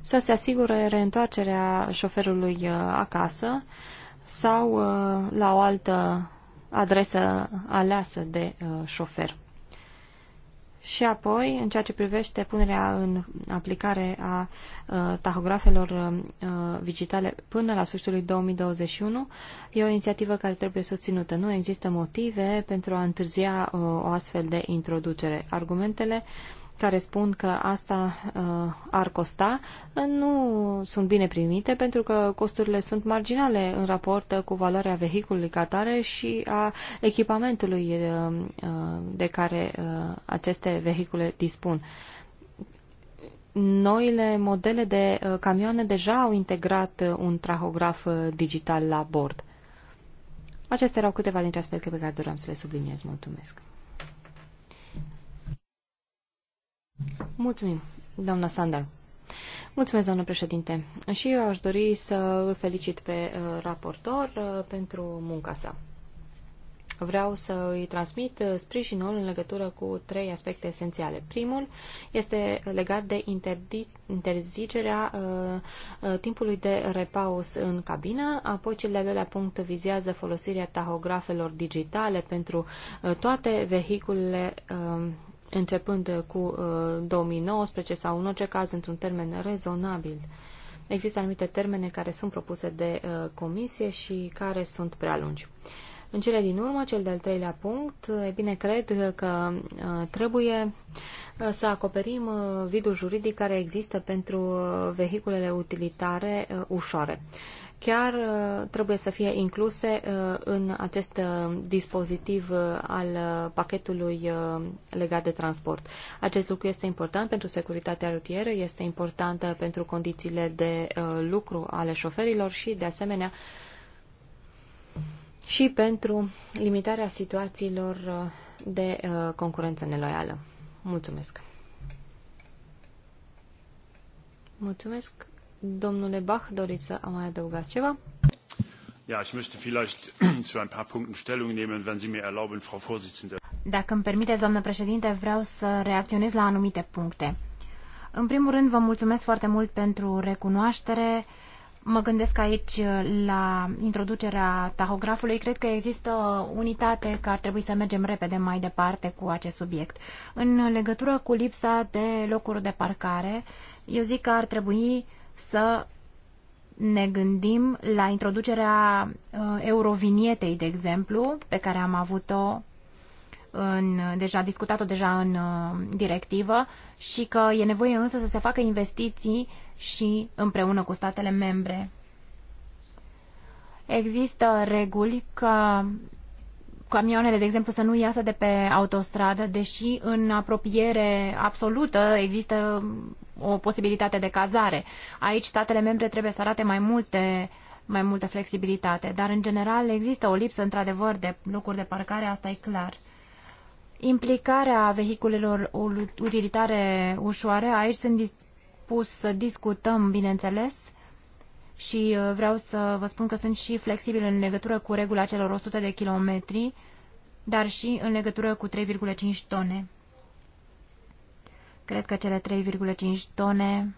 să se asigure reîntoarcerea șoferului uh, acasă sau uh, la o altă adresă aleasă de uh, șofer. Și apoi, în ceea ce privește punerea în aplicare a uh, tahografelor uh, digitale până la sfârșitul lui 2021, e o inițiativă care trebuie susținută. Nu există motive pentru a întârzia uh, o astfel de introducere. Argumentele care spun că asta uh, ar costa nu sunt bine primite pentru că costurile sunt marginale în raport cu valoarea vehiculului catare și a echipamentului uh, uh, de care uh, aceste vehicule dispun. Noile modele de uh, camioane deja au integrat uh, un trahograf uh, digital la bord. Acestea erau câteva dintre aspectele pe care doream să le subliniez. Mulțumesc! Mulțumim, doamna Sandal. Mulțumesc, doamnă președinte. Și eu aș dori să îl felicit pe uh, raportor uh, pentru munca sa. Vreau să îi transmit uh, sprijinul în legătură cu trei aspecte esențiale. Primul este legat de interzicerea timpului de repaus în cabină, apoi cel de-al doilea punct vizează folosirea tahografelor digitale pentru toate vehiculele începând cu 2019 uh, sau în orice caz într-un termen rezonabil. Există anumite termene care sunt propuse de uh, comisie și care sunt prea lungi. În cele din urmă, cel de-al treilea punct, e bine, cred că uh, trebuie să acoperim vidul juridic care există pentru vehiculele utilitare ușoare chiar uh, trebuie să fie incluse uh, în acest uh, dispozitiv al pachetului legat de transport. Acest lucru este important pentru securitatea rutieră, este important pentru condițiile de lucru ale șoferilor și, de asemenea, și pentru limitarea situațiilor de concurență neloială. Mulțumesc! Mulțumesc! Domnule Bach, doriți să mai adăugați ceva? Ja, ich möchte vielleicht zu ein paar Punkten Stellung nehmen, wenn Sie mir erlauben, Frau Vorsitzende. Dacă îmi permite doamnă președinte, vreau să reacționez la anumite puncte. În primul rând, vă mulțumesc foarte mult pentru recunoaștere. Mă gândesc aici la introducerea tahografului. Cred că există unitate că ar trebui să mergem repede mai departe cu acest subiect. În legătură cu lipsa de locuri de parcare, eu zic că ar trebui să ne gândim la introducerea uh, eurovinietei, de exemplu, pe care am avut-o în, deja discutat-o deja în uh, directivă și că e nevoie însă să se facă investiții și împreună cu statele membre. Există reguli că camioanele, de exemplu, să nu iasă de pe autostradă, deși în apropiere absolută există o posibilitate de cazare. Aici statele membre trebuie să arate mai multe mai multă flexibilitate, dar în general există o lipsă într-adevăr de locuri de parcare, asta e clar. Implicarea vehiculelor utilitare ușoare, aici sunt dispus să discutăm, bineînțeles, și uh, vreau să vă spun că sunt și flexibil în legătură cu regula celor 100 de kilometri, dar și în legătură cu 3,5 tone. Cred că cele 3,5 tone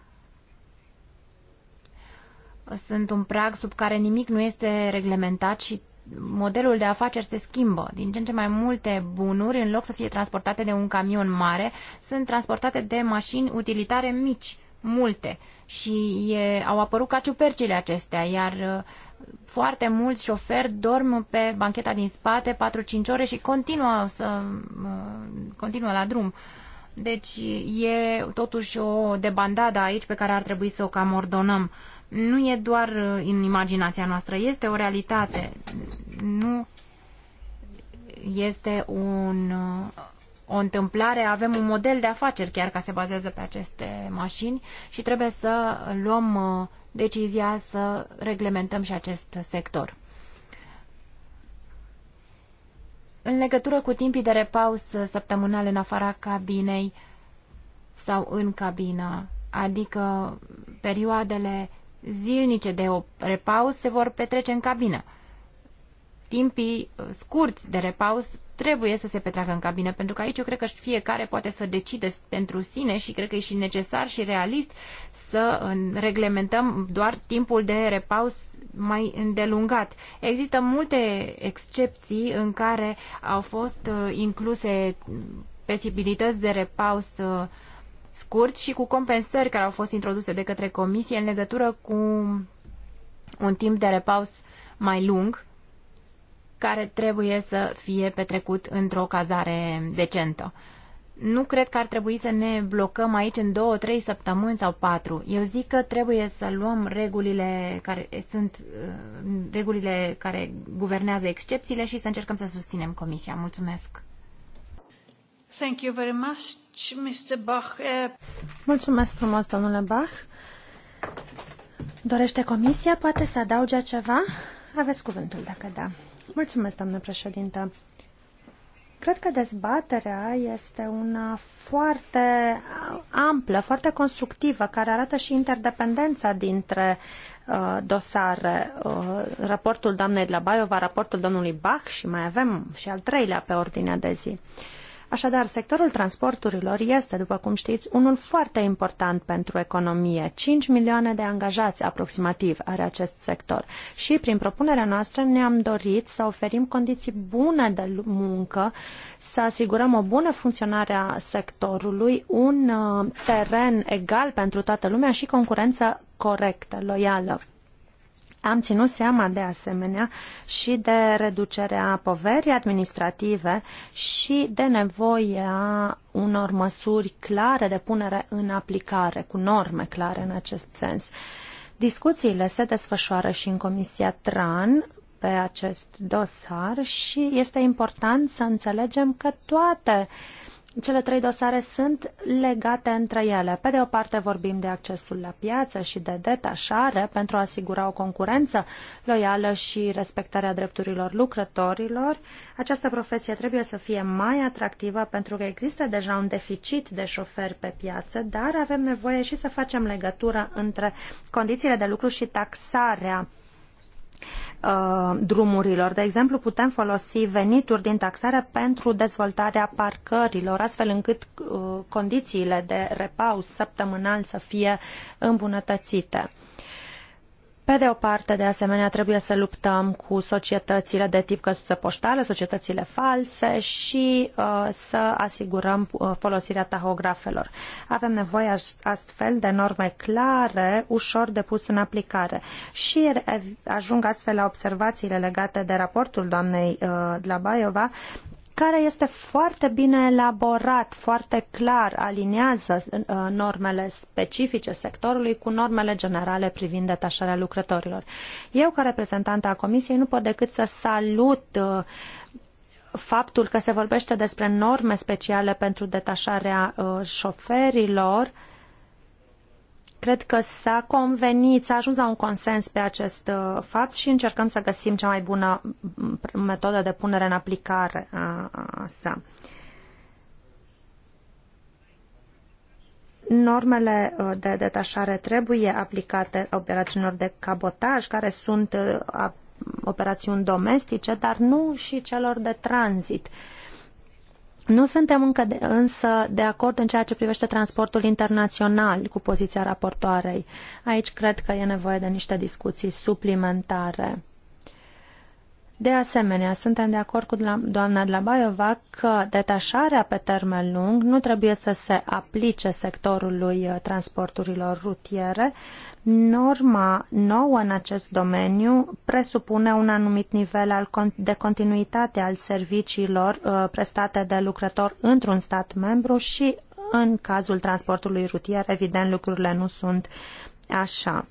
sunt un prag sub care nimic nu este reglementat și modelul de afaceri se schimbă. Din ce în ce mai multe bunuri, în loc să fie transportate de un camion mare, sunt transportate de mașini utilitare mici multe și e, au apărut ca ciupercile acestea, iar uh, foarte mulți șoferi dorm pe bancheta din spate 4-5 ore și continuă, să, uh, continuă la drum. Deci e totuși o debandadă aici pe care ar trebui să o cam ordonăm. Nu e doar uh, în imaginația noastră, este o realitate. Nu este un o întâmplare, avem un model de afaceri chiar ca se bazează pe aceste mașini și trebuie să luăm uh, decizia să reglementăm și acest sector. În legătură cu timpii de repaus săptămânal în afara cabinei sau în cabină, adică perioadele zilnice de repaus se vor petrece în cabină timpii uh, scurți de repaus trebuie să se petreacă în cabină, pentru că aici eu cred că fiecare poate să decide pentru sine și cred că e și necesar și realist să reglementăm doar timpul de repaus mai îndelungat. Există multe excepții în care au fost uh, incluse posibilități de repaus uh, scurt și cu compensări care au fost introduse de către comisie în legătură cu un timp de repaus mai lung care trebuie să fie petrecut într-o cazare decentă. Nu cred că ar trebui să ne blocăm aici în două, trei săptămâni sau patru. Eu zic că trebuie să luăm regulile care sunt uh, regulile care guvernează excepțiile și să încercăm să susținem comisia. Mulțumesc. Thank you very much, Mr. Bach. Mulțumesc frumos, domnule Bach. Dorește comisia? Poate să adauge ceva? Aveți cuvântul, dacă da. Mulțumesc, doamnă președintă. Cred că dezbaterea este una foarte amplă, foarte constructivă, care arată și interdependența dintre uh, dosare. Uh, raportul doamnei Dlabaiova, raportul domnului Bach și mai avem și al treilea pe ordinea de zi. Uh, Așadar, sectorul transporturilor este, după cum știți, unul foarte important pentru economie. 5 milioane de angajați aproximativ are acest sector. Și prin propunerea noastră ne-am dorit să oferim condiții bune de muncă, să asigurăm o bună funcționare a sectorului, un uh, teren egal pentru toată lumea și concurență corectă, loială. Am ținut seama de asemenea și de reducerea poverii administrative și de nevoia unor măsuri clare de punere în aplicare, cu norme clare în acest sens. Discuțiile se desfășoară și în Comisia TRAN pe acest dosar și este important să înțelegem că toate uh, cele trei dosare sunt legate între ele. Pe de o parte vorbim de accesul la piață și de detașare pentru a asigura o concurență loială și respectarea drepturilor lucrătorilor. Această profesie trebuie să fie mai atractivă pentru că există deja un deficit de șoferi pe piață, dar avem nevoie și să facem legătura între condițiile de lucru și taxarea Uh, drumurilor. De exemplu, putem folosi venituri din taxare pentru dezvoltarea parcărilor, astfel încât uh, condițiile de repaus săptămânal să fie îmbunătățite. Pe de o parte, de asemenea, trebuie să luptăm cu societățile de tip căsuță poștală, societățile false și uh, să asigurăm uh, folosirea tahografelor. Avem nevoie astfel de norme clare, ușor de pus în aplicare. Și ajung astfel la observațiile legate de raportul doamnei uh, Dlabaiova, care este foarte bine elaborat, foarte clar, aliniază uh, normele specifice sectorului cu normele generale privind detașarea lucrătorilor. Eu, ca reprezentantă a Comisiei, nu pot decât să salut uh, faptul că se vorbește despre norme speciale pentru detașarea uh, șoferilor Cred că s-a convenit, s-a ajuns la un consens pe acest uh, fapt și încercăm să găsim cea mai bună mm, metodă de punere în aplicare a, a sa. normele uh, de detașare trebuie aplicate operațiunilor de cabotaj, care sunt uh, operațiuni domestice, dar nu și celor de tranzit. Nu suntem încă de, însă de acord în ceea ce privește transportul internațional cu poziția raportoarei. Aici cred că e nevoie de niște discuții suplimentare. De asemenea, suntem de acord cu doamna Dlabaiova că detașarea pe termen lung nu trebuie să se aplice sectorului uh, transporturilor rutiere. Norma nouă în acest domeniu presupune un anumit nivel de continuitate al serviciilor uh, prestate de lucrător într-un stat membru și în cazul transportului rutier, evident, lucrurile nu sunt așa.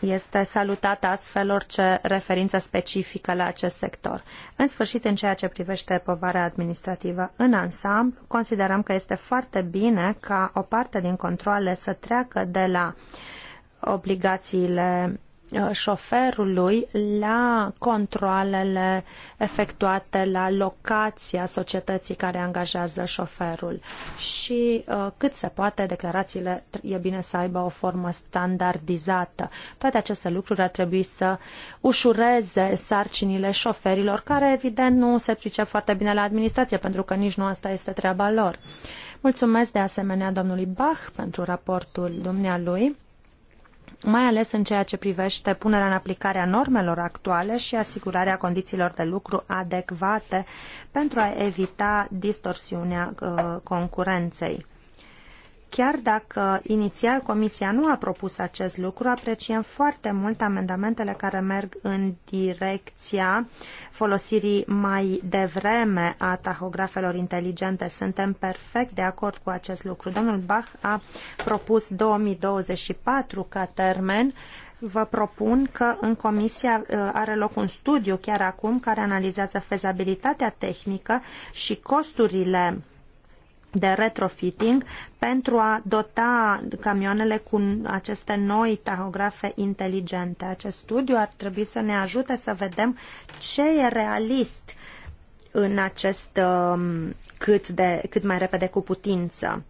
Este salutată astfel orice referință specifică la acest sector. În sfârșit, în ceea ce privește povara administrativă în ansamblu, considerăm că este foarte bine ca o parte din controle să treacă de la obligațiile Uh, șoferului la controlele efectuate la locația societății care angajează șoferul și uh, cât se poate declarațiile e bine să aibă o formă standardizată. Toate aceste lucruri ar trebui să ușureze sarcinile șoferilor care evident nu se pricep foarte bine la administrație pentru că nici nu asta este treaba lor. Mulțumesc de asemenea domnului Bach pentru raportul dumnealui mai ales în ceea ce privește punerea în aplicare a normelor actuale și asigurarea condițiilor de lucru adecvate pentru a evita distorsiunea uh, concurenței. Chiar dacă inițial Comisia nu a propus acest lucru, apreciem foarte mult amendamentele care merg în direcția folosirii mai devreme a tahografelor inteligente. Suntem perfect de acord cu acest lucru. Domnul Bach a propus 2024 ca termen vă propun că în comisia uh, are loc un studiu chiar acum care analizează fezabilitatea tehnică și costurile de retrofitting pentru a dota camioanele cu aceste noi tahografe inteligente. Acest studiu ar trebui să ne ajute să vedem ce e realist în acest um, cât, de, cât mai repede cu putință.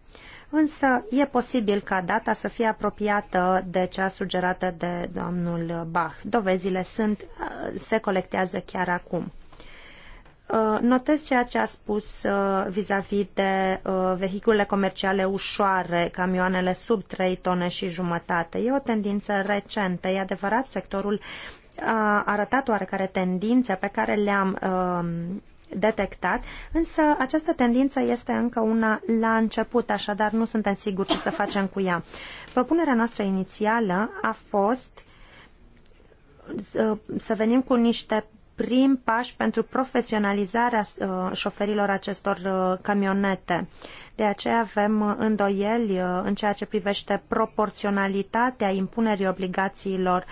Însă e posibil ca data să fie apropiată de cea sugerată de domnul Bach. Dovezile sunt, uh, se colectează chiar acum. Uh, notez ceea ce a spus uh, vis-a-vis -vis de uh, vehiculele comerciale ușoare, camioanele sub 3 tone și jumătate. E o tendință recentă. E adevărat, sectorul a arătat oarecare tendințe pe care le-am um, detectat, însă această tendință este încă una la început, așadar nu suntem siguri ce să facem cu ea. Propunerea noastră inițială a fost să venim cu niște prim paș pentru profesionalizarea uh, șoferilor acestor uh, camionete. De aceea avem uh, îndoieli în ceea ce privește proporționalitatea impunerii obligațiilor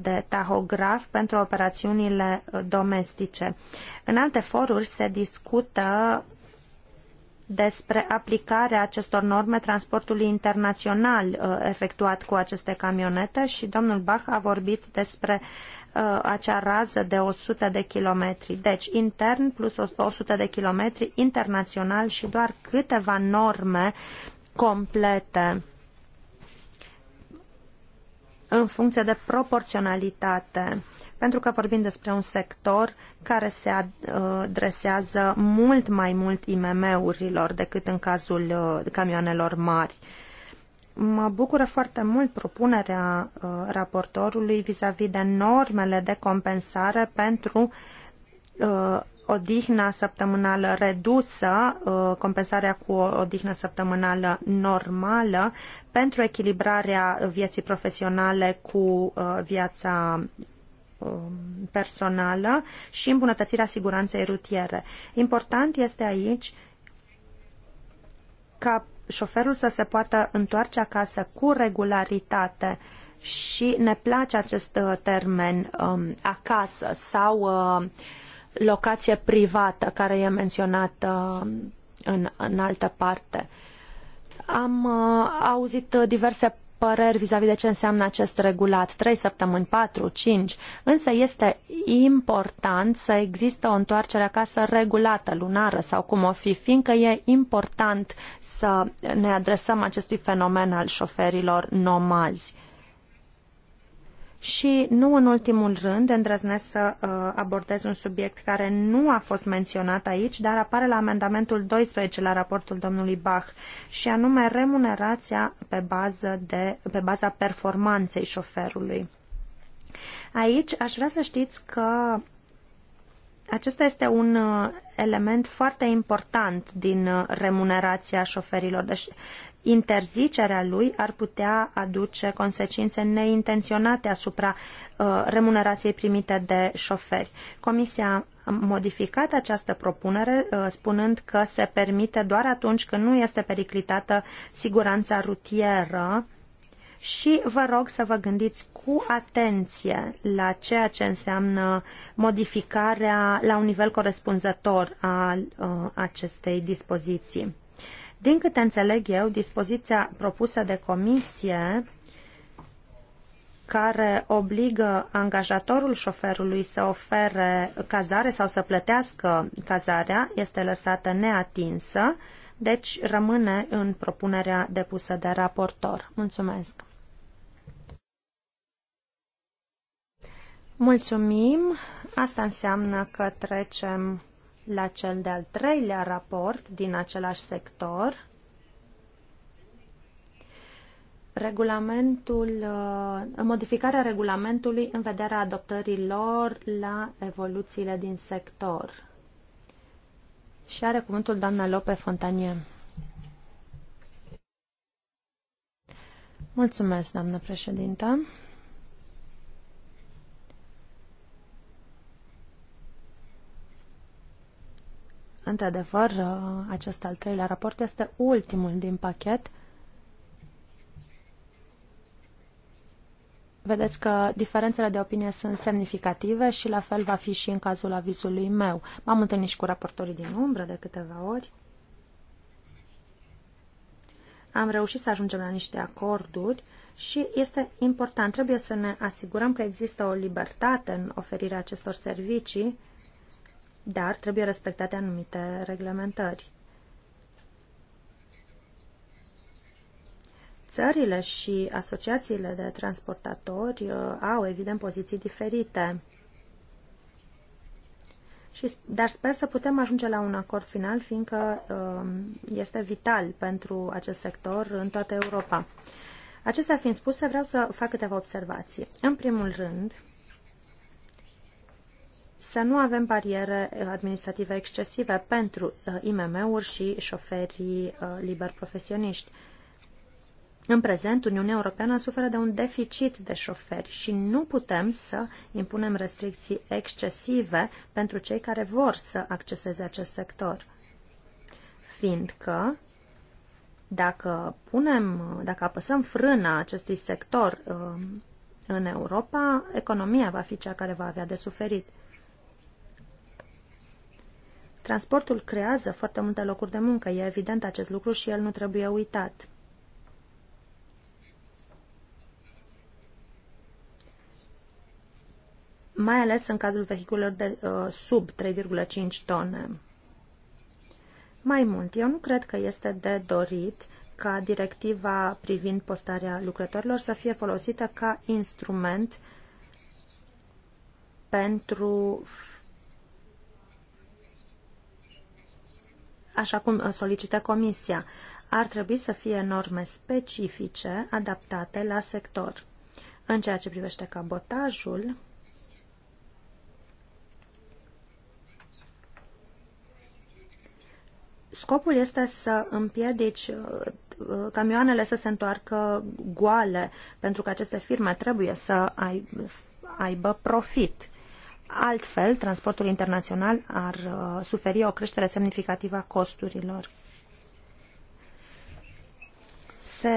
de tahograf pentru operațiunile domestice. În alte foruri se discută despre aplicarea acestor norme transportului internațional uh, efectuat cu aceste camionete și domnul Bach a vorbit despre uh, acea rază de 100 de kilometri. Deci intern plus 100 de kilometri, internațional și doar câteva norme complete în funcție de proporționalitate pentru că vorbim despre un sector care se adresează mult mai mult IMM-urilor decât în cazul uh, camioanelor mari. Mă bucură foarte mult propunerea uh, raportorului vis-a-vis -vis de normele de compensare pentru uh, odihna săptămânală redusă, compensarea cu o odihnă săptămânală normală pentru echilibrarea vieții profesionale cu viața Um, personală și îmbunătățirea siguranței rutiere. Important este aici ca șoferul să se poată întoarce acasă cu regularitate și ne place acest uh, termen um, acasă sau uh, locație privată care e menționată uh, în, în altă parte. Am uh, auzit diverse păreri vis-a-vis de ce înseamnă acest regulat, 3 săptămâni, 4, 5, însă este important să există o întoarcere acasă regulată, lunară sau cum o fi, fiindcă e important să ne adresăm acestui fenomen al șoferilor nomazi. Și nu în ultimul rând, îndrăznesc să uh, abordez un subiect care nu a fost menționat aici, dar apare la amendamentul 12 la raportul domnului Bach, și anume remunerația pe, bază de, pe baza performanței șoferului. Aici aș vrea să știți că acesta este un uh, element foarte important din uh, remunerația șoferilor. Deci interzicerea lui ar putea aduce consecințe neintenționate asupra uh, remunerației primite de șoferi. Comisia a modificat această propunere uh, spunând că se permite doar atunci când nu este periclitată siguranța rutieră și vă rog să vă gândiți cu atenție la ceea ce înseamnă modificarea la un nivel corespunzător a uh, acestei dispoziții. Din câte înțeleg eu, dispoziția propusă de comisie care obligă angajatorul șoferului să ofere cazare sau să plătească cazarea este lăsată neatinsă, deci rămâne în propunerea depusă de raportor. Mulțumesc! Mulțumim! Asta înseamnă că trecem la cel de-al treilea raport din același sector, regulamentul, uh, modificarea regulamentului în vederea adoptării lor la evoluțiile din sector. Și are cuvântul doamna Lope Fontanie. Mulțumesc, doamnă președintă. Într-adevăr, uh, acest al treilea raport este ultimul din pachet. Vedeți că diferențele de opinie sunt semnificative și la fel va fi și în cazul avizului meu. M-am întâlnit și cu raportorii din umbră de câteva ori. Am reușit să ajungem la niște acorduri și este important, trebuie să ne asigurăm că există o libertate în oferirea acestor servicii dar trebuie respectate anumite reglementări. Țările și asociațiile de transportatori uh, au, evident, poziții diferite. Și, dar sper să putem ajunge la un acord final, fiindcă um, este vital pentru acest sector în toată Europa. Acestea fiind spuse, vreau să fac câteva observații. În primul rând, să nu avem bariere eh, administrative excesive pentru eh, IMM-uri și șoferii eh, liber profesioniști. În prezent, Uniunea Europeană suferă de un deficit de șoferi și nu putem să impunem restricții excesive pentru cei care vor să acceseze acest sector. Fiindcă, dacă, punem, dacă apăsăm frâna acestui sector în Europa, economia va fi cea care va avea de suferit. Transportul creează foarte multe locuri de muncă, e evident acest lucru și el nu trebuie uitat. mai ales în cadrul vehiculelor de uh, sub 3,5 tone. Mai mult, eu nu cred că este de dorit ca directiva privind postarea lucrătorilor să fie folosită ca instrument pentru așa cum solicită Comisia. Ar trebui să fie norme specifice adaptate la sector. În ceea ce privește cabotajul, scopul este să împiedici uh, uh, camioanele să se întoarcă goale, pentru că aceste firme trebuie să aibă profit. Altfel, transportul internațional ar uh, suferi o creștere semnificativă a costurilor. Se,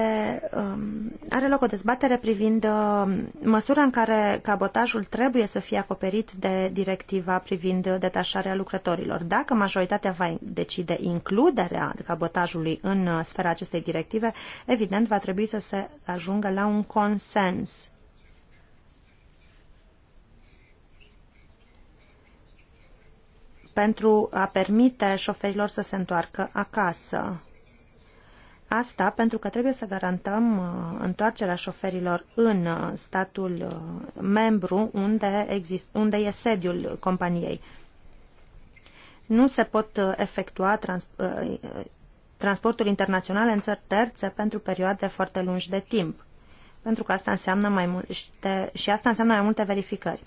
um, are loc o dezbatere privind uh, măsura în care cabotajul trebuie să fie acoperit de directiva privind detașarea lucrătorilor. Dacă majoritatea va decide includerea cabotajului în uh, sfera acestei directive, evident va trebui să se ajungă la un consens pentru a permite șoferilor să se întoarcă acasă. Asta pentru că trebuie să garantăm uh, întoarcerea șoferilor în uh, statul uh, membru unde, exist, unde e sediul companiei. Nu se pot efectua trans, transporturi internaționale în țări terțe pentru perioade foarte lungi de timp pentru că asta înseamnă mai multe, și asta înseamnă mai multe verificări.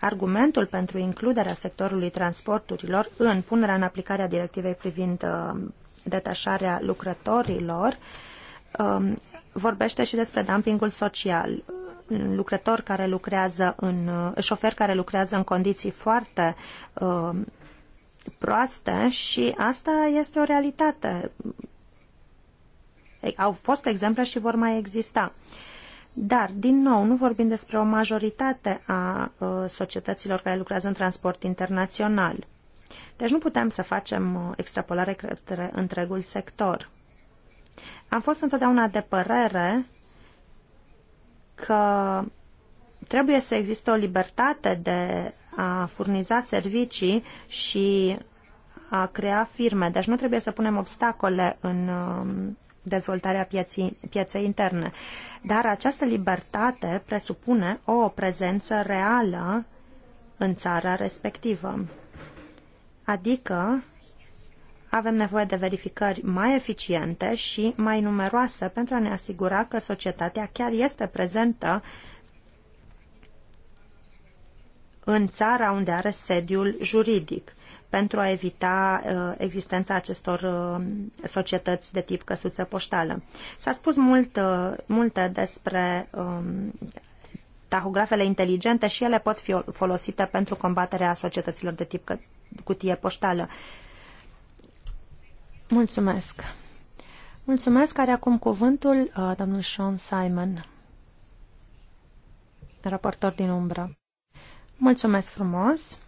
Argumentul pentru includerea sectorului transporturilor în punerea în aplicare a directivei privind uh, detașarea lucrătorilor um, vorbește și despre dumpingul social. lucrător care lucrează în, uh, șofer care lucrează în condiții foarte uh, proaste și asta este o realitate. Au fost exemple și vor mai exista. Uh, dar, din nou, nu vorbim despre o majoritate a uh, societăților care lucrează în transport internațional. Deci nu putem să facem uh, extrapolare către întregul sector. Am fost întotdeauna de părere că trebuie să existe o libertate de a furniza servicii și a crea firme. Deci nu trebuie să punem obstacole în um, dezvoltarea pieții, pieței interne. Dar această libertate presupune o prezență reală în țara respectivă. Adică avem nevoie de verificări mai eficiente și mai numeroase pentru a ne asigura că societatea chiar este prezentă în țara unde are sediul juridic pentru a evita uh, existența acestor uh, societăți de tip căsuță poștală. S-a spus mult, uh, multe despre um, tahografele inteligente și ele pot fi folosite pentru combaterea societăților de tip cutie poștală. Mulțumesc. Mulțumesc. Are acum cuvântul uh, domnul Sean Simon, raportor din umbră. Mulțumesc frumos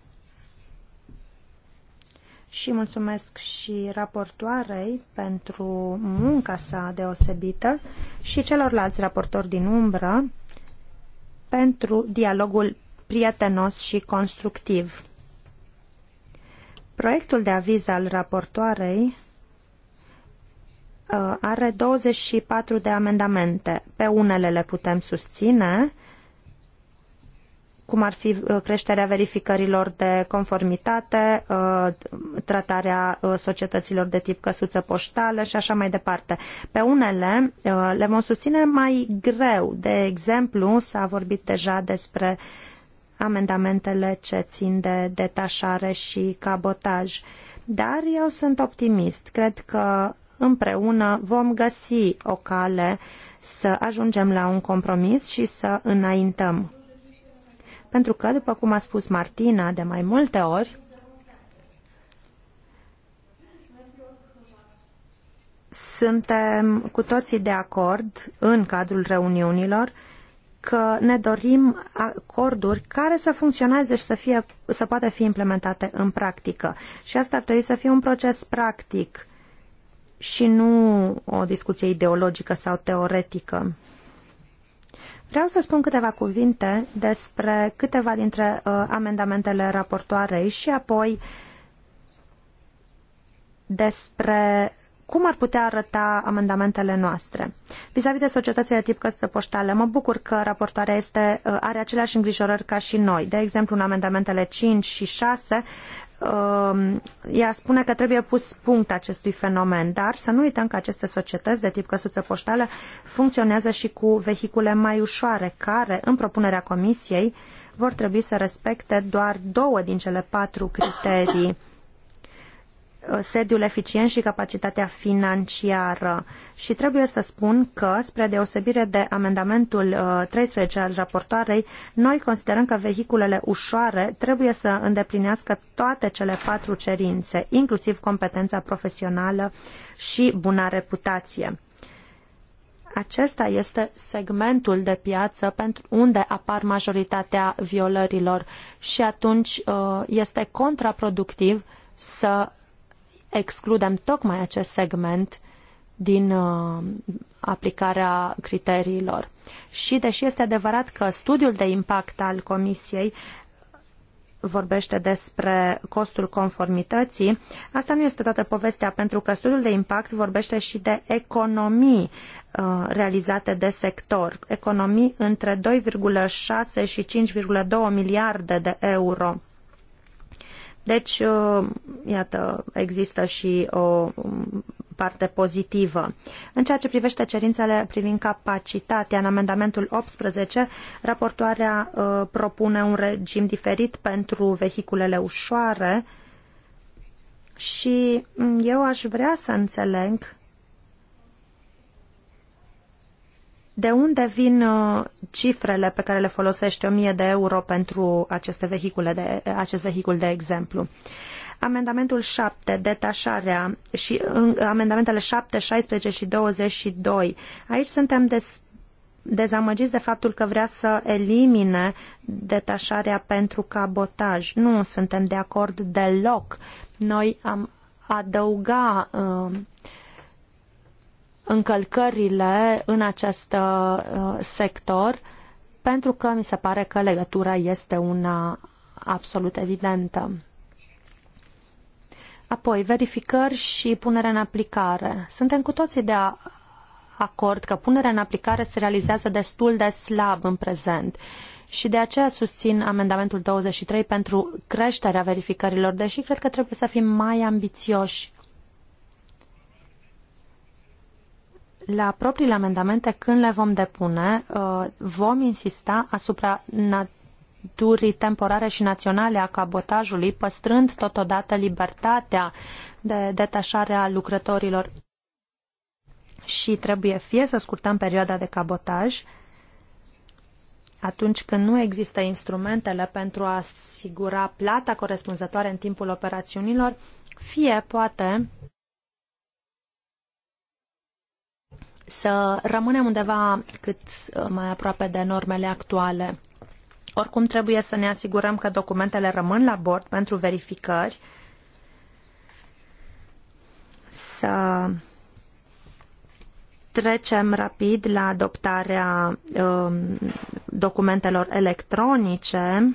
și mulțumesc și raportoarei pentru munca sa deosebită și celorlalți raportori din umbră pentru dialogul prietenos și constructiv. Proiectul de aviz al raportoarei uh, are 24 de amendamente. Pe unele le putem susține, cum ar fi uh, creșterea verificărilor de conformitate, uh, tratarea uh, societăților de tip căsuță poștală și așa mai departe. Pe unele le vom susține mai greu. De exemplu, s-a vorbit deja despre amendamentele ce țin de detașare și cabotaj. Dar eu sunt optimist. Cred că împreună vom găsi o cale să ajungem la un compromis și să înaintăm pentru că, după cum a spus Martina de mai multe ori, suntem cu toții de acord în cadrul reuniunilor că ne dorim acorduri care să funcționeze și să, fie, să poată fi implementate în practică. Și asta ar trebui să fie un proces practic și nu o discuție ideologică sau teoretică. Vreau să spun câteva cuvinte despre câteva dintre uh, amendamentele raportoarei și apoi despre cum ar putea arăta amendamentele noastre. Vis-a-vis -vis de societățile tip căsuță poștale, mă bucur că raportarea este, uh, are aceleași îngrijorări ca și noi. De exemplu, în amendamentele 5 și 6 Um, ea spune că trebuie pus punct acestui fenomen, dar să nu uităm că aceste societăți de tip căsuță poștală funcționează și cu vehicule mai ușoare, care, în propunerea comisiei, vor trebui să respecte doar două din cele patru criterii Uh, sediul eficient și capacitatea financiară. Și trebuie să spun că, spre deosebire de amendamentul 13 uh, al raportoarei, noi considerăm că vehiculele ușoare trebuie să îndeplinească toate cele patru cerințe, inclusiv competența profesională și buna reputație acesta este segmentul de piață pentru unde apar majoritatea violărilor și atunci uh, este contraproductiv să excludem tocmai acest segment din uh, aplicarea criteriilor. Și deși este adevărat că studiul de impact al Comisiei vorbește despre costul conformității, asta nu este toată povestea, pentru că studiul de impact vorbește și de economii uh, realizate de sector, economii între 2,6 și 5,2 miliarde de euro deci, uh, iată, există și o um, parte pozitivă. În ceea ce privește cerințele privind capacitatea, în amendamentul 18, raportoarea uh, propune un regim diferit pentru vehiculele ușoare și mm, eu aș vrea să înțeleg De unde vin uh, cifrele pe care le folosește 1000 de euro pentru aceste vehicule de, acest vehicul, de exemplu? Amendamentul 7, detașarea și amendamentele 7, 16 și 22. Aici suntem des, dezamăgiți de faptul că vrea să elimine detașarea pentru cabotaj. Nu suntem de acord deloc. Noi am adăuga uh, încălcările în acest uh, sector, pentru că mi se pare că legătura este una absolut evidentă. Apoi, verificări și punere în aplicare. Suntem cu toții de acord că punerea în aplicare se realizează destul de slab în prezent și de aceea susțin amendamentul 23 pentru creșterea verificărilor, deși cred că trebuie să fim mai ambițioși la propriile amendamente, când le vom depune, uh, vom insista asupra naturii temporare și naționale a cabotajului, păstrând totodată libertatea de detașare a lucrătorilor. Și trebuie fie să scurtăm perioada de cabotaj, atunci când nu există instrumentele pentru a asigura plata corespunzătoare în timpul operațiunilor, fie poate să rămânem undeva cât uh, mai aproape de normele actuale. Oricum trebuie să ne asigurăm că documentele rămân la bord pentru verificări, să trecem rapid la adoptarea um, documentelor electronice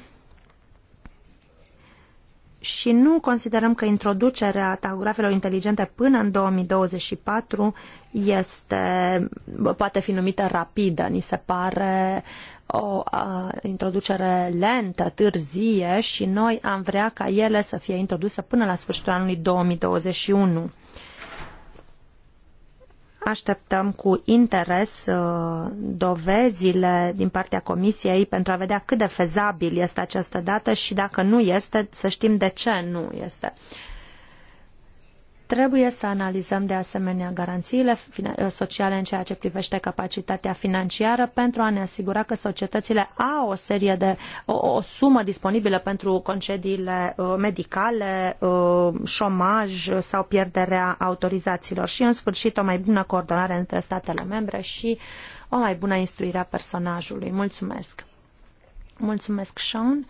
și nu considerăm că introducerea tahografelor inteligente până în 2024 este, poate fi numită rapidă. Ni se pare o a, introducere lentă, târzie și noi am vrea ca ele să fie introduse până la sfârșitul anului 2021. Așteptăm cu interes uh, dovezile din partea Comisiei pentru a vedea cât de fezabil este această dată și dacă nu este, să știm de ce nu este. Trebuie să analizăm de asemenea garanțiile sociale în ceea ce privește capacitatea financiară pentru a ne asigura că societățile au o serie de o, o sumă disponibilă pentru concediile uh, medicale, uh, șomaj sau pierderea autorizațiilor și în sfârșit o mai bună coordonare între statele membre și o mai bună instruire a personajului. Mulțumesc. Mulțumesc, Sean.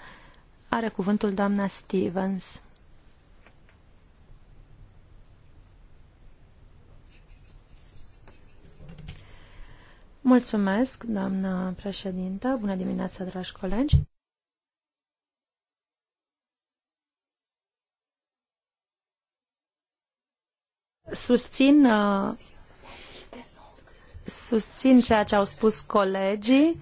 Are cuvântul doamna Stevens. Mulțumesc, doamnă președintă. Bună dimineața, dragi colegi. Susțin, uh, susțin ceea ce au spus colegii.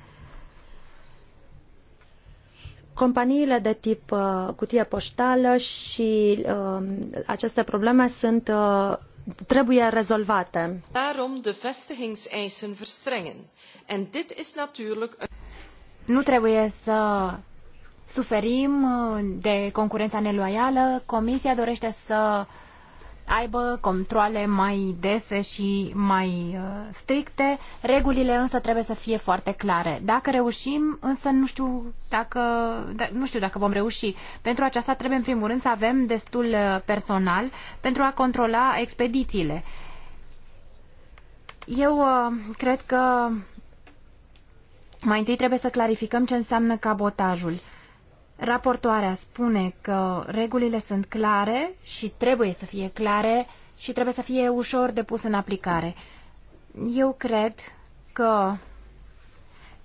Companiile de tip uh, cutie poștală și uh, aceste probleme sunt trebuie rezolvate. de Nu trebuie să suferim uh, de concurența neloială. Comisia dorește să aibă controle mai dese și mai uh, stricte. Regulile însă trebuie să fie foarte clare. Dacă reușim, însă nu știu dacă, da, nu știu dacă vom reuși. Pentru aceasta trebuie în primul rând să avem destul uh, personal pentru a controla expedițiile. Eu uh, cred că mai întâi trebuie să clarificăm ce înseamnă cabotajul. Raportoarea spune că regulile sunt clare și trebuie să fie clare și trebuie să fie ușor de pus în aplicare. Eu cred că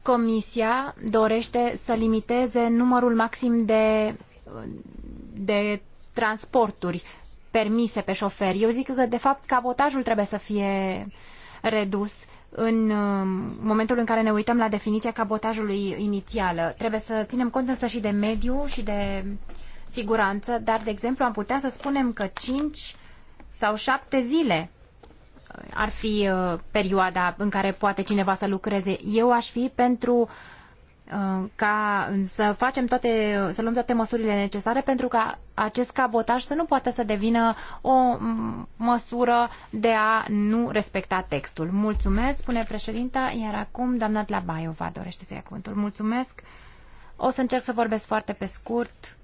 Comisia dorește să limiteze numărul maxim de, de transporturi permise pe șoferi. Eu zic că, de fapt, cabotajul trebuie să fie redus în um, momentul în care ne uităm la definiția cabotajului inițială. Trebuie să ținem cont însă și de mediu și de siguranță, dar, de exemplu, am putea să spunem că 5 sau 7 zile ar fi uh, perioada în care poate cineva să lucreze. Eu aș fi pentru uh, Uh, ca să facem toate, să luăm toate măsurile necesare pentru ca acest cabotaj să nu poată să devină o măsură de a nu respecta textul. Mulțumesc, spune președinta, iar acum doamna Tlabaiova dorește să ia cuvântul. Mulțumesc. O să încerc să vorbesc foarte pe scurt.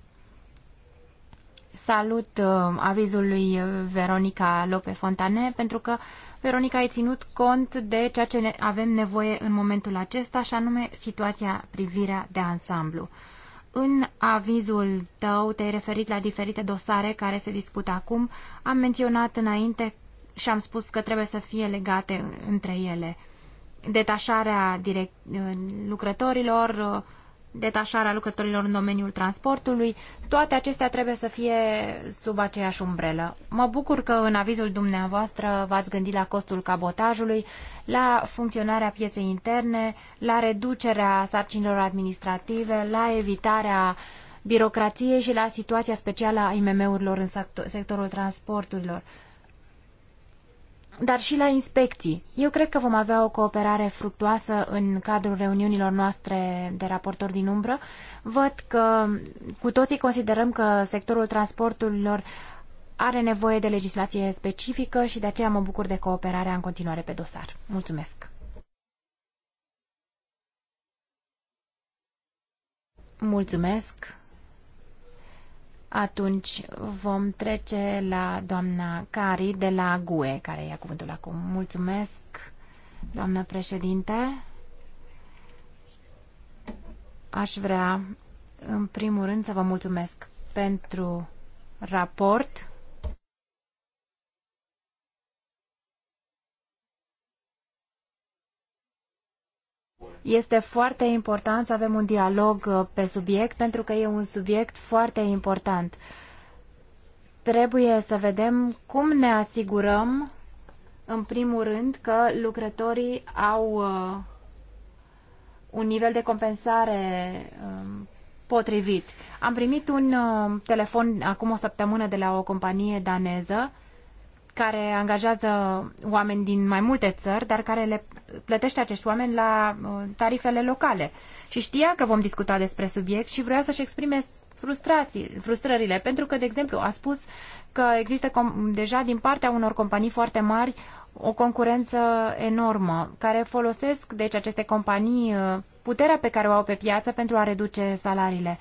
Salut uh, avizul lui Veronica Lope Fontane pentru că uh, Veronica, ai ținut cont de ceea ce ne avem nevoie în momentul acesta, și anume situația, privirea de ansamblu. În avizul tău te-ai referit la diferite dosare care se discută acum. Am menționat înainte și am spus că trebuie să fie legate între ele. Detașarea direct, lucrătorilor, detașarea lucrătorilor în domeniul transportului, toate acestea trebuie să fie sub aceeași umbrelă. Mă bucur că în avizul dumneavoastră v-ați gândit la costul cabotajului, la funcționarea pieței interne, la reducerea sarcinilor administrative, la evitarea birocrației și la situația specială a IMM-urilor în sectorul transporturilor dar și la inspecții. Eu cred că vom avea o cooperare fructuoasă în cadrul reuniunilor noastre de raportori din umbră. Văd că cu toții considerăm că sectorul transporturilor are nevoie de legislație specifică și de aceea mă bucur de cooperarea în continuare pe dosar. Mulțumesc! Mulțumesc! Atunci vom trece la doamna Cari de la GUE, care ia cuvântul acum. Mulțumesc, doamnă președinte. Aș vrea, în primul rând, să vă mulțumesc pentru raport Este foarte important să avem un dialog uh, pe subiect, pentru că e un subiect foarte important. Trebuie să vedem cum ne asigurăm, în primul rând, că lucrătorii au uh, un nivel de compensare um, potrivit. Am primit un uh, telefon acum o săptămână de la o companie daneză care angajează oameni din mai multe țări, dar care le plătește acești oameni la uh, tarifele locale. Și știa că vom discuta despre subiect și vrea să-și exprime frustrații, frustrările, pentru că, de exemplu, a spus că există deja din partea unor companii foarte mari o concurență enormă, care folosesc, deci, aceste companii uh, puterea pe care o au pe piață pentru a reduce salariile.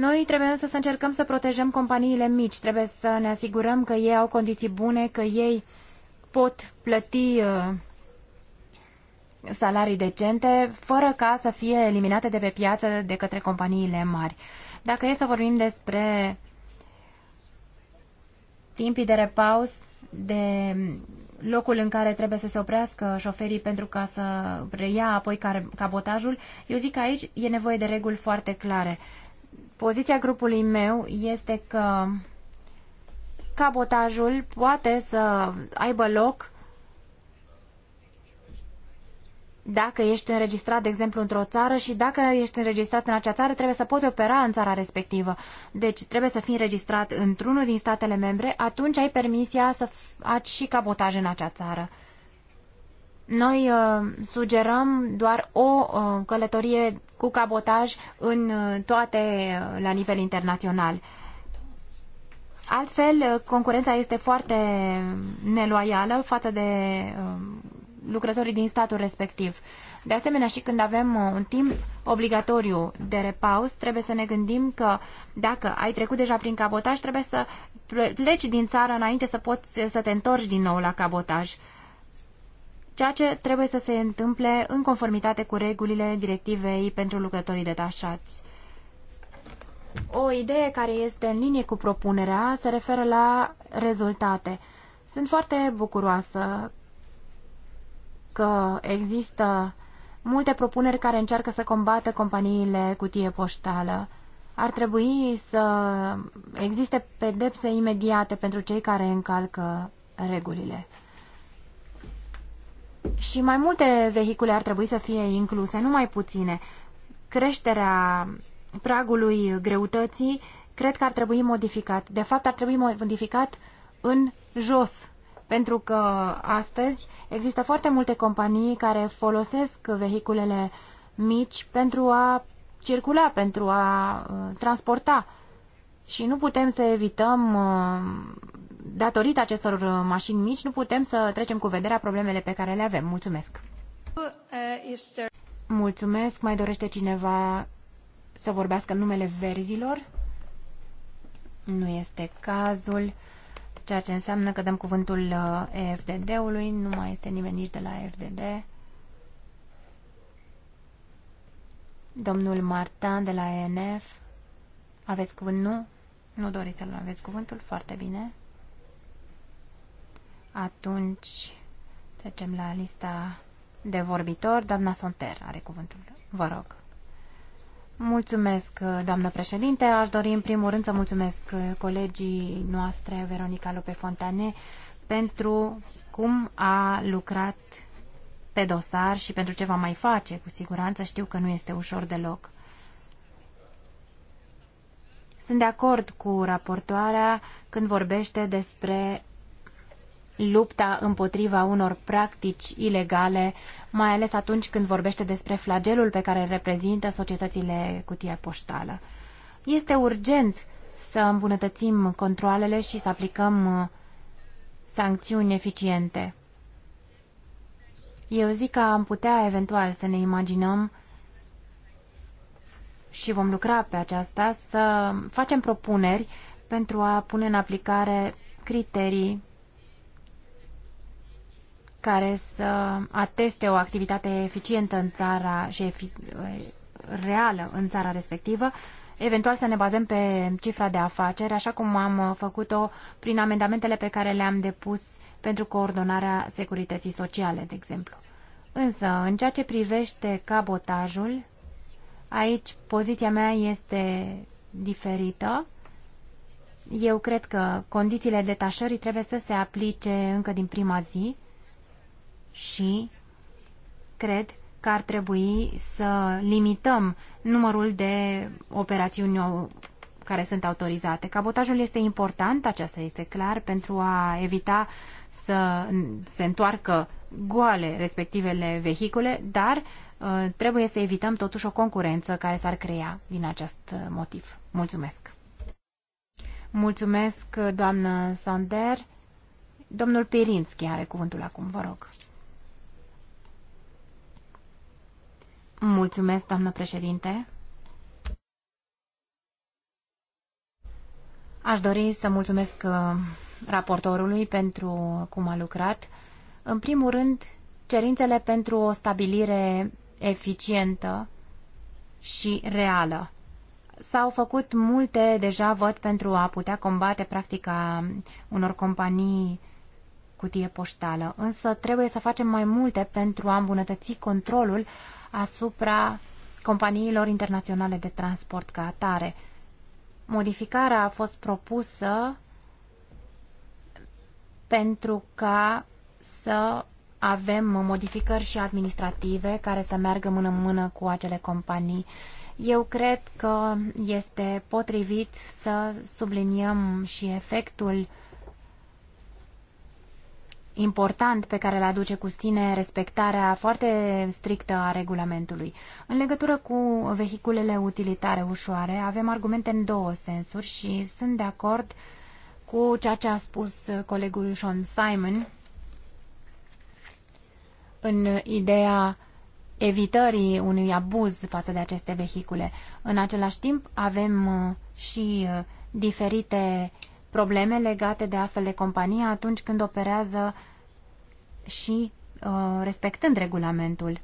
Noi trebuie însă să încercăm să protejăm companiile mici, trebuie să ne asigurăm că ei au condiții bune, că ei pot plăti uh, salarii decente, fără ca să fie eliminate de pe piață de către companiile mari. Dacă e să vorbim despre timpii de repaus, de locul în care trebuie să se oprească șoferii pentru ca să reia apoi cabotajul, eu zic că aici e nevoie de reguli foarte clare. Poziția grupului meu este că cabotajul poate să aibă loc dacă ești înregistrat, de exemplu, într-o țară și dacă ești înregistrat în acea țară, trebuie să poți opera în țara respectivă. Deci trebuie să fii înregistrat într-unul din statele membre, atunci ai permisia să faci și cabotaj în acea țară. Noi uh, sugerăm doar o uh, călătorie cu cabotaj în uh, toate uh, la nivel internațional. Altfel, uh, concurența este foarte neloială față de uh, lucrătorii din statul respectiv. De asemenea, și când avem uh, un timp obligatoriu de repaus, trebuie să ne gândim că dacă ai trecut deja prin cabotaj, trebuie să pleci din țară înainte să poți să te întorci din nou la cabotaj ceea ce trebuie să se întâmple în conformitate cu regulile directivei pentru lucrătorii detașați. O idee care este în linie cu propunerea se referă la rezultate. Sunt foarte bucuroasă că există multe propuneri care încearcă să combată companiile cutie poștală. Ar trebui să existe pedepse imediate pentru cei care încalcă regulile. Și mai multe vehicule ar trebui să fie incluse, nu mai puține. Creșterea pragului greutății cred că ar trebui modificat. De fapt, ar trebui modificat în jos, pentru că astăzi există foarte multe companii care folosesc vehiculele mici pentru a circula, pentru a uh, transporta. Și nu putem să evităm uh, datorită acestor uh, mașini mici, nu putem să trecem cu vederea problemele pe care le avem. Mulțumesc! Mulțumesc! Mai dorește cineva să vorbească în numele verzilor? Nu este cazul, ceea ce înseamnă că dăm cuvântul EFDD-ului, uh, nu mai este nimeni nici de la EFDD. Domnul Martin de la ENF, aveți cuvânt? Nu? Nu doriți să-l aveți cuvântul? Foarte bine. Atunci trecem la lista de vorbitori. Doamna Sonter are cuvântul. Vă rog. Mulțumesc, doamnă președinte. Aș dori în primul rând să mulțumesc colegii noastre, Veronica Lope Fontane, pentru cum a lucrat pe dosar și pentru ce va mai face, cu siguranță. Știu că nu este ușor deloc. Sunt de acord cu raportoarea când vorbește despre lupta împotriva unor practici ilegale, mai ales atunci când vorbește despre flagelul pe care îl reprezintă societățile cutie poștală. Este urgent să îmbunătățim controlele și să aplicăm uh, sancțiuni eficiente. Eu zic că am putea eventual să ne imaginăm și vom lucra pe aceasta, să facem propuneri pentru a pune în aplicare criterii care să ateste o activitate eficientă în țara și efic- eh, reală în țara respectivă, eventual să ne bazăm pe cifra de afaceri, așa cum am eh, făcut-o prin amendamentele pe care le-am depus pentru coordonarea securității sociale, de exemplu. Însă, în ceea ce privește cabotajul, aici poziția mea este diferită. Eu cred că condițiile detașării trebuie să se aplice încă din prima zi, și cred că ar trebui să limităm numărul de operațiuni care sunt autorizate. Cabotajul este important, aceasta este clar, pentru a evita să se întoarcă goale respectivele vehicule, dar uh, trebuie să evităm totuși o concurență care s-ar crea din acest uh, motiv. Mulțumesc! Mulțumesc, doamnă Sonder. Domnul Pirinski are cuvântul acum, vă rog. Mulțumesc, doamnă președinte. Aș dori să mulțumesc uh, raportorului pentru cum a lucrat. În primul rând, cerințele pentru o stabilire eficientă și reală. S-au făcut multe deja, văd, pentru a putea combate practica unor companii cutie poștală, însă trebuie să facem mai multe pentru a îmbunătăți controlul asupra companiilor internaționale de transport ca atare. Modificarea a fost propusă pentru ca să avem modificări și administrative care să meargă mână-mână cu acele companii. Eu cred că este potrivit să subliniem și efectul important pe care îl aduce cu sine respectarea foarte strictă a regulamentului. În legătură cu vehiculele utilitare ușoare, avem argumente în două sensuri și sunt de acord cu ceea ce a spus colegul Sean Simon în ideea evitării unui abuz față de aceste vehicule. În același timp, avem uh, și uh, diferite probleme legate de astfel de companii atunci când operează și uh, respectând regulamentul.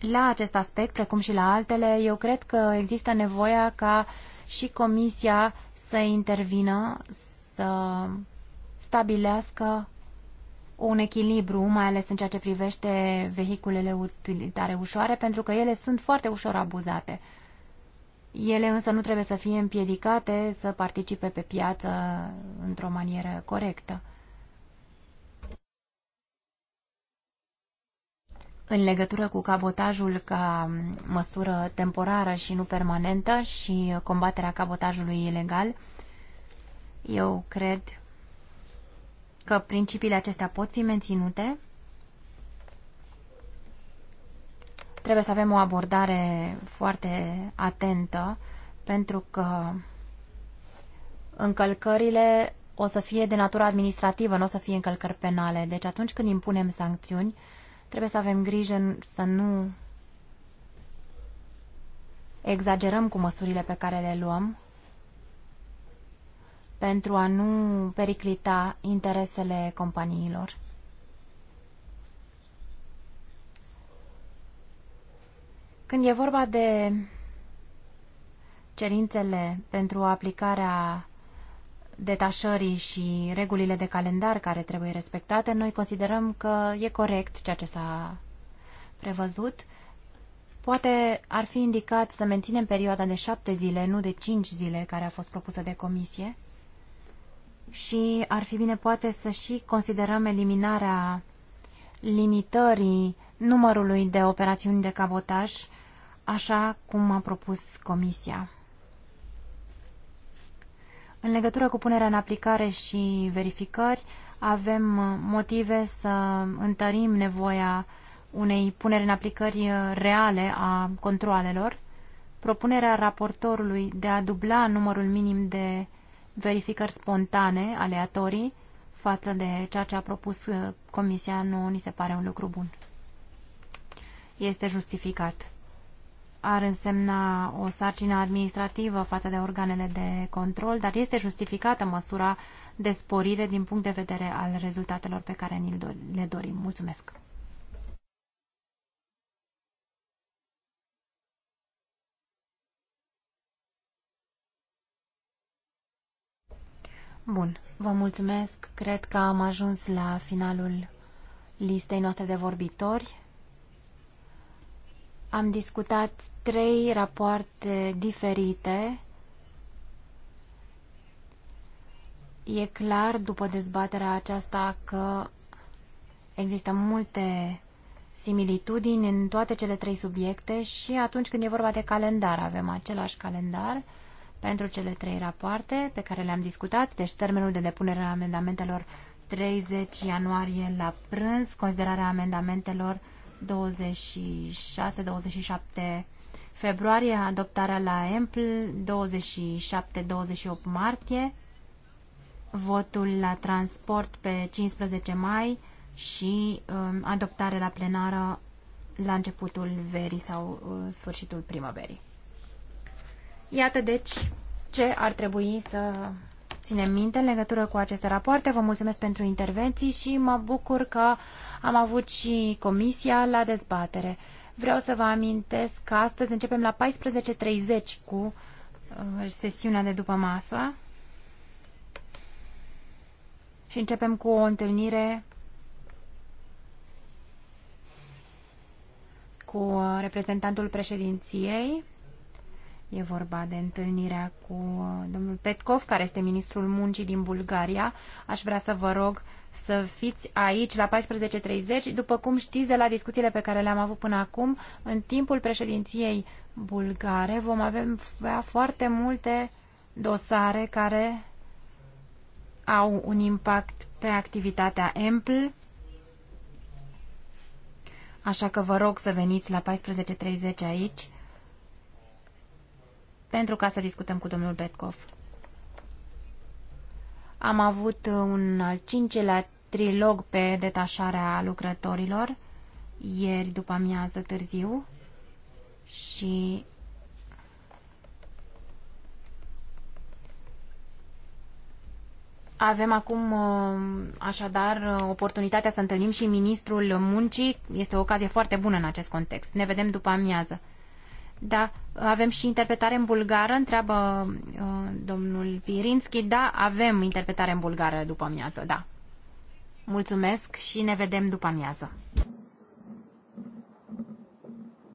La acest aspect, precum și la altele, eu cred că există nevoia ca și Comisia să intervină, să stabilească un echilibru, mai ales în ceea ce privește vehiculele utilitare ușoare, pentru că ele sunt foarte ușor abuzate. Ele însă nu trebuie să fie împiedicate să participe pe piață într-o manieră corectă. În legătură cu cabotajul ca măsură temporară și nu permanentă și combaterea cabotajului ilegal, eu cred că principiile acestea pot fi menținute Trebuie să avem o abordare foarte atentă pentru că încălcările o să fie de natură administrativă, nu o să fie încălcări penale. Deci atunci când impunem sancțiuni, trebuie să avem grijă să nu exagerăm cu măsurile pe care le luăm pentru a nu periclita interesele companiilor. Când e vorba de cerințele pentru aplicarea detașării și regulile de calendar care trebuie respectate, noi considerăm că e corect ceea ce s-a prevăzut. Poate ar fi indicat să menținem perioada de șapte zile, nu de cinci zile care a fost propusă de comisie. Și ar fi bine poate să și considerăm eliminarea limitării numărului de operațiuni de cabotaj așa cum a propus Comisia. În legătură cu punerea în aplicare și verificări, avem motive să întărim nevoia unei puneri în aplicări reale a controalelor. Propunerea raportorului de a dubla numărul minim de verificări spontane, aleatorii, față de ceea ce a propus Comisia, nu ni se pare un lucru bun. Este justificat ar însemna o sarcină administrativă față de organele de control, dar este justificată măsura de sporire din punct de vedere al rezultatelor pe care ni le dorim. Mulțumesc! Bun, vă mulțumesc. Cred că am ajuns la finalul listei noastre de vorbitori. Am discutat trei rapoarte diferite. E clar după dezbaterea aceasta că există multe similitudini în toate cele trei subiecte și atunci când e vorba de calendar, avem același calendar pentru cele trei rapoarte pe care le-am discutat, deci termenul de depunere a amendamentelor 30 ianuarie la prânz, considerarea amendamentelor 26-27 februarie, adoptarea la EMPL 27-28 martie, votul la transport pe 15 mai și um, adoptare la plenară la începutul verii sau uh, sfârșitul primăverii. Iată deci ce ar trebui să ținem minte în legătură cu aceste rapoarte. Vă mulțumesc pentru intervenții și mă bucur că am avut și comisia la dezbatere. Vreau să vă amintesc că astăzi începem la 14.30 cu uh, sesiunea de după masă și începem cu o întâlnire cu uh, reprezentantul președinției. E vorba de întâlnirea cu uh, domnul Petkov, care este ministrul muncii din Bulgaria. Aș vrea să vă rog să fiți aici la 14.30. După cum știți de la discuțiile pe care le-am avut până acum, în timpul președinției bulgare vom avea foarte multe dosare care au un impact pe activitatea EMPL. Așa că vă rog să veniți la 14.30 aici pentru ca să discutăm cu domnul Betkov. Am avut uh, un al cincilea trilog pe detașarea lucrătorilor ieri după amiază târziu și Avem acum uh, așadar uh, oportunitatea să întâlnim și ministrul muncii. Este o ocazie foarte bună în acest context. Ne vedem după amiază. Da, avem și interpretare în bulgară, întreabă uh, domnul Pirinski. Da, avem interpretare în bulgară după amiază, da. Mulțumesc și ne vedem după amiază.